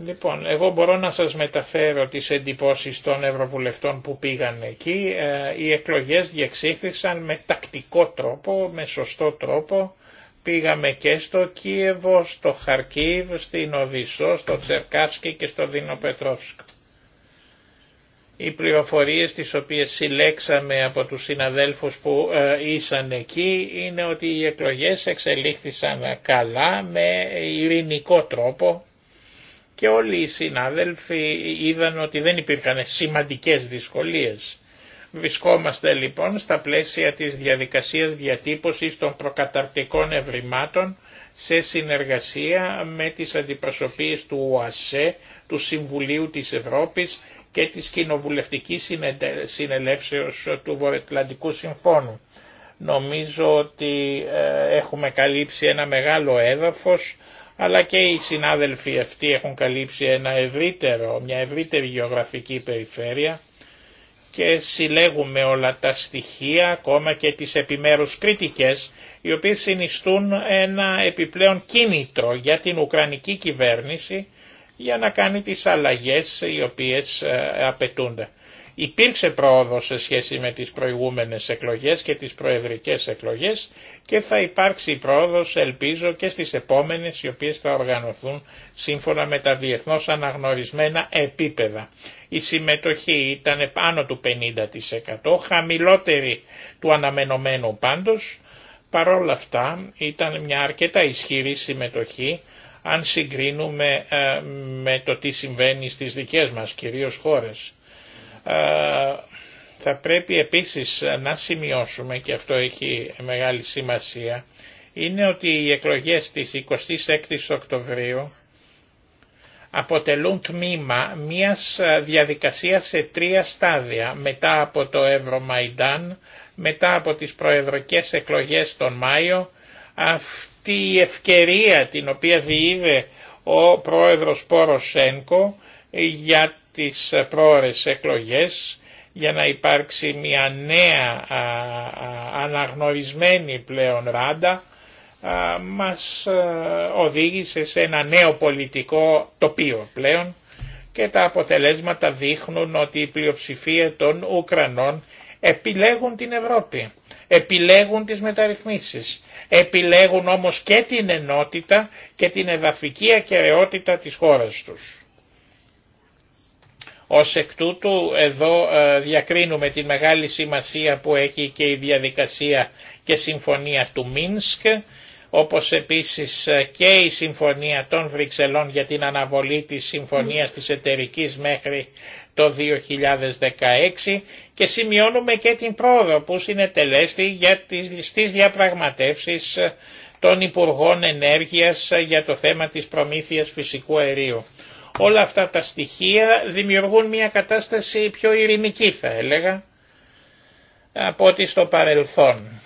Λοιπόν, εγώ μπορώ να σας μεταφέρω τις εντυπώσεις των Ευρωβουλευτών που πήγαν εκεί. Ε, οι εκλογές διεξήχθησαν με τακτικό τρόπο, με σωστό τρόπο. Πήγαμε και στο Κίεβο, στο Χαρκίβ, στην Οδυσσό, στο Τσερκάσκι και στο Δινοπετρόσκ. Οι πληροφορίες τις οποίες συλλέξαμε από τους συναδέλφους που ε, ήσαν εκεί είναι ότι οι εκλογές εξελίχθησαν καλά με ειρηνικό τρόπο και όλοι οι συνάδελφοι είδαν ότι δεν υπήρχαν σημαντικές δυσκολίες. Βρισκόμαστε λοιπόν στα πλαίσια της διαδικασίας διατύπωσης των προκαταρτικών ευρημάτων σε συνεργασία με τις αντιπροσωπείες του ΟΑΣΕ, του Συμβουλίου της Ευρώπης και της Κοινοβουλευτικής Συνελεύσεως του Βορειοατλαντικού Συμφώνου. Νομίζω ότι ε, έχουμε καλύψει ένα μεγάλο έδαφος, αλλά και οι συνάδελφοι αυτοί έχουν καλύψει ένα ευρύτερο, μια ευρύτερη γεωγραφική περιφέρεια και συλλέγουμε όλα τα στοιχεία, ακόμα και τις επιμέρους κριτικές, οι οποίες συνιστούν ένα επιπλέον κίνητρο για την Ουκρανική κυβέρνηση για να κάνει τις αλλαγές οι οποίες ε, απαιτούνται. Υπήρξε πρόοδο σε σχέση με τις προηγούμενες εκλογές και τις προεδρικές εκλογές και θα υπάρξει πρόοδος ελπίζω και στις επόμενες οι οποίες θα οργανωθούν σύμφωνα με τα διεθνώς αναγνωρισμένα επίπεδα η συμμετοχή ήταν πάνω του 50%, χαμηλότερη του αναμενωμένου πάντως, παρόλα αυτά ήταν μια αρκετά ισχυρή συμμετοχή αν συγκρίνουμε ε, με το τι συμβαίνει στις δικές μας κυρίως χώρες. Ε, θα πρέπει επίσης να σημειώσουμε, και αυτό έχει μεγάλη σημασία, είναι ότι οι εκλογές της 26 Οκτωβρίου αποτελούν τμήμα μιας ε, διαδικασίας σε τρία στάδια μετά από το Ευρωμαϊντάν, μετά από τις προεδρικές εκλογές τον Μάιο, αυτή η ευκαιρία την οποία διείδε ο πρόεδρος Πόροσένκο για τις πρόορες εκλογές για να υπάρξει μια νέα αναγνωρισμένη πλέον ράντα μας ε, οδήγησε σε ένα νέο πολιτικό τοπίο πλέον και τα αποτελέσματα δείχνουν ότι η πλειοψηφία των Ουκρανών επιλέγουν την Ευρώπη, επιλέγουν τις μεταρρυθμίσεις, επιλέγουν όμως και την ενότητα και την εδαφική ακαιρεότητα της χώρας τους. Ως εκ τούτου εδώ ε, διακρίνουμε τη μεγάλη σημασία που έχει και η διαδικασία και συμφωνία του Μίνσκ όπως επίσης ε, και η Συμφωνία των Βρυξελών για την αναβολή της Συμφωνίας της Εταιρικής μέχρι το 2016 και σημειώνουμε και την πρόοδο που συνετελέστη για τις, στις διαπραγματεύσεις ε, των Υπουργών Ενέργειας ε, για το θέμα της προμήθειας φυσικού αερίου. Όλα αυτά τα στοιχεία δημιουργούν μια κατάσταση πιο ειρηνική θα έλεγα από ό,τι στο παρελθόν.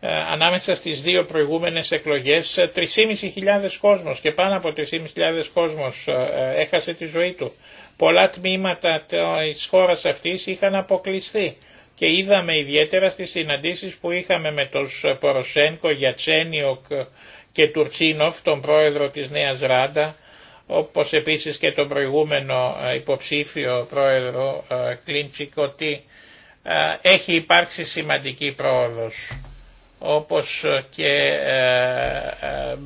Ε, ανάμεσα στις δύο προηγούμενες εκλογές 3.500 ε, κόσμος και πάνω από 3.500 κόσμος ε, έχασε τη ζωή του. Πολλά τμήματα της χώρας αυτής είχαν αποκλειστεί και είδαμε ιδιαίτερα στις συναντήσεις που είχαμε με τους Ποροσένκο, Γιατσένιοκ και Τουρτσίνοφ, τον πρόεδρο της Νέας Ράντα, όπως επίσης και τον προηγούμενο υποψήφιο πρόεδρο Κλίντσικ, ότι έχει υπάρξει σημαντική πρόοδος όπως και ε, ε,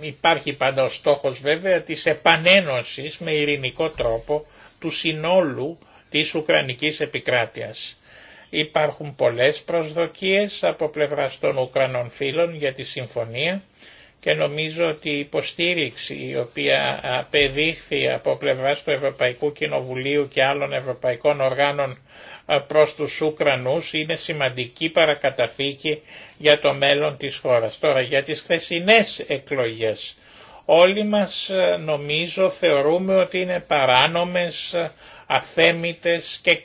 υπάρχει πάντα ο στόχος βέβαια της επανένωσης με ειρηνικό τρόπο του συνόλου της Ουκρανικής επικράτειας. Υπάρχουν πολλές προσδοκίες από πλευράς των Ουκρανών φίλων για τη συμφωνία και νομίζω ότι η υποστήριξη η οποία απεδείχθη από πλευράς του Ευρωπαϊκού Κοινοβουλίου και άλλων ευρωπαϊκών οργάνων ε, προς τους Ουκρανούς είναι σημαντική παρακαταθήκη για το μέλλον της χώρας. Τώρα για τις χθεσινές εκλογές. Όλοι μας ε, νομίζω θεωρούμε ότι είναι παράνομες, ε, αθέμητες και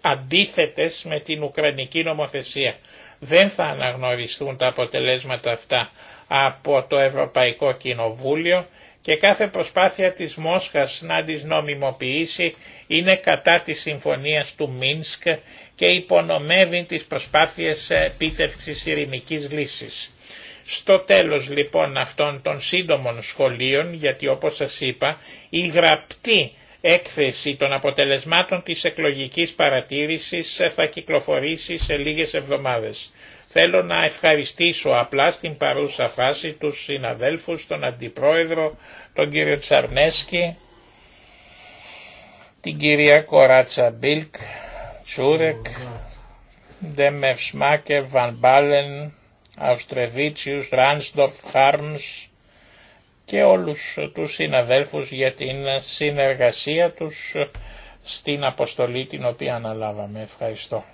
αντίθετες με την Ουκρανική νομοθεσία. Δεν θα αναγνωριστούν τα αποτελέσματα αυτά από το Ευρωπαϊκό Κοινοβούλιο και κάθε προσπάθεια της Μόσχας να τις νομιμοποιήσει είναι κατά της συμφωνίας του Μίνσκ και υπονομεύει τις προσπάθειες επίτευξης ειρηνικής λύσης. Στο τέλος λοιπόν αυτών των σύντομων σχολείων, γιατί όπως σας είπα η γραπτή έκθεση των αποτελεσμάτων της εκλογικής παρατήρησης θα κυκλοφορήσει σε λίγες εβδομάδες. Θέλω να ευχαριστήσω απλά στην παρούσα φάση τους συναδέλφους, τον Αντιπρόεδρο, τον κύριο Τσαρνέσκι, την κυρία Κοράτσα Μπίλκ, Τσούρεκ, Ντέμερ Σμάκε, Βαν Μπάλεν, Αυστρεβίτσιους, Ράνσδορφ, Χάρμς και όλους τους συναδέλφους για την συνεργασία τους στην αποστολή την οποία αναλάβαμε. Ευχαριστώ.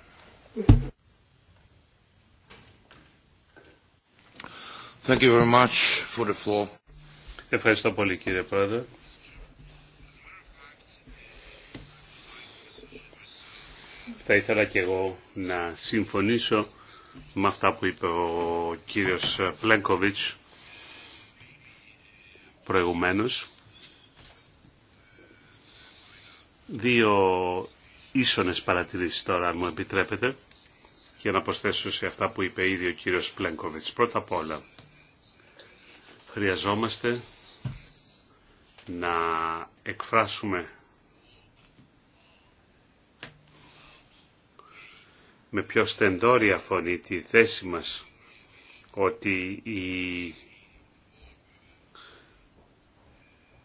Ευχαριστώ πολύ κύριε Πρόεδρε. Θα ήθελα και εγώ να συμφωνήσω με αυτά που είπε ο κύριος Πλένκοβιτς προηγουμένως. Δύο ίσονες παρατηρήσεις τώρα, αν μου επιτρέπετε, για να προσθέσω σε αυτά που είπε ήδη ο κύριος Πλένκοβιτς. Πρώτα απ' όλα, Χρειαζόμαστε να εκφράσουμε με πιο στεντόρια φωνή τη θέση μας ότι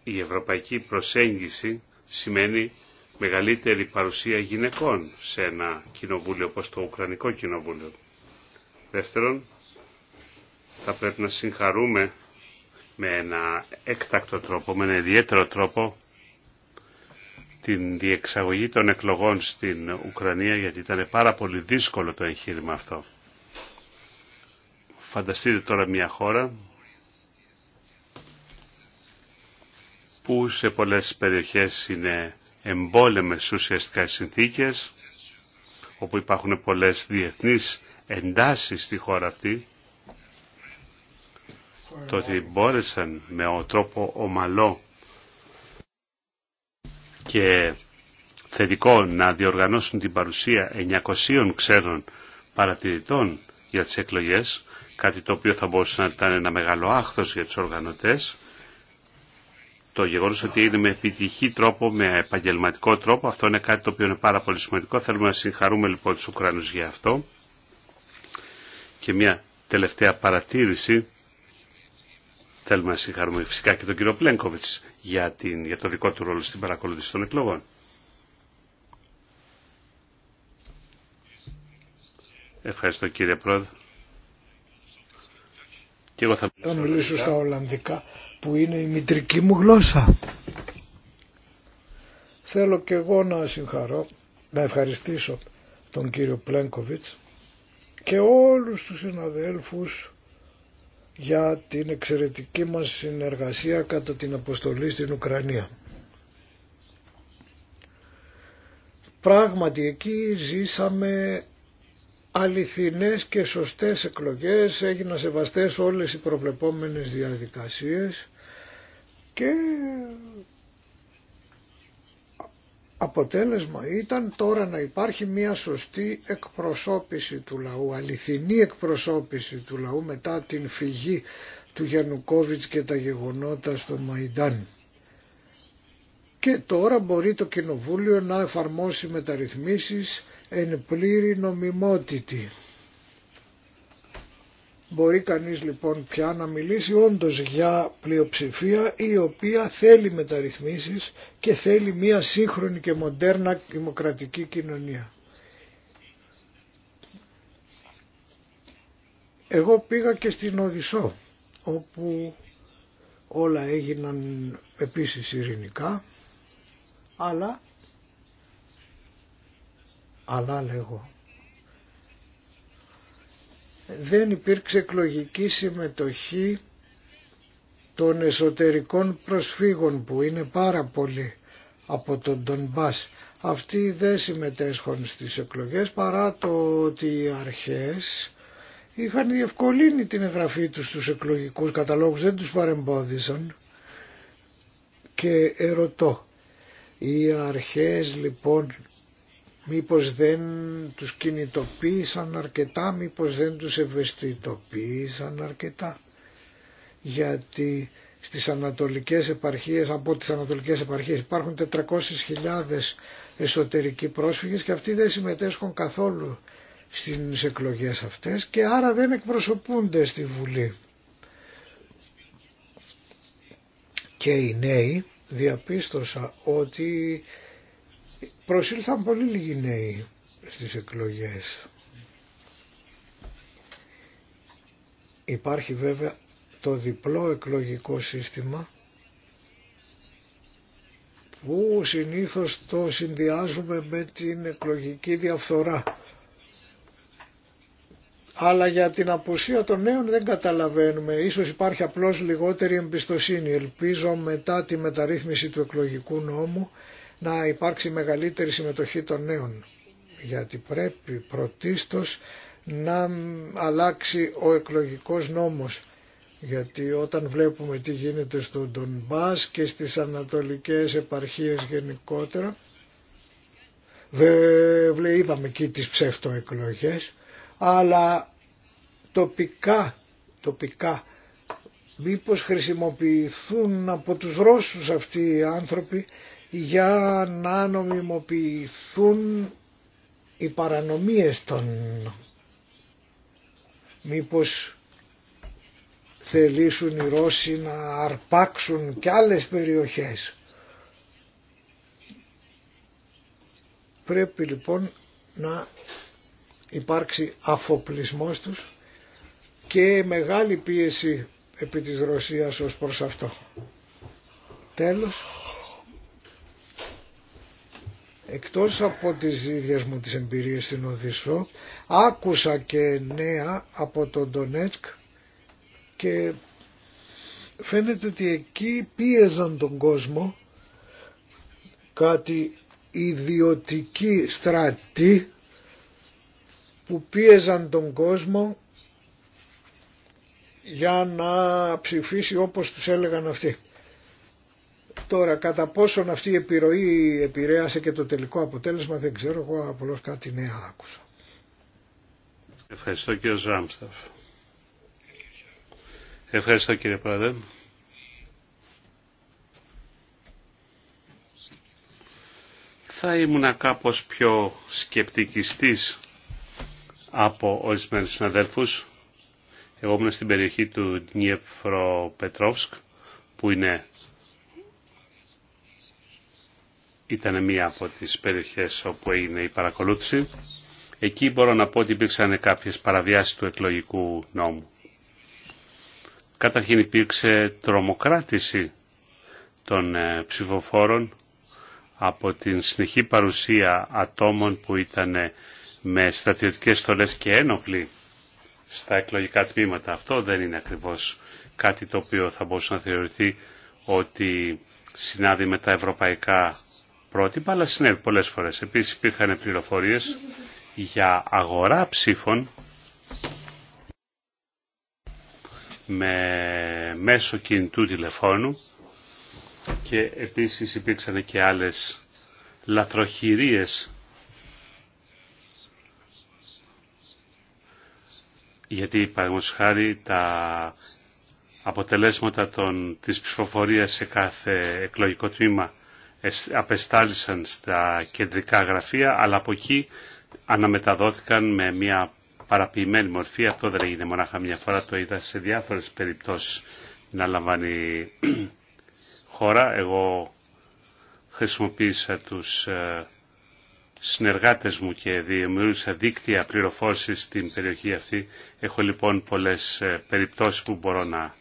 η, ευρωπαϊκή προσέγγιση σημαίνει μεγαλύτερη παρουσία γυναικών σε ένα κοινοβούλιο όπως το Ουκρανικό Κοινοβούλιο. Δεύτερον, θα πρέπει να συγχαρούμε με ένα έκτακτο τρόπο, με ένα ιδιαίτερο τρόπο την διεξαγωγή των εκλογών στην Ουκρανία γιατί ήταν πάρα πολύ δύσκολο το εγχείρημα αυτό. Φανταστείτε τώρα μια χώρα που σε πολλές περιοχές είναι εμπόλεμες ουσιαστικά συνθήκες όπου υπάρχουν πολλές διεθνείς εντάσεις στη χώρα αυτή το ότι μπόρεσαν με ο τρόπο ομαλό και θετικό να διοργανώσουν την παρουσία 900 ξένων παρατηρητών για τις εκλογές, κάτι το οποίο θα μπορούσε να ήταν ένα μεγάλο άχθος για τους οργανωτές. Το γεγονός ότι είναι με επιτυχή τρόπο, με επαγγελματικό τρόπο, αυτό είναι κάτι το οποίο είναι πάρα πολύ σημαντικό. Θέλουμε να συγχαρούμε λοιπόν τους Ουκρανούς για αυτό. Και μια τελευταία παρατήρηση Θέλουμε να συγχαρούμε φυσικά και τον κύριο Πλένκοβιτς για, το δικό του ρόλο στην παρακολούθηση των εκλογών. Ευχαριστώ κύριε Πρόεδρε. Και εγώ θα μιλήσω, στα Ολλανδικά που είναι η μητρική μου γλώσσα. Θέλω και εγώ να συγχαρώ, να ευχαριστήσω τον κύριο Πλένκοβιτς και όλους τους συναδέλφους για την εξαιρετική μας συνεργασία κατά την αποστολή στην Ουκρανία. Πράγματι εκεί ζήσαμε αληθινές και σωστές εκλογές, έγιναν σεβαστές όλες οι προβλεπόμενες διαδικασίες και αποτέλεσμα ήταν τώρα να υπάρχει μια σωστή εκπροσώπηση του λαού, αληθινή εκπροσώπηση του λαού μετά την φυγή του Γιαννουκόβιτς και τα γεγονότα στο Μαϊντάν. Και τώρα μπορεί το Κοινοβούλιο να εφαρμόσει μεταρρυθμίσεις εν πλήρη νομιμότητη. Μπορεί κανείς λοιπόν πια να μιλήσει όντως για πλειοψηφία η οποία θέλει μεταρρυθμίσεις και θέλει μια σύγχρονη και μοντέρνα δημοκρατική κοινωνία. Εγώ πήγα και στην Οδυσσό όπου όλα έγιναν επίσης ειρηνικά αλλά αλλά λέγω δεν υπήρξε εκλογική συμμετοχή των εσωτερικών προσφύγων που είναι πάρα πολλοί από τον Ντονμπάς. Αυτοί δεν συμμετέσχουν στις εκλογές παρά το ότι οι αρχές είχαν διευκολύνει την εγγραφή τους στους εκλογικούς καταλόγους, δεν τους παρεμπόδισαν. Και ερωτώ, οι αρχές λοιπόν Μήπως δεν τους κινητοποίησαν αρκετά, μήπως δεν τους ευαισθητοποίησαν αρκετά. Γιατί στις ανατολικές επαρχίες, από τις ανατολικές επαρχίες υπάρχουν 400.000 εσωτερικοί πρόσφυγες και αυτοί δεν συμμετέσχουν καθόλου στις εκλογές αυτές και άρα δεν εκπροσωπούνται στη Βουλή. Και οι νέοι διαπίστωσα ότι προσήλθαν πολύ λίγοι νέοι στις εκλογές. Υπάρχει βέβαια το διπλό εκλογικό σύστημα που συνήθως το συνδυάζουμε με την εκλογική διαφθορά. Αλλά για την απουσία των νέων δεν καταλαβαίνουμε. Ίσως υπάρχει απλώς λιγότερη εμπιστοσύνη. Ελπίζω μετά τη μεταρρύθμιση του εκλογικού νόμου να υπάρξει μεγαλύτερη συμμετοχή των νέων. Γιατί πρέπει πρωτίστως να αλλάξει ο εκλογικός νόμος. Γιατί όταν βλέπουμε τι γίνεται στον Ντονμπάς και στις ανατολικές επαρχίες γενικότερα, είδαμε εκεί τις ψευτοεκλογές, αλλά τοπικά, τοπικά, μήπως χρησιμοποιηθούν από τους Ρώσους αυτοί οι άνθρωποι για να νομιμοποιηθούν οι παρανομίες των μήπως θελήσουν οι Ρώσοι να αρπάξουν και άλλες περιοχές. Πρέπει λοιπόν να υπάρξει αφοπλισμός τους και μεγάλη πίεση επί της Ρωσίας ως προς αυτό. Τέλος. Εκτός από τις ίδιες μου τις εμπειρίες στην Οδύσσο, άκουσα και νέα από τον Ντονέτσκ και φαίνεται ότι εκεί πίεζαν τον κόσμο κάτι ιδιωτική στράτη που πίεζαν τον κόσμο για να ψηφίσει όπως τους έλεγαν αυτοί. Τώρα, κατά πόσον αυτή η επιρροή επηρέασε και το τελικό αποτέλεσμα, δεν ξέρω, εγώ απλώς κάτι νέα άκουσα. Ευχαριστώ κύριε Ζάμσταφ. Ευχαριστώ κύριε Πρόεδρε. Θα ήμουν κάπως πιο σκεπτικιστής από ορισμένους συναδέλφους. Εγώ ήμουν στην περιοχή του Νιεφροπετρόφσκ που είναι ήταν μία από τις περιοχές όπου έγινε η παρακολούθηση. Εκεί μπορώ να πω ότι υπήρξαν κάποιες παραβιάσεις του εκλογικού νόμου. Καταρχήν υπήρξε τρομοκράτηση των ε, ψηφοφόρων από την συνεχή παρουσία ατόμων που ήταν ε, με στρατιωτικές στολές και ένοπλοι στα εκλογικά τμήματα. Αυτό δεν είναι ακριβώς κάτι το οποίο θα μπορούσε να θεωρηθεί ότι συνάδει με τα ευρωπαϊκά πρότυπα, αλλά συνέβη πολλές φορές. Επίσης υπήρχαν πληροφορίες για αγορά ψήφων με μέσο κινητού τηλεφώνου και επίσης υπήρξαν και άλλες λαθροχειρίες γιατί παραδείγματος χάρη τα αποτελέσματα των, της ψηφοφορίας σε κάθε εκλογικό τμήμα απεστάλησαν στα κεντρικά γραφεία, αλλά από εκεί αναμεταδόθηκαν με μια παραποιημένη μορφή. Αυτό δεν έγινε μονάχα μια φορά, το είδα σε διάφορες περιπτώσεις να λαμβάνει χώρα. Εγώ χρησιμοποίησα τους ε, συνεργάτες μου και δημιούργησα δίκτυα πληροφόρησης στην περιοχή αυτή. Έχω λοιπόν πολλές ε, περιπτώσεις που μπορώ να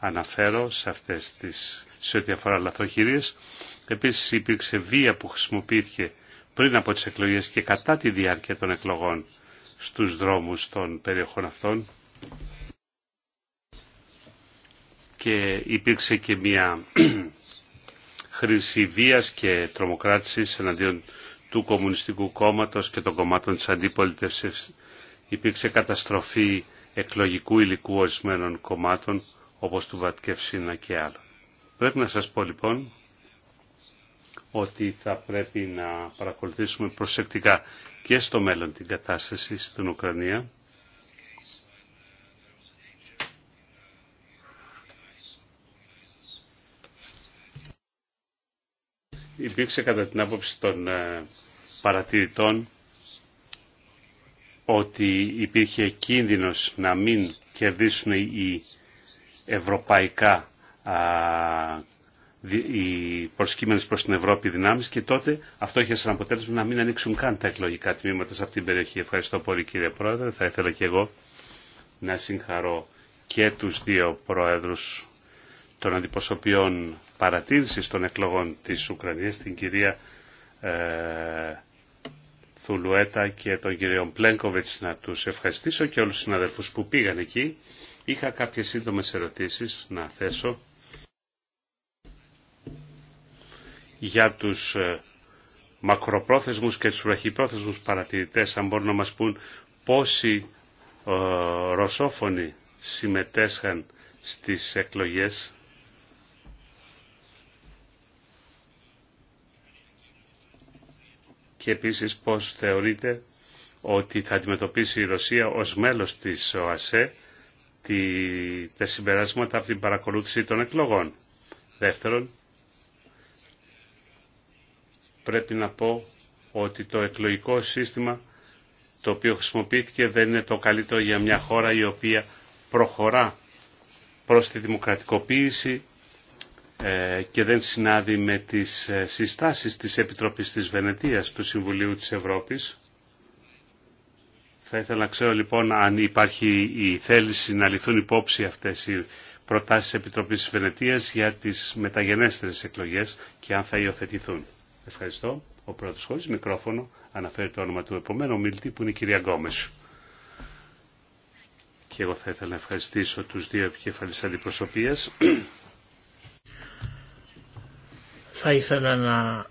αναφέρω σε, αυτές τις, σε ό,τι αφορά λαθοχειρίες. Επίσης υπήρξε βία που χρησιμοποιήθηκε πριν από τις εκλογές και κατά τη διάρκεια των εκλογών στους δρόμους των περιοχών αυτών. Και υπήρξε και μια χρήση βίας και τρομοκράτησης εναντίον του Κομμουνιστικού Κόμματος και των κομμάτων της αντιπολιτευσής. Υπήρξε καταστροφή εκλογικού υλικού ορισμένων κομμάτων όπως του Βατκευσίνα και άλλων. Πρέπει να σας πω λοιπόν ότι θα πρέπει να παρακολουθήσουμε προσεκτικά και στο μέλλον την κατάσταση στην Ουκρανία. Υπήρξε κατά την άποψη των ε, παρατηρητών ότι υπήρχε κίνδυνος να μην κερδίσουν οι ευρωπαϊκά οι προσκύμενες προς την Ευρώπη δυνάμεις και τότε αυτό είχε σαν αποτέλεσμα να μην ανοίξουν καν τα εκλογικά τμήματα σε αυτή την περιοχή. Ευχαριστώ πολύ κύριε Πρόεδρε. Θα ήθελα και εγώ να συγχαρώ και τους δύο πρόεδρους των αντιπροσωπιών παρατήρησης των εκλογών της Ουκρανίας, την κυρία ε, Θουλουέτα και τον κύριο Πλένκοβιτς να τους ευχαριστήσω και όλους τους συναδελφούς που πήγαν εκεί. Είχα κάποιες σύντομες ερωτήσεις να θέσω για τους ε, μακροπρόθεσμους και τους βραχυπρόθεσμους παρατηρητές, αν μπορούν να μας πούν πόσοι ε, ρωσόφωνοι συμμετέσχαν στις εκλογές. Και επίσης πώς θεωρείτε ότι θα αντιμετωπίσει η Ρωσία ως μέλος της ΟΑΣΕ τα συμπεράσματα από την παρακολούθηση των εκλογών. Δεύτερον, πρέπει να πω ότι το εκλογικό σύστημα το οποίο χρησιμοποιήθηκε δεν είναι το καλύτερο για μια χώρα η οποία προχωρά προς τη δημοκρατικοποίηση ε, και δεν συνάδει με τις ε, συστάσεις της Επιτροπής της Βενετίας του Συμβουλίου της Ευρώπης. Θα ήθελα να ξέρω λοιπόν αν υπάρχει η θέληση να ληφθούν υπόψη αυτές οι προτάσεις της Επιτροπής της Βενετίας για τις μεταγενέστερες εκλογές και αν θα υιοθετηθούν. Ευχαριστώ. Ο πρώτος χωρίς μικρόφωνο αναφέρει το όνομα του επομένου μιλητή που είναι η κυρία Γκόμες. Και εγώ θα ήθελα να ευχαριστήσω τους δύο επικεφαλής αντιπροσωπείας. Θα ήθελα να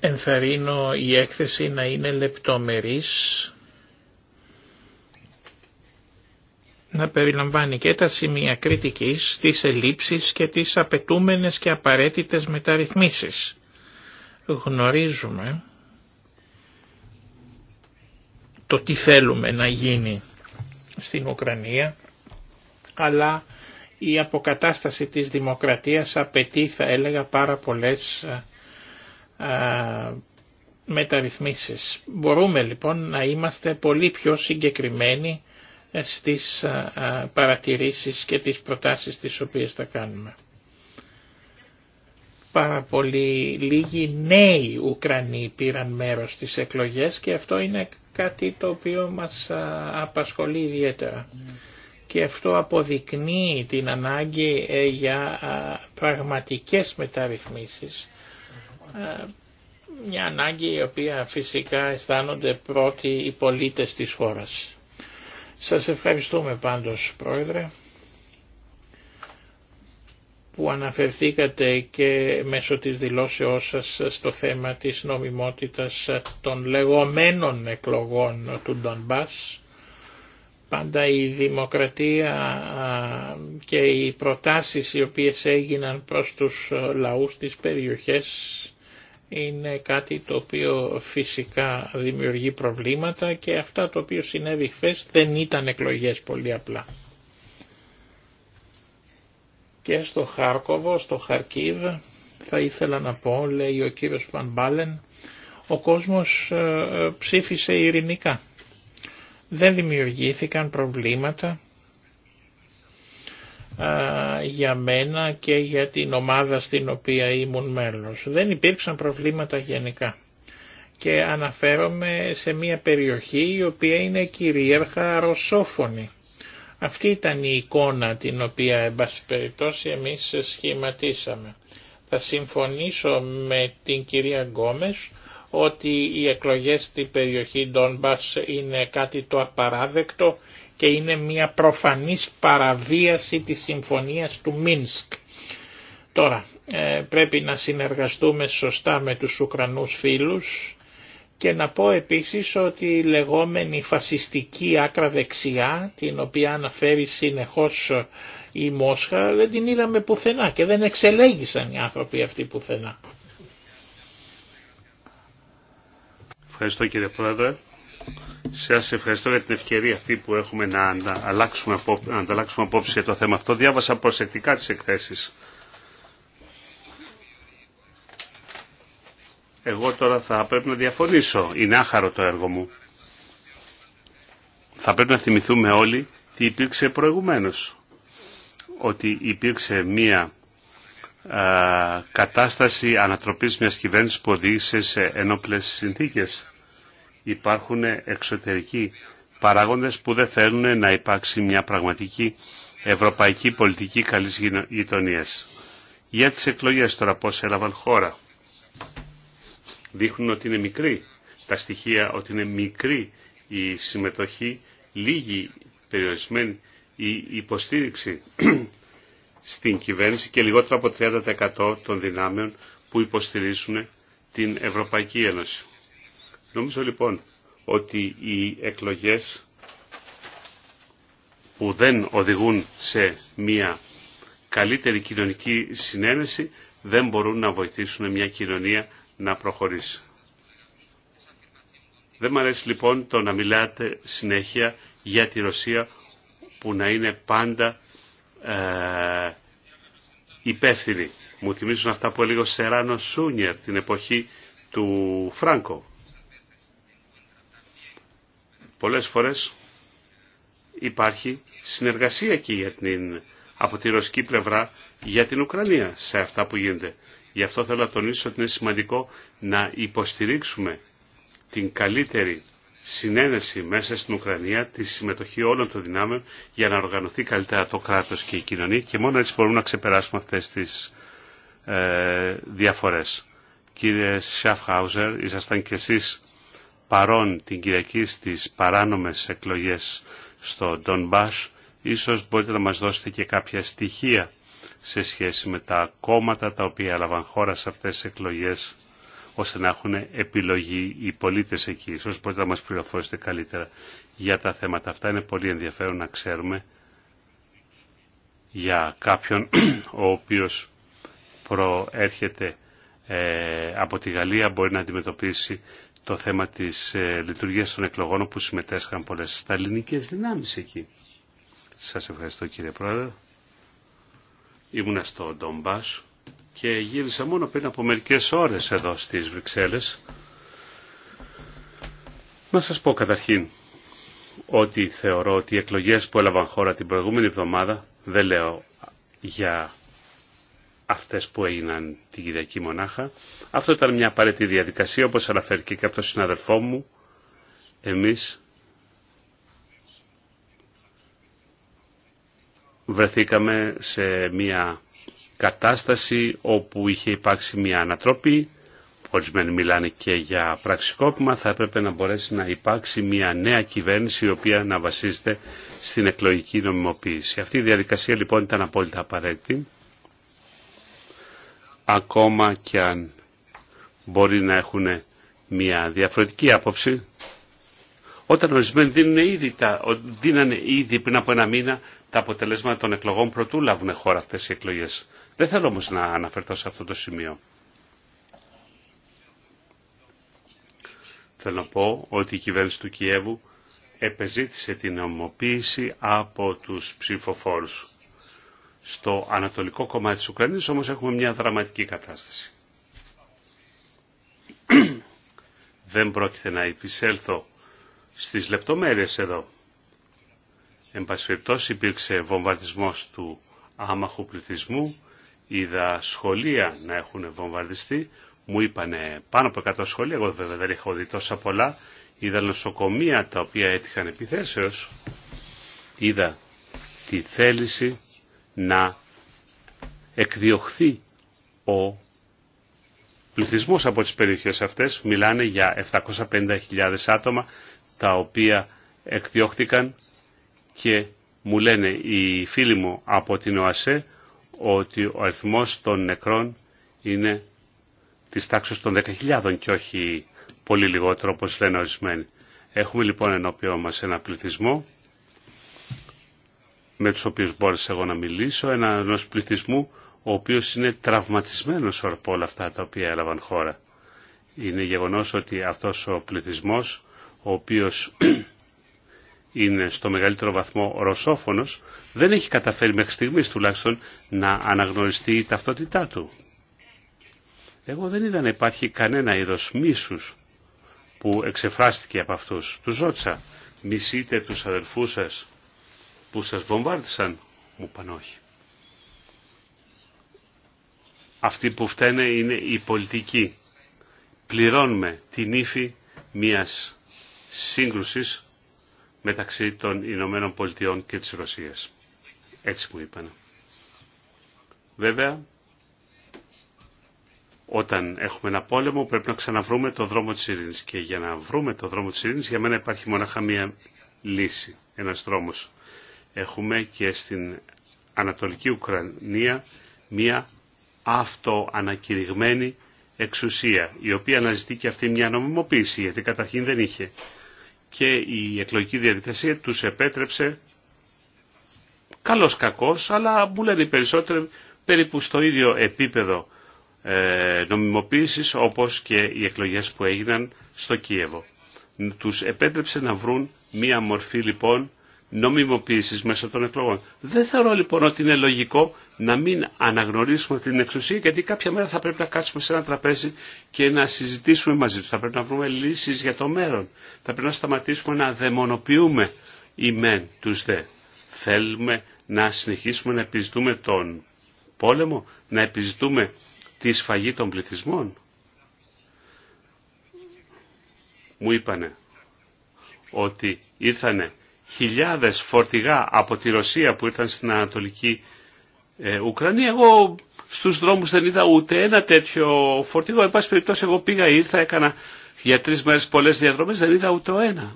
ενθαρρύνω η έκθεση να είναι λεπτομερής να περιλαμβάνει και τα σημεία κριτικής, τις ελλείψεις και τις απαιτούμενες και απαραίτητες μεταρρυθμίσεις. Γνωρίζουμε το τι θέλουμε να γίνει στην Ουκρανία, αλλά η αποκατάσταση της δημοκρατίας απαιτεί, θα έλεγα, πάρα πολλές ε, ε, μεταρρυθμίσεις. Μπορούμε λοιπόν να είμαστε πολύ πιο συγκεκριμένοι στις ε, ε, παρατηρήσεις και τις προτάσεις τις οποίες θα κάνουμε. Πάρα πολύ λίγοι νέοι Ουκρανοί πήραν μέρος στις εκλογές και αυτό είναι κάτι το οποίο μας ε, απασχολεί ιδιαίτερα. Και αυτό αποδεικνύει την ανάγκη για πραγματικές μεταρρυθμίσεις. Μια ανάγκη η οποία φυσικά αισθάνονται πρώτοι οι πολίτες της χώρας. Σας ευχαριστούμε πάντως Πρόεδρε που αναφερθήκατε και μέσω της δηλώσεώς σας στο θέμα της νομιμότητας των λεγόμενων εκλογών του Ντονμπάς. Πάντα η δημοκρατία και οι προτάσεις οι οποίες έγιναν προς τους λαούς της περιοχές είναι κάτι το οποίο φυσικά δημιουργεί προβλήματα και αυτά το οποίο συνέβη χθε δεν ήταν εκλογές πολύ απλά. Και στο Χάρκοβο, στο Χαρκίβ, θα ήθελα να πω, λέει ο κύριος Φανμπάλεν, ο κόσμος ε, ε, ψήφισε ειρηνικά. Δεν δημιουργήθηκαν προβλήματα για μένα και για την ομάδα στην οποία ήμουν μέλος. Δεν υπήρξαν προβλήματα γενικά και αναφέρομαι σε μια περιοχή η οποία είναι κυρίαρχα ρωσόφωνη. Αυτή ήταν η εικόνα την οποία εν πάση εμείς σχηματίσαμε. Θα συμφωνήσω με την κυρία Γκόμες ότι οι εκλογές στην περιοχή Ντόνμπας είναι κάτι το απαράδεκτο και είναι μια προφανής παραβίαση της συμφωνίας του Μίνσκ. Τώρα, ε, πρέπει να συνεργαστούμε σωστά με τους Ουκρανούς φίλους και να πω επίσης ότι η λεγόμενη φασιστική άκρα δεξιά, την οποία αναφέρει συνεχώς η Μόσχα, δεν την είδαμε πουθενά και δεν εξελέγησαν οι άνθρωποι αυτοί πουθενά. Ευχαριστώ κύριε Πρόεδρε. Σας ευχαριστώ για την ευκαιρία αυτή που έχουμε να ανταλλάξουμε, να ανταλλάξουμε απόψη για το θέμα αυτό. Διάβασα προσεκτικά τις εκθέσεις. Εγώ τώρα θα πρέπει να διαφωνήσω. Είναι άχαρο το έργο μου. Θα πρέπει να θυμηθούμε όλοι τι υπήρξε προηγουμένως. Ότι υπήρξε μία κατάσταση ανατροπής μιας κυβέρνησης που οδήγησε σε ενόπλες συνθήκες υπάρχουν εξωτερικοί παράγοντες που δεν θέλουν να υπάρξει μια πραγματική ευρωπαϊκή πολιτική καλής γειτονίας. Για τις εκλογές τώρα πώς έλαβαν χώρα. Δείχνουν ότι είναι μικρή τα στοιχεία, ότι είναι μικρή η συμμετοχή, λίγη περιορισμένη η υποστήριξη στην κυβέρνηση και λιγότερο από 30% των δυνάμεων που υποστηρίζουν την Ευρωπαϊκή Ένωση. Νομίζω λοιπόν ότι οι εκλογές που δεν οδηγούν σε μια καλύτερη κοινωνική συνένεση δεν μπορούν να βοηθήσουν μια κοινωνία να προχωρήσει. Δεν μου αρέσει λοιπόν το να μιλάτε συνέχεια για τη Ρωσία που να είναι πάντα ε, υπεύθυνη. Μου θυμίζουν αυτά που έλεγε ο Σεράνο Σούνιερ την εποχή του Φράνκο. Πολλές φορές υπάρχει συνεργασία και για την, από τη ρωσική πλευρά για την Ουκρανία σε αυτά που γίνεται. Γι' αυτό θέλω να τονίσω ότι είναι σημαντικό να υποστηρίξουμε την καλύτερη συνένεση μέσα στην Ουκρανία, τη συμμετοχή όλων των δυνάμεων για να οργανωθεί καλύτερα το κράτος και η κοινωνία και μόνο έτσι μπορούμε να ξεπεράσουμε αυτές τις ε, διαφορές. Κύριε Σαφχάουζερ, ήσασταν και εσείς παρών την Κυριακή στις παράνομες εκλογές στο Ντονμπάς, ίσως μπορείτε να μας δώσετε και κάποια στοιχεία σε σχέση με τα κόμματα τα οποία έλαβαν χώρα σε αυτές τις εκλογές ώστε να έχουν επιλογή οι πολίτες εκεί. Ίσως μπορείτε να μας πληροφορήσετε καλύτερα για τα θέματα αυτά. Είναι πολύ ενδιαφέρον να ξέρουμε για κάποιον ο οποίος προέρχεται ε, από τη Γαλλία μπορεί να αντιμετωπίσει το θέμα της ε, λειτουργίας των εκλογών που συμμετέσχαν πολλές σταλινικές δυνάμεις εκεί. Σας ευχαριστώ κύριε Πρόεδρε. Ήμουνα στο Ντομπάς και γύρισα μόνο πριν από μερικές ώρες εδώ στις Βρυξέλλες. Να σας πω καταρχήν ότι θεωρώ ότι οι εκλογές που έλαβαν χώρα την προηγούμενη εβδομάδα, δεν λέω για αυτές που έγιναν την Κυριακή μονάχα. Αυτό ήταν μια απαραίτητη διαδικασία, όπως αναφέρθηκε και από τον συναδελφό μου. Εμείς βρεθήκαμε σε μια κατάσταση όπου είχε υπάρξει μια ανατροπή, ορισμένοι μιλάνε και για πραξικόπημα, θα έπρεπε να μπορέσει να υπάρξει μια νέα κυβέρνηση η οποία να βασίζεται στην εκλογική νομιμοποίηση. Αυτή η διαδικασία λοιπόν ήταν απόλυτα απαραίτητη ακόμα και αν μπορεί να έχουν μια διαφορετική άποψη, όταν ορισμένοι δίνουν ήδη τα, δίνανε ήδη πριν από ένα μήνα τα αποτελέσματα των εκλογών πρωτού λάβουν χώρα αυτέ οι εκλογέ. Δεν θέλω όμω να αναφερθώ σε αυτό το σημείο. Θέλω να πω ότι η κυβέρνηση του Κιέβου επεζήτησε την νομοποίηση από τους ψηφοφόρους στο ανατολικό κομμάτι της Ουκρανίας, όμως έχουμε μια δραματική κατάσταση. Δεν πρόκειται να επισέλθω στις λεπτομέρειες εδώ. Εν πάση υπήρξε βομβαρδισμός του άμαχου πληθυσμού, είδα σχολεία να έχουν βομβαρδιστεί, μου είπανε πάνω από 100 σχολεία, εγώ βέβαια δεν είχα δει τόσα πολλά, είδα νοσοκομεία τα οποία έτυχαν επιθέσεως, είδα τη θέληση να εκδιωχθεί ο πληθυσμός από τις περιοχές αυτές. Μιλάνε για 750.000 άτομα τα οποία εκδιώχθηκαν και μου λένε οι φίλοι μου από την ΟΑΣΕ ότι ο αριθμός των νεκρών είναι της τάξης των 10.000 και όχι πολύ λιγότερο όπως λένε ορισμένοι. Έχουμε λοιπόν ενώπιό μας ένα πληθυσμό με τους οποίους μπόρεσα εγώ να μιλήσω, ένα ενός πληθυσμού ο οποίος είναι τραυματισμένος από όλα αυτά τα οποία έλαβαν χώρα. Είναι γεγονός ότι αυτός ο πληθυσμός, ο οποίος είναι στο μεγαλύτερο βαθμό ρωσόφωνος, δεν έχει καταφέρει μέχρι στιγμής τουλάχιστον να αναγνωριστεί η ταυτότητά του. Εγώ δεν είδα να υπάρχει κανένα είδος μίσους που εξεφράστηκε από αυτούς. Τους ρώτησα, μισείτε τους αδελφούς σας που σας βομβάρδισαν. Μου είπαν όχι. Αυτοί που φταίνε είναι οι πολιτικοί. Πληρώνουμε την ύφη μιας σύγκρουσης μεταξύ των Ηνωμένων Πολιτειών και της Ρωσίας. Έτσι μου είπαν. Βέβαια, όταν έχουμε ένα πόλεμο πρέπει να ξαναβρούμε το δρόμο της ειρήνης. Και για να βρούμε το δρόμο της ειρήνης για μένα υπάρχει μόνο μία λύση, ένας δρόμος έχουμε και στην Ανατολική Ουκρανία μια αυτοανακηρυγμένη εξουσία, η οποία αναζητεί και αυτή μια νομιμοποίηση, γιατί καταρχήν δεν είχε. Και η εκλογική διαδικασία τους επέτρεψε, καλός κακός, αλλά μου λένε οι περισσότεροι περίπου στο ίδιο επίπεδο ε, νομιμοποίησης, όπως και οι εκλογές που έγιναν στο Κίεβο. Τους επέτρεψε να βρουν μια μορφή λοιπόν νομιμοποίησης μέσω των εκλογών. Δεν θεωρώ λοιπόν ότι είναι λογικό να μην αναγνωρίσουμε την εξουσία γιατί κάποια μέρα θα πρέπει να κάτσουμε σε ένα τραπέζι και να συζητήσουμε μαζί του. Θα πρέπει να βρούμε λύσεις για το μέλλον. Θα πρέπει να σταματήσουμε να δαιμονοποιούμε οι μεν τους δε. Θέλουμε να συνεχίσουμε να επιζητούμε τον πόλεμο, να επιζητούμε τη σφαγή των πληθυσμών. Μου είπανε ότι ήρθανε χιλιάδες φορτηγά από τη Ρωσία που ήρθαν στην Ανατολική ε, Ουκρανία. Εγώ στους δρόμους δεν είδα ούτε ένα τέτοιο φορτηγό. Εν πάση περιπτώσει εγώ πήγα, ήρθα, έκανα για τρεις μέρες πολλές διαδρομές, δεν είδα ούτε ένα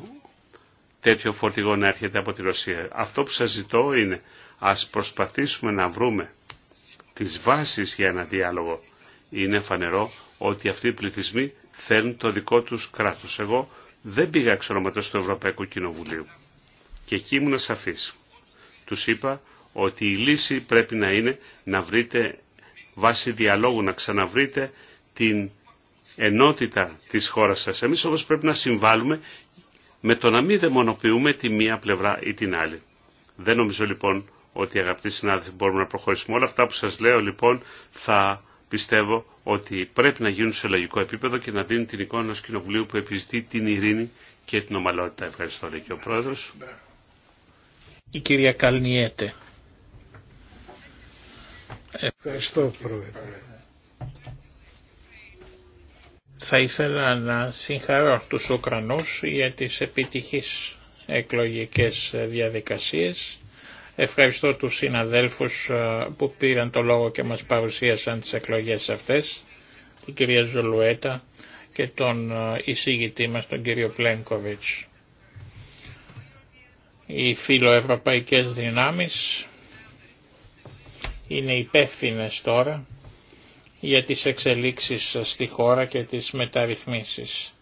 τέτοιο φορτηγό να έρχεται από τη Ρωσία. Αυτό που σας ζητώ είναι ας προσπαθήσουμε να βρούμε τις βάσεις για ένα διάλογο. Είναι φανερό ότι αυτοί οι πληθυσμοί θέλουν το δικό τους κράτος. Εγώ δεν πήγα εξ του Ευρωπαϊκού Κοινοβουλίου. Και εκεί ήμουν σαφής. Τους είπα ότι η λύση πρέπει να είναι να βρείτε βάση διαλόγου, να ξαναβρείτε την ενότητα της χώρας σας. Εμείς όμως πρέπει να συμβάλλουμε με το να μην δαιμονοποιούμε τη μία πλευρά ή την άλλη. Δεν νομίζω λοιπόν ότι αγαπητοί συνάδελφοι μπορούμε να προχωρήσουμε. Όλα αυτά που σας λέω λοιπόν θα πιστεύω ότι πρέπει να γίνουν σε λογικό επίπεδο και να δίνουν την εικόνα ενός κοινοβουλίου που επιζητεί την ειρήνη και την ομαλότητα. Ευχαριστώ λέει και ο Πρόεδρος. Η κυρία Καλνιέτε. Ευχαριστώ πρόεδρε. Θα ήθελα να συγχαρώ τους Ουκρανούς για τις επιτυχείς εκλογικές διαδικασίες. Ευχαριστώ τους συναδέλφους ε, που πήραν το λόγο και μας παρουσίασαν τις εκλογές αυτές, την κυρία Ζολουέτα και τον ε, εισηγητή μας, τον κύριο Πλένκοβιτς. Οι φιλοευρωπαϊκές δυνάμεις είναι υπεύθυνε τώρα για τις εξελίξεις στη χώρα και τις μεταρρυθμίσεις.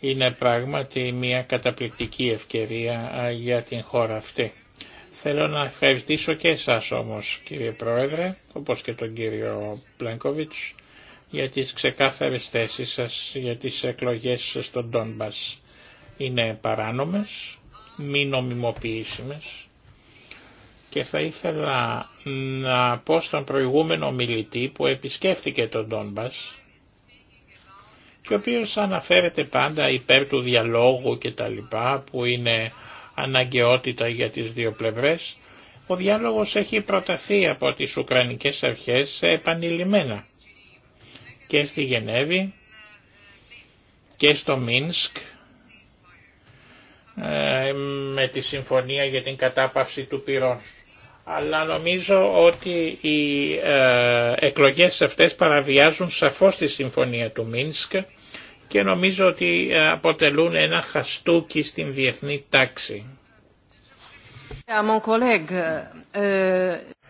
Είναι πράγματι μια καταπληκτική ευκαιρία για την χώρα αυτή. Θέλω να ευχαριστήσω και εσάς όμως κύριε Πρόεδρε, όπως και τον κύριο Πλένκοβιτς, για τις ξεκάθαρες θέσεις σας για τις εκλογές στον Τόνμπας. Είναι παράνομες, μη νομιμοποιήσιμες και θα ήθελα να πω στον προηγούμενο μιλητή που επισκέφθηκε τον Ντόνμπας και ο οποίος αναφέρεται πάντα υπέρ του διαλόγου και τα λοιπά που είναι αναγκαιότητα για τις δύο πλευρές, ο διάλογος έχει προταθεί από τις Ουκρανικές αρχές επανειλημμένα και στη Γενέβη και στο Μίνσκ ε, με τη συμφωνία για την κατάπαυση του πυρός. Αλλά νομίζω ότι οι ε, εκλογές αυτές παραβιάζουν σαφώς τη συμφωνία του Μίνσκ και νομίζω ότι ε, αποτελούν ένα χαστούκι στην διεθνή τάξη.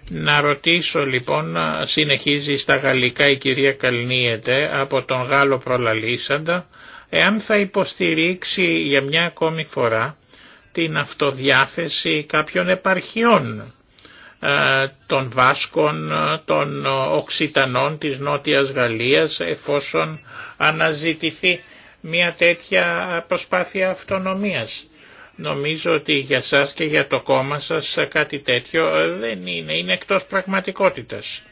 Να ρωτήσω λοιπόν, συνεχίζει στα γαλλικά η κυρία Καλνίεται από τον Γάλλο προλαλήσαντα, εάν θα υποστηρίξει για μια ακόμη φορά την αυτοδιάθεση κάποιων επαρχιών ε, των Βάσκων, ε, των Οξιτανών της Νότιας Γαλλίας εφόσον αναζητηθεί μια τέτοια προσπάθεια αυτονομίας. Νομίζω ότι για σας και για το κόμμα σας κάτι τέτοιο ε, δεν είναι, είναι εκτός πραγματικότητας.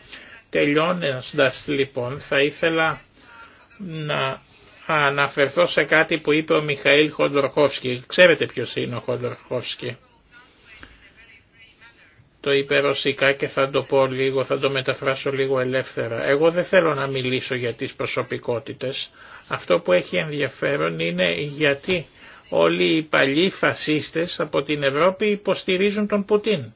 Τελειώνοντας λοιπόν θα ήθελα να αναφερθώ σε κάτι που είπε ο Μιχαήλ Χοντορχόφσκι. Ξέρετε ποιος είναι ο Χοντορχόφσκι. Το είπε ρωσικά και θα το πω λίγο, θα το μεταφράσω λίγο ελεύθερα. Εγώ δεν θέλω να μιλήσω για τις προσωπικότητες. Αυτό που έχει ενδιαφέρον είναι γιατί όλοι οι παλιοί φασίστες από την Ευρώπη υποστηρίζουν τον Πουτίν.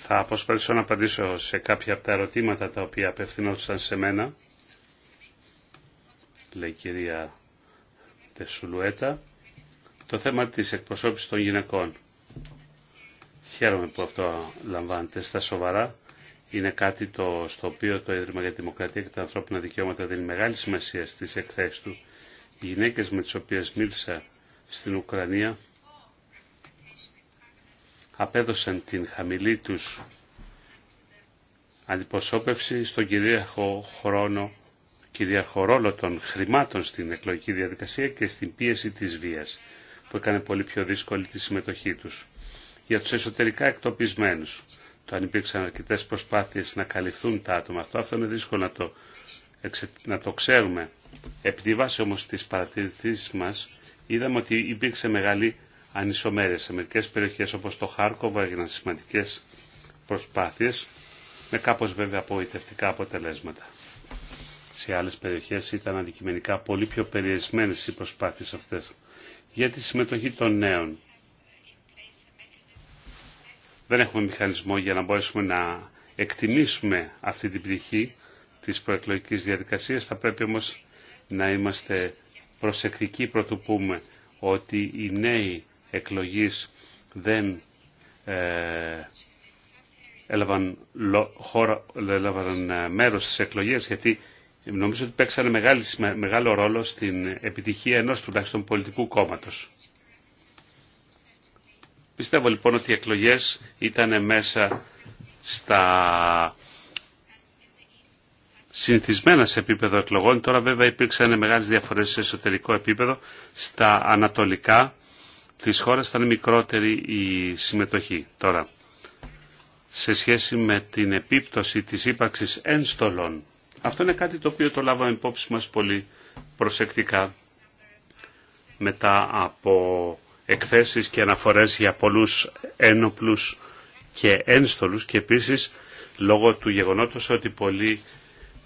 Θα προσπαθήσω να απαντήσω σε κάποια από τα ερωτήματα τα οποία απευθυνόντουσαν σε μένα. Λέει η κυρία Τεσουλουέτα. Το θέμα της εκπροσώπησης των γυναικών. Χαίρομαι που αυτό λαμβάνεται στα σοβαρά. Είναι κάτι το, στο οποίο το Ίδρυμα για τη Δημοκρατία και τα Ανθρώπινα Δικαιώματα δίνει μεγάλη σημασία στις εκθέσεις του. Οι γυναίκες με τις οποίες μίλησα στην Ουκρανία απέδωσαν την χαμηλή τους αντιπροσώπευση στον κυρίαρχο χρόνο, κυρίαρχο ρόλο των χρημάτων στην εκλογική διαδικασία και στην πίεση της βίας, που έκανε πολύ πιο δύσκολη τη συμμετοχή τους. Για τους εσωτερικά εκτοπισμένους, το αν υπήρξαν αρκετέ προσπάθειες να καλυφθούν τα άτομα, αυτό, αυτό είναι δύσκολο να το, να το ξέρουμε. Επί βάση όμως της παρατηρητής μας, είδαμε ότι υπήρξε μεγάλη ανισομέρειες. Σε μερικές περιοχές όπως το Χάρκοβο έγιναν σημαντικές προσπάθειες με κάπως βέβαια απογοητευτικά αποτελέσματα. Σε άλλες περιοχές ήταν αντικειμενικά πολύ πιο περιεσμένες οι προσπάθειες αυτές για τη συμμετοχή των νέων. Δεν έχουμε μηχανισμό για να μπορέσουμε να εκτιμήσουμε αυτή την πτυχή της προεκλογικής διαδικασίας. Θα πρέπει όμως να είμαστε προσεκτικοί πρωτού πούμε ότι οι νέοι εκλογής δεν ε, έλαβαν, χώρα, έλαβαν ε, μέρος στις εκλογές γιατί νομίζω ότι παίξανε μεγάλη, μεγάλο ρόλο στην επιτυχία ενός τουλάχιστον πολιτικού κόμματος. Πιστεύω λοιπόν ότι οι εκλογές ήταν μέσα στα συνηθισμένα σε επίπεδο εκλογών. Τώρα βέβαια υπήρξαν μεγάλες διαφορές σε εσωτερικό επίπεδο. Στα ανατολικά της χώρας ήταν μικρότερη η συμμετοχή. Τώρα, σε σχέση με την επίπτωση της ύπαρξης ένστολων, αυτό είναι κάτι το οποίο το λάβαμε υπόψη μας πολύ προσεκτικά μετά από εκθέσεις και αναφορές για πολλούς ένοπλους και ένστολους και επίσης λόγω του γεγονότος ότι πολλοί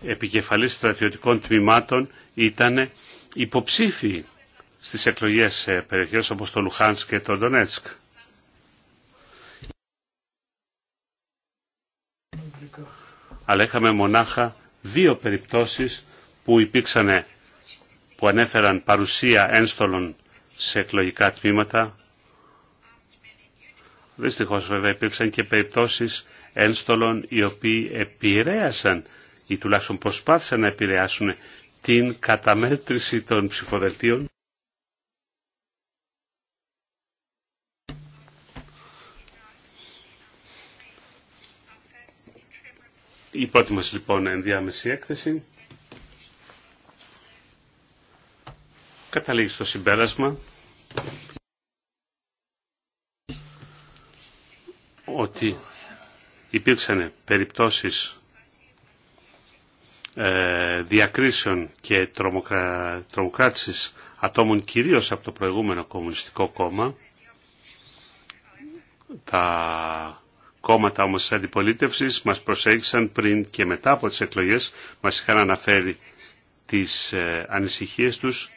επικεφαλής στρατιωτικών τμήματων ήταν υποψήφιοι στις εκλογές σε περιοχές όπως το Λουχάνσκ και το Ντονέτσκ. Αλλά είχαμε μονάχα δύο περιπτώσεις που υπήρξαν, που ανέφεραν παρουσία ένστολων σε εκλογικά τμήματα. Δυστυχώς βέβαια υπήρξαν και περιπτώσεις ένστολων οι οποίοι επηρέασαν ή τουλάχιστον προσπάθησαν να επηρεάσουν την καταμέτρηση των ψηφοδελτίων Η πρώτη μας λοιπόν ενδιάμεση έκθεση καταλήγει στο συμπέρασμα ότι υπήρξαν περιπτώσεις ε, διακρίσεων και τρομοκρα... τρομοκράτησης ατόμων κυρίως από το προηγούμενο Κομμουνιστικό Κόμμα τα κόμματα όμως της αντιπολίτευσης μας προσέγγισαν πριν και μετά από τις εκλογές, μας είχαν αναφέρει τις ε, ανησυχίες τους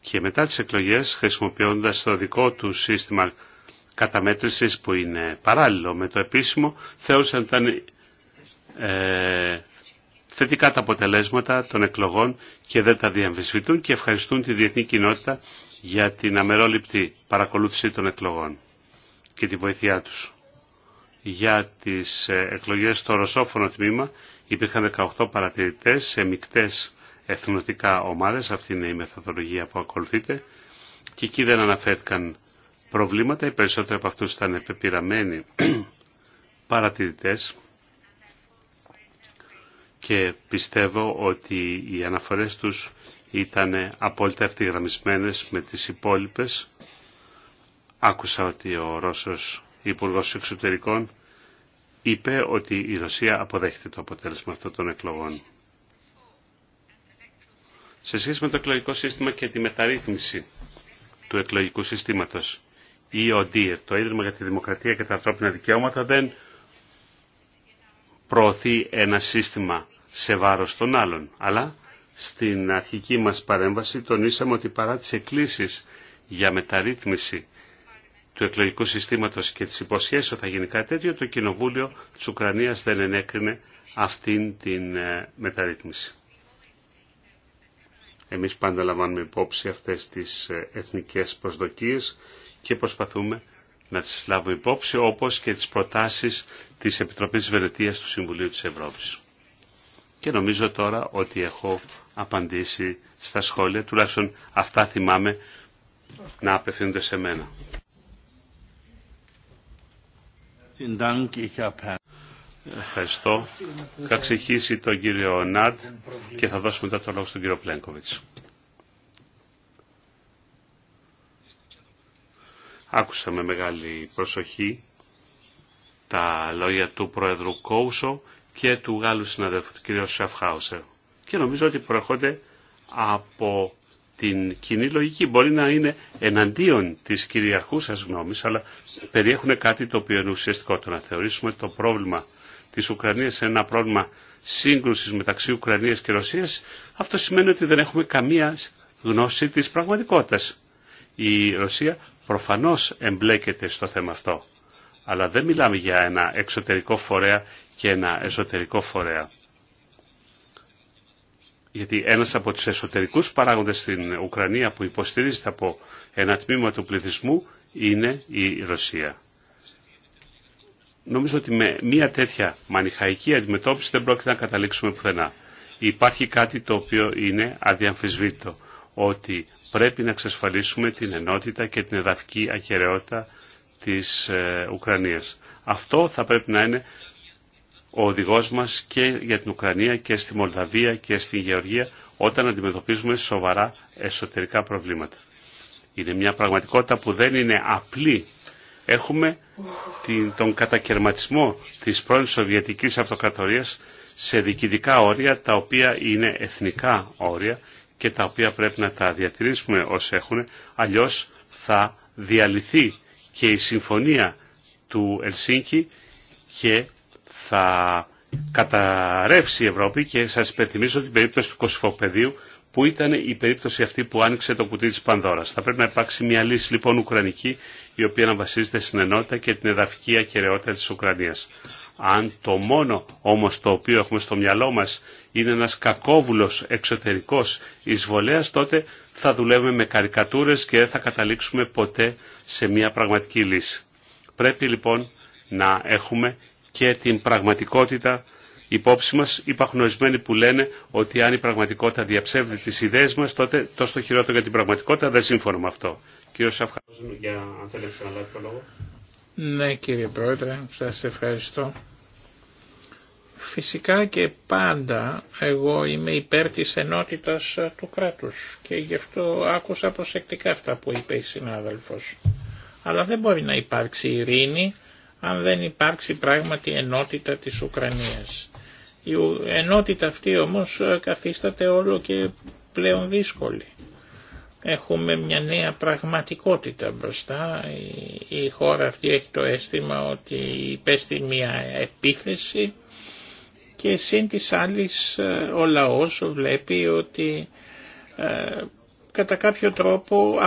και μετά τις εκλογές χρησιμοποιώντας το δικό του σύστημα καταμέτρησης που είναι παράλληλο με το επίσημο θεώρησαν ότι ήταν ε, θετικά τα αποτελέσματα των εκλογών και δεν τα διαμφισβητούν και ευχαριστούν τη διεθνή κοινότητα για την αμερόληπτη παρακολούθηση των εκλογών και τη βοήθειά τους. Για τις ε, εκλογές στο ρωσόφωνο τμήμα υπήρχαν 18 παρατηρητές σε μικτές εθνοτικά ομάδες, αυτή είναι η μεθοδολογία που ακολουθείται και εκεί δεν αναφέρθηκαν προβλήματα, οι περισσότεροι από αυτούς ήταν επεπειραμένοι παρατηρητές και πιστεύω ότι οι αναφορές τους ήταν απόλυτα ευθυγραμμισμένες με τις υπόλοιπες Άκουσα ότι ο Ρώσος Υπουργό Εξωτερικών είπε ότι η Ρωσία αποδέχεται το αποτέλεσμα αυτών των εκλογών. Σε σχέση με το εκλογικό σύστημα και τη μεταρρύθμιση του εκλογικού συστήματος, η ΟΔΙΕ, το Ίδρυμα για τη Δημοκρατία και τα Ανθρώπινα Δικαιώματα, δεν προωθεί ένα σύστημα σε βάρος των άλλων. Αλλά στην αρχική μας παρέμβαση τονίσαμε ότι παρά τις εκκλήσεις για μεταρρύθμιση του εκλογικού συστήματος και της υποσχέσεις ότι θα γίνει κάτι τέτοιο, το Κοινοβούλιο της Ουκρανίας δεν ενέκρινε αυτήν την ε, μεταρρύθμιση. Εμείς πάντα λαμβάνουμε υπόψη αυτές τις ε, εθνικές προσδοκίες και προσπαθούμε να τις λάβουμε υπόψη όπως και τις προτάσεις της Επιτροπής Βενετίας του Συμβουλίου της Ευρώπης. Και νομίζω τώρα ότι έχω απαντήσει στα σχόλια, τουλάχιστον αυτά θυμάμαι να απευθύνονται σε μένα. Ευχαριστώ. Θα ξεχύσει τον κύριο Νάρτ και θα δώσουμε μετά το λόγο στον κύριο Πλένκοβιτς. Άκουσα με μεγάλη προσοχή τα λόγια του Πρόεδρου Κόουσο και του Γάλλου συναδέλφου, του κύριου Σαφχάουσερ. Και νομίζω ότι προέρχονται από την κοινή λογική. Μπορεί να είναι εναντίον της κυριαρχούσας γνώμης, αλλά περιέχουν κάτι το οποίο είναι ουσιαστικό. Το να θεωρήσουμε το πρόβλημα της Ουκρανίας ένα πρόβλημα σύγκρουσης μεταξύ Ουκρανίας και Ρωσίας, αυτό σημαίνει ότι δεν έχουμε καμία γνώση της πραγματικότητας. Η Ρωσία προφανώς εμπλέκεται στο θέμα αυτό. Αλλά δεν μιλάμε για ένα εξωτερικό φορέα και ένα εσωτερικό φορέα γιατί ένας από τους εσωτερικούς παράγοντες στην Ουκρανία που υποστηρίζεται από ένα τμήμα του πληθυσμού είναι η Ρωσία. Νομίζω ότι με μια τέτοια μανιχαϊκή αντιμετώπιση δεν πρόκειται να καταλήξουμε πουθενά. Υπάρχει κάτι το οποίο είναι αδιαμφισβήτητο, ότι πρέπει να εξασφαλίσουμε την ενότητα και την εδαφική ακαιρεότητα της ε, Ουκρανίας. Αυτό θα πρέπει να είναι ο οδηγό μας και για την Ουκρανία και στη Μολδαβία και στη Γεωργία όταν αντιμετωπίζουμε σοβαρά εσωτερικά προβλήματα. Είναι μια πραγματικότητα που δεν είναι απλή. Έχουμε τον κατακαιρματισμό της πρώην Σοβιετικής Αυτοκρατορίας σε διοικητικά όρια τα οποία είναι εθνικά όρια και τα οποία πρέπει να τα διατηρήσουμε ως έχουν, αλλιώς θα διαλυθεί και η συμφωνία του Ελσίνκη και θα καταρρεύσει η Ευρώπη και σας υπενθυμίζω την περίπτωση του Κωσυφοπεδίου που ήταν η περίπτωση αυτή που άνοιξε το κουτί της Πανδώρας. Θα πρέπει να υπάρξει μια λύση λοιπόν ουκρανική η οποία να βασίζεται στην ενότητα και την εδαφική ακαιρεότητα της Ουκρανίας. Αν το μόνο όμως το οποίο έχουμε στο μυαλό μας είναι ένας κακόβουλος εξωτερικός εισβολέας, τότε θα δουλεύουμε με καρικατούρες και δεν θα καταλήξουμε ποτέ σε μια πραγματική λύση. Πρέπει λοιπόν να έχουμε και την πραγματικότητα υπόψη μας. Υπάρχουν ορισμένοι που λένε ότι αν η πραγματικότητα διαψεύδει τις ιδέες μας, τότε τόσο χειρότερο για την πραγματικότητα δεν σύμφωνο με αυτό. Κύριο Σαφχά. για αν θέλετε να λάβει το λόγο. Ναι κύριε Πρόεδρε, σας ευχαριστώ. Φυσικά και πάντα εγώ είμαι υπέρ της ενότητας του κράτους και γι' αυτό άκουσα προσεκτικά αυτά που είπε η συνάδελφος. Αλλά δεν μπορεί να υπάρξει ειρήνη αν δεν υπάρξει πράγματι ενότητα της Ουκρανίας. Η ενότητα αυτή όμως ε, καθίσταται όλο και πλέον δύσκολη. Έχουμε μια νέα πραγματικότητα μπροστά. Η χώρα αυτή έχει το αίσθημα ότι υπέστη μια επίθεση και σύν της άλλης ε, ο λαός βλέπει ότι ε, κατά κάποιο τρόπο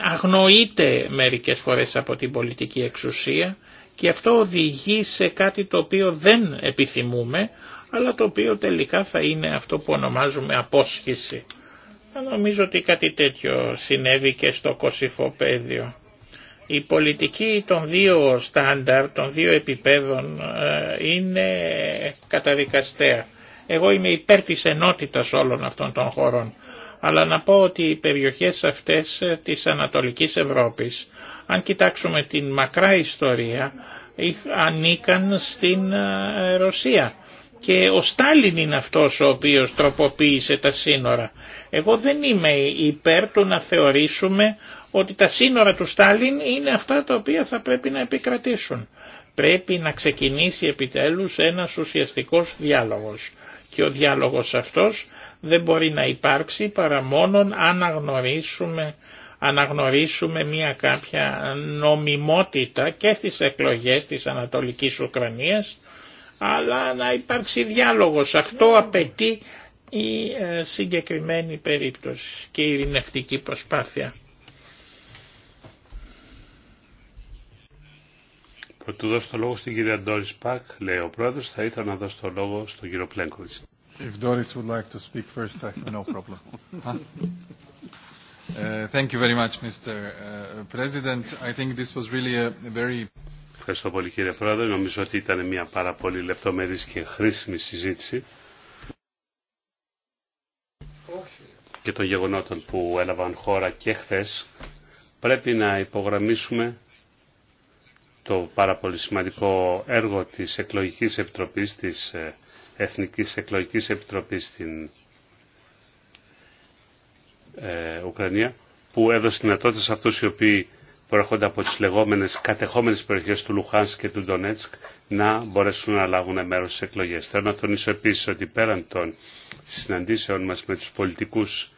αγνοείται μερικές φορές από την πολιτική εξουσία και αυτό οδηγεί σε κάτι το οποίο δεν επιθυμούμε, αλλά το οποίο τελικά θα είναι αυτό που ονομάζουμε απόσχηση. Νομίζω ότι κάτι τέτοιο συνέβη και στο κοσυφοπαίδιο. Η πολιτική των δύο στάνταρ, των δύο επιπέδων ε, είναι καταδικαστέα. Εγώ είμαι υπέρ της ενότητας όλων αυτών των χωρών αλλά να πω ότι οι περιοχές αυτές ε, της Ανατολικής Ευρώπης, αν κοιτάξουμε την μακρά ιστορία, ανήκαν στην ε, Ρωσία. Και ο Στάλιν είναι αυτός ο οποίος τροποποίησε τα σύνορα. Εγώ δεν είμαι υπέρ του να θεωρήσουμε ότι τα σύνορα του Στάλιν είναι αυτά τα οποία θα πρέπει να επικρατήσουν. Πρέπει να ξεκινήσει επιτέλους ένας ουσιαστικός διάλογος και ο διάλογος αυτός δεν μπορεί να υπάρξει παρά μόνον αν αναγνωρίσουμε μια κάποια νομιμότητα και στις εκλογές της Ανατολικής Ουκρανίας αλλά να υπάρξει διάλογος. Αυτό απαιτεί η ε, συγκεκριμένη περίπτωση και η ειρηνευτική προσπάθεια. Προτού δώσω το λόγο στην κυρία Ντόρις Πακ, λέει ο πρόεδρος, θα ήθελα να δώσω το λόγο στον κύριο Πλέγκοβιτς. If Doris would like to speak first, I have no Ευχαριστώ πολύ κύριε Πρόεδρε. Νομίζω ότι ήταν μια πάρα πολύ λεπτομερής και χρήσιμη συζήτηση και των γεγονότων που έλαβαν χώρα και χθες πρέπει να υπογραμμίσουμε το πάρα πολύ σημαντικό έργο της Εκλογικής Επιτροπής, της ε, Εθνικής Εκλογικής Επιτροπής στην ε, Ουκρανία, που έδωσε δυνατότητα σε αυτούς οι οποίοι προέρχονται από τις λεγόμενες κατεχόμενες περιοχές του Λουχάνς και του Ντονέτσκ να μπορέσουν να λάβουν μέρος στις εκλογές. Θέλω να τονίσω επίσης ότι πέραν των συναντήσεων μας με τους πολιτικούς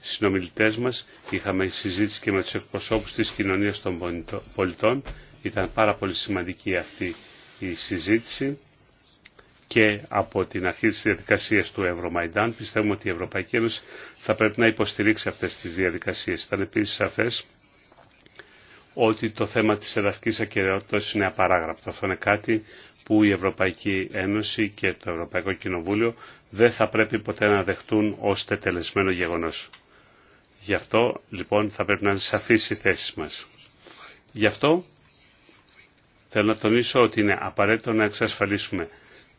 συνομιλητές μας είχαμε συζήτηση και με τους εκπροσώπους της κοινωνίας των πολιτών ήταν πάρα πολύ σημαντική αυτή η συζήτηση και από την αρχή της διαδικασίας του Ευρωμαϊντάν πιστεύουμε ότι η Ευρωπαϊκή Ένωση θα πρέπει να υποστηρίξει αυτές τις διαδικασίες. Ήταν επίσης σαφές ότι το θέμα της εδαφικής ακαιρεότητας είναι απαράγραπτο. Αυτό είναι κάτι που η Ευρωπαϊκή Ένωση και το Ευρωπαϊκό Κοινοβούλιο δεν θα πρέπει ποτέ να δεχτούν ως τετελεσμένο γεγονός. Γι' αυτό λοιπόν θα πρέπει να είναι σαφείς οι μας. Γι' αυτό Θέλω να τονίσω ότι είναι απαραίτητο να εξασφαλίσουμε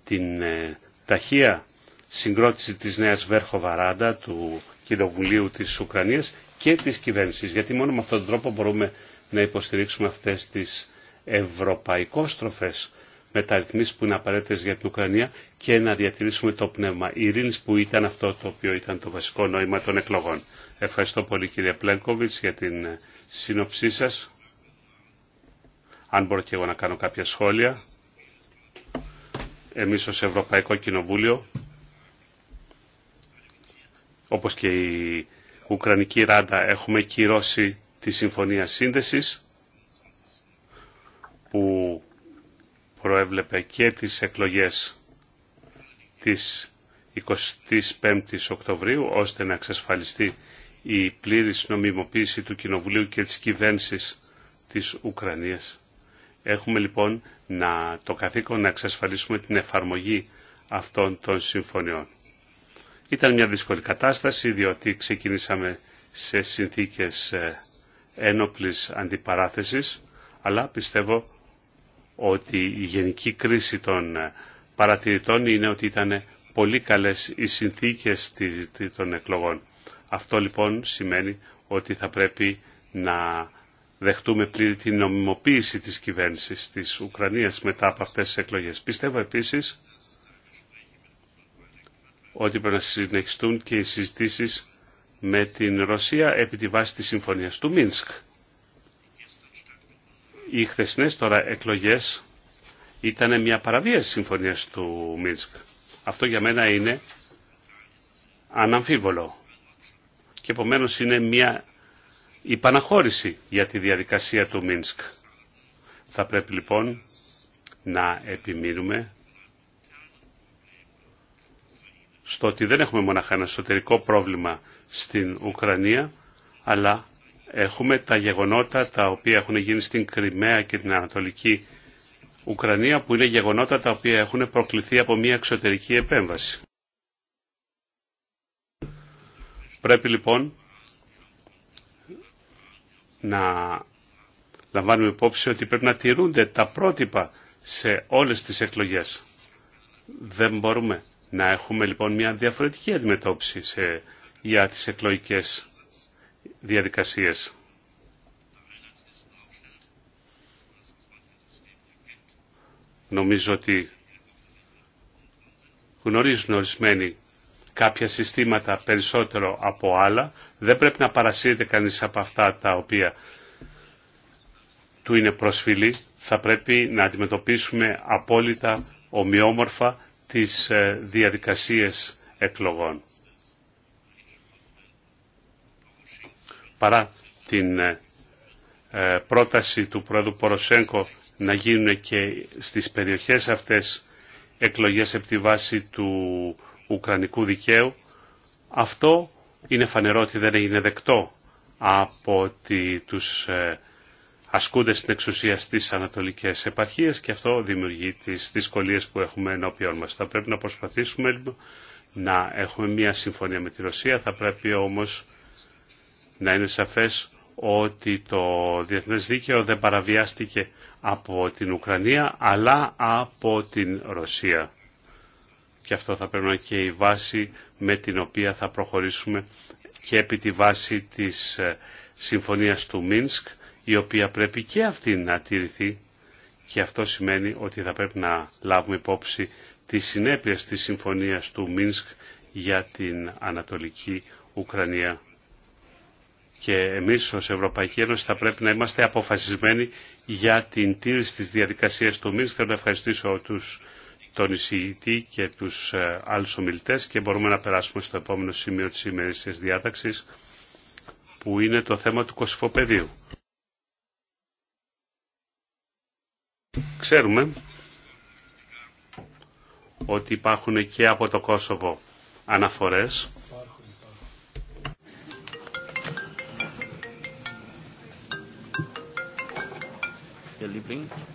την ε, ταχεία συγκρότηση της νέας Βέρχοβαράντα του Κοινοβουλίου της Ουκρανίας και της κυβέρνησης, γιατί μόνο με αυτόν τον τρόπο μπορούμε να υποστηρίξουμε αυτές τις ευρωπαϊκόστροφες μεταρρυθμίσεις που είναι απαραίτητες για την Ουκρανία και να διατηρήσουμε το πνεύμα ειρήνης που ήταν αυτό το οποίο ήταν το βασικό νόημα των εκλογών. Ευχαριστώ πολύ κύριε Πλέγκοβιτς για την ε, σύνοψή σας αν μπορώ και εγώ να κάνω κάποια σχόλια. Εμείς ως Ευρωπαϊκό Κοινοβούλιο, όπως και η Ουκρανική Ράντα, έχουμε κυρώσει τη Συμφωνία Σύνδεσης, που προέβλεπε και τις εκλογές της 25ης Οκτωβρίου, ώστε να εξασφαλιστεί η πλήρης νομιμοποίηση του Κοινοβουλίου και της κυβέρνησης της Ουκρανίας. Έχουμε λοιπόν να, το καθήκον να εξασφαλίσουμε την εφαρμογή αυτών των συμφωνιών. Ήταν μια δύσκολη κατάσταση διότι ξεκινήσαμε σε συνθήκες ε, ένοπλης αντιπαράθεσης αλλά πιστεύω ότι η γενική κρίση των ε, παρατηρητών είναι ότι ήταν πολύ καλές οι συνθήκες των εκλογών. Αυτό λοιπόν σημαίνει ότι θα πρέπει να δεχτούμε πλήρη την νομιμοποίηση της κυβέρνησης της Ουκρανίας μετά από αυτές τις εκλογές. Πιστεύω επίσης ότι πρέπει να συνεχιστούν και οι συζητήσεις με την Ρωσία επί τη βάση της συμφωνίας του Μίνσκ. Οι χθεσινές τώρα εκλογές ήταν μια παραβίαση συμφωνίας του Μίνσκ. Αυτό για μένα είναι αναμφίβολο. Και επομένως είναι μια η παναχώρηση για τη διαδικασία του Μίνσκ. Θα πρέπει λοιπόν να επιμείνουμε στο ότι δεν έχουμε μόνο ένα εσωτερικό πρόβλημα στην Ουκρανία, αλλά έχουμε τα γεγονότα τα οποία έχουν γίνει στην Κρυμαία και την Ανατολική Ουκρανία, που είναι γεγονότα τα οποία έχουν προκληθεί από μια εξωτερική επέμβαση. Πρέπει λοιπόν να λαμβάνουμε υπόψη ότι πρέπει να τηρούνται τα πρότυπα σε όλες τις εκλογές. Δεν μπορούμε να έχουμε λοιπόν μια διαφορετική αντιμετώπιση σε, για τις εκλογικές διαδικασίες. Νομίζω ότι γνωρίζουν ορισμένοι κάποια συστήματα περισσότερο από άλλα. Δεν πρέπει να παρασύρεται κανείς από αυτά τα οποία του είναι προσφυλή. Θα πρέπει να αντιμετωπίσουμε απόλυτα ομοιόμορφα τις ε, διαδικασίες εκλογών. Παρά την ε, ε, πρόταση του πρόεδρου Ποροσέγκο να γίνουν και στις περιοχές αυτές εκλογές επί τη βάση του Ουκρανικού δικαίου. Αυτό είναι φανερό ότι δεν έγινε δεκτό από τη, τους ε, ασκούντες στην εξουσία στις ανατολικές επαρχίες και αυτό δημιουργεί τις δυσκολίες που έχουμε ενώπιόν μας. Θα πρέπει να προσπαθήσουμε να έχουμε μια συμφωνία με τη Ρωσία, θα πρέπει όμως να είναι σαφές ότι το διεθνές δίκαιο δεν παραβιάστηκε από την Ουκρανία αλλά από την Ρωσία και αυτό θα πρέπει να είναι και η βάση με την οποία θα προχωρήσουμε και επί τη βάση της ε, συμφωνίας του Μίνσκ η οποία πρέπει και αυτή να τηρηθεί και αυτό σημαίνει ότι θα πρέπει να λάβουμε υπόψη τη συνέπεια της συμφωνίας του Μίνσκ για την Ανατολική Ουκρανία. Και εμείς ως Ευρωπαϊκή Ένωση θα πρέπει να είμαστε αποφασισμένοι για την τήρηση της διαδικασίας του Μίνσκ. Θέλω να ευχαριστήσω τους τον εισηγητή και τους ε, άλλους ομιλητές και μπορούμε να περάσουμε στο επόμενο σημείο της τη διάταξης που είναι το θέμα του κοσφοπεδίου. Ξέρουμε ότι υπάρχουν και από το Κόσοβο αναφορές Υπάρχουν,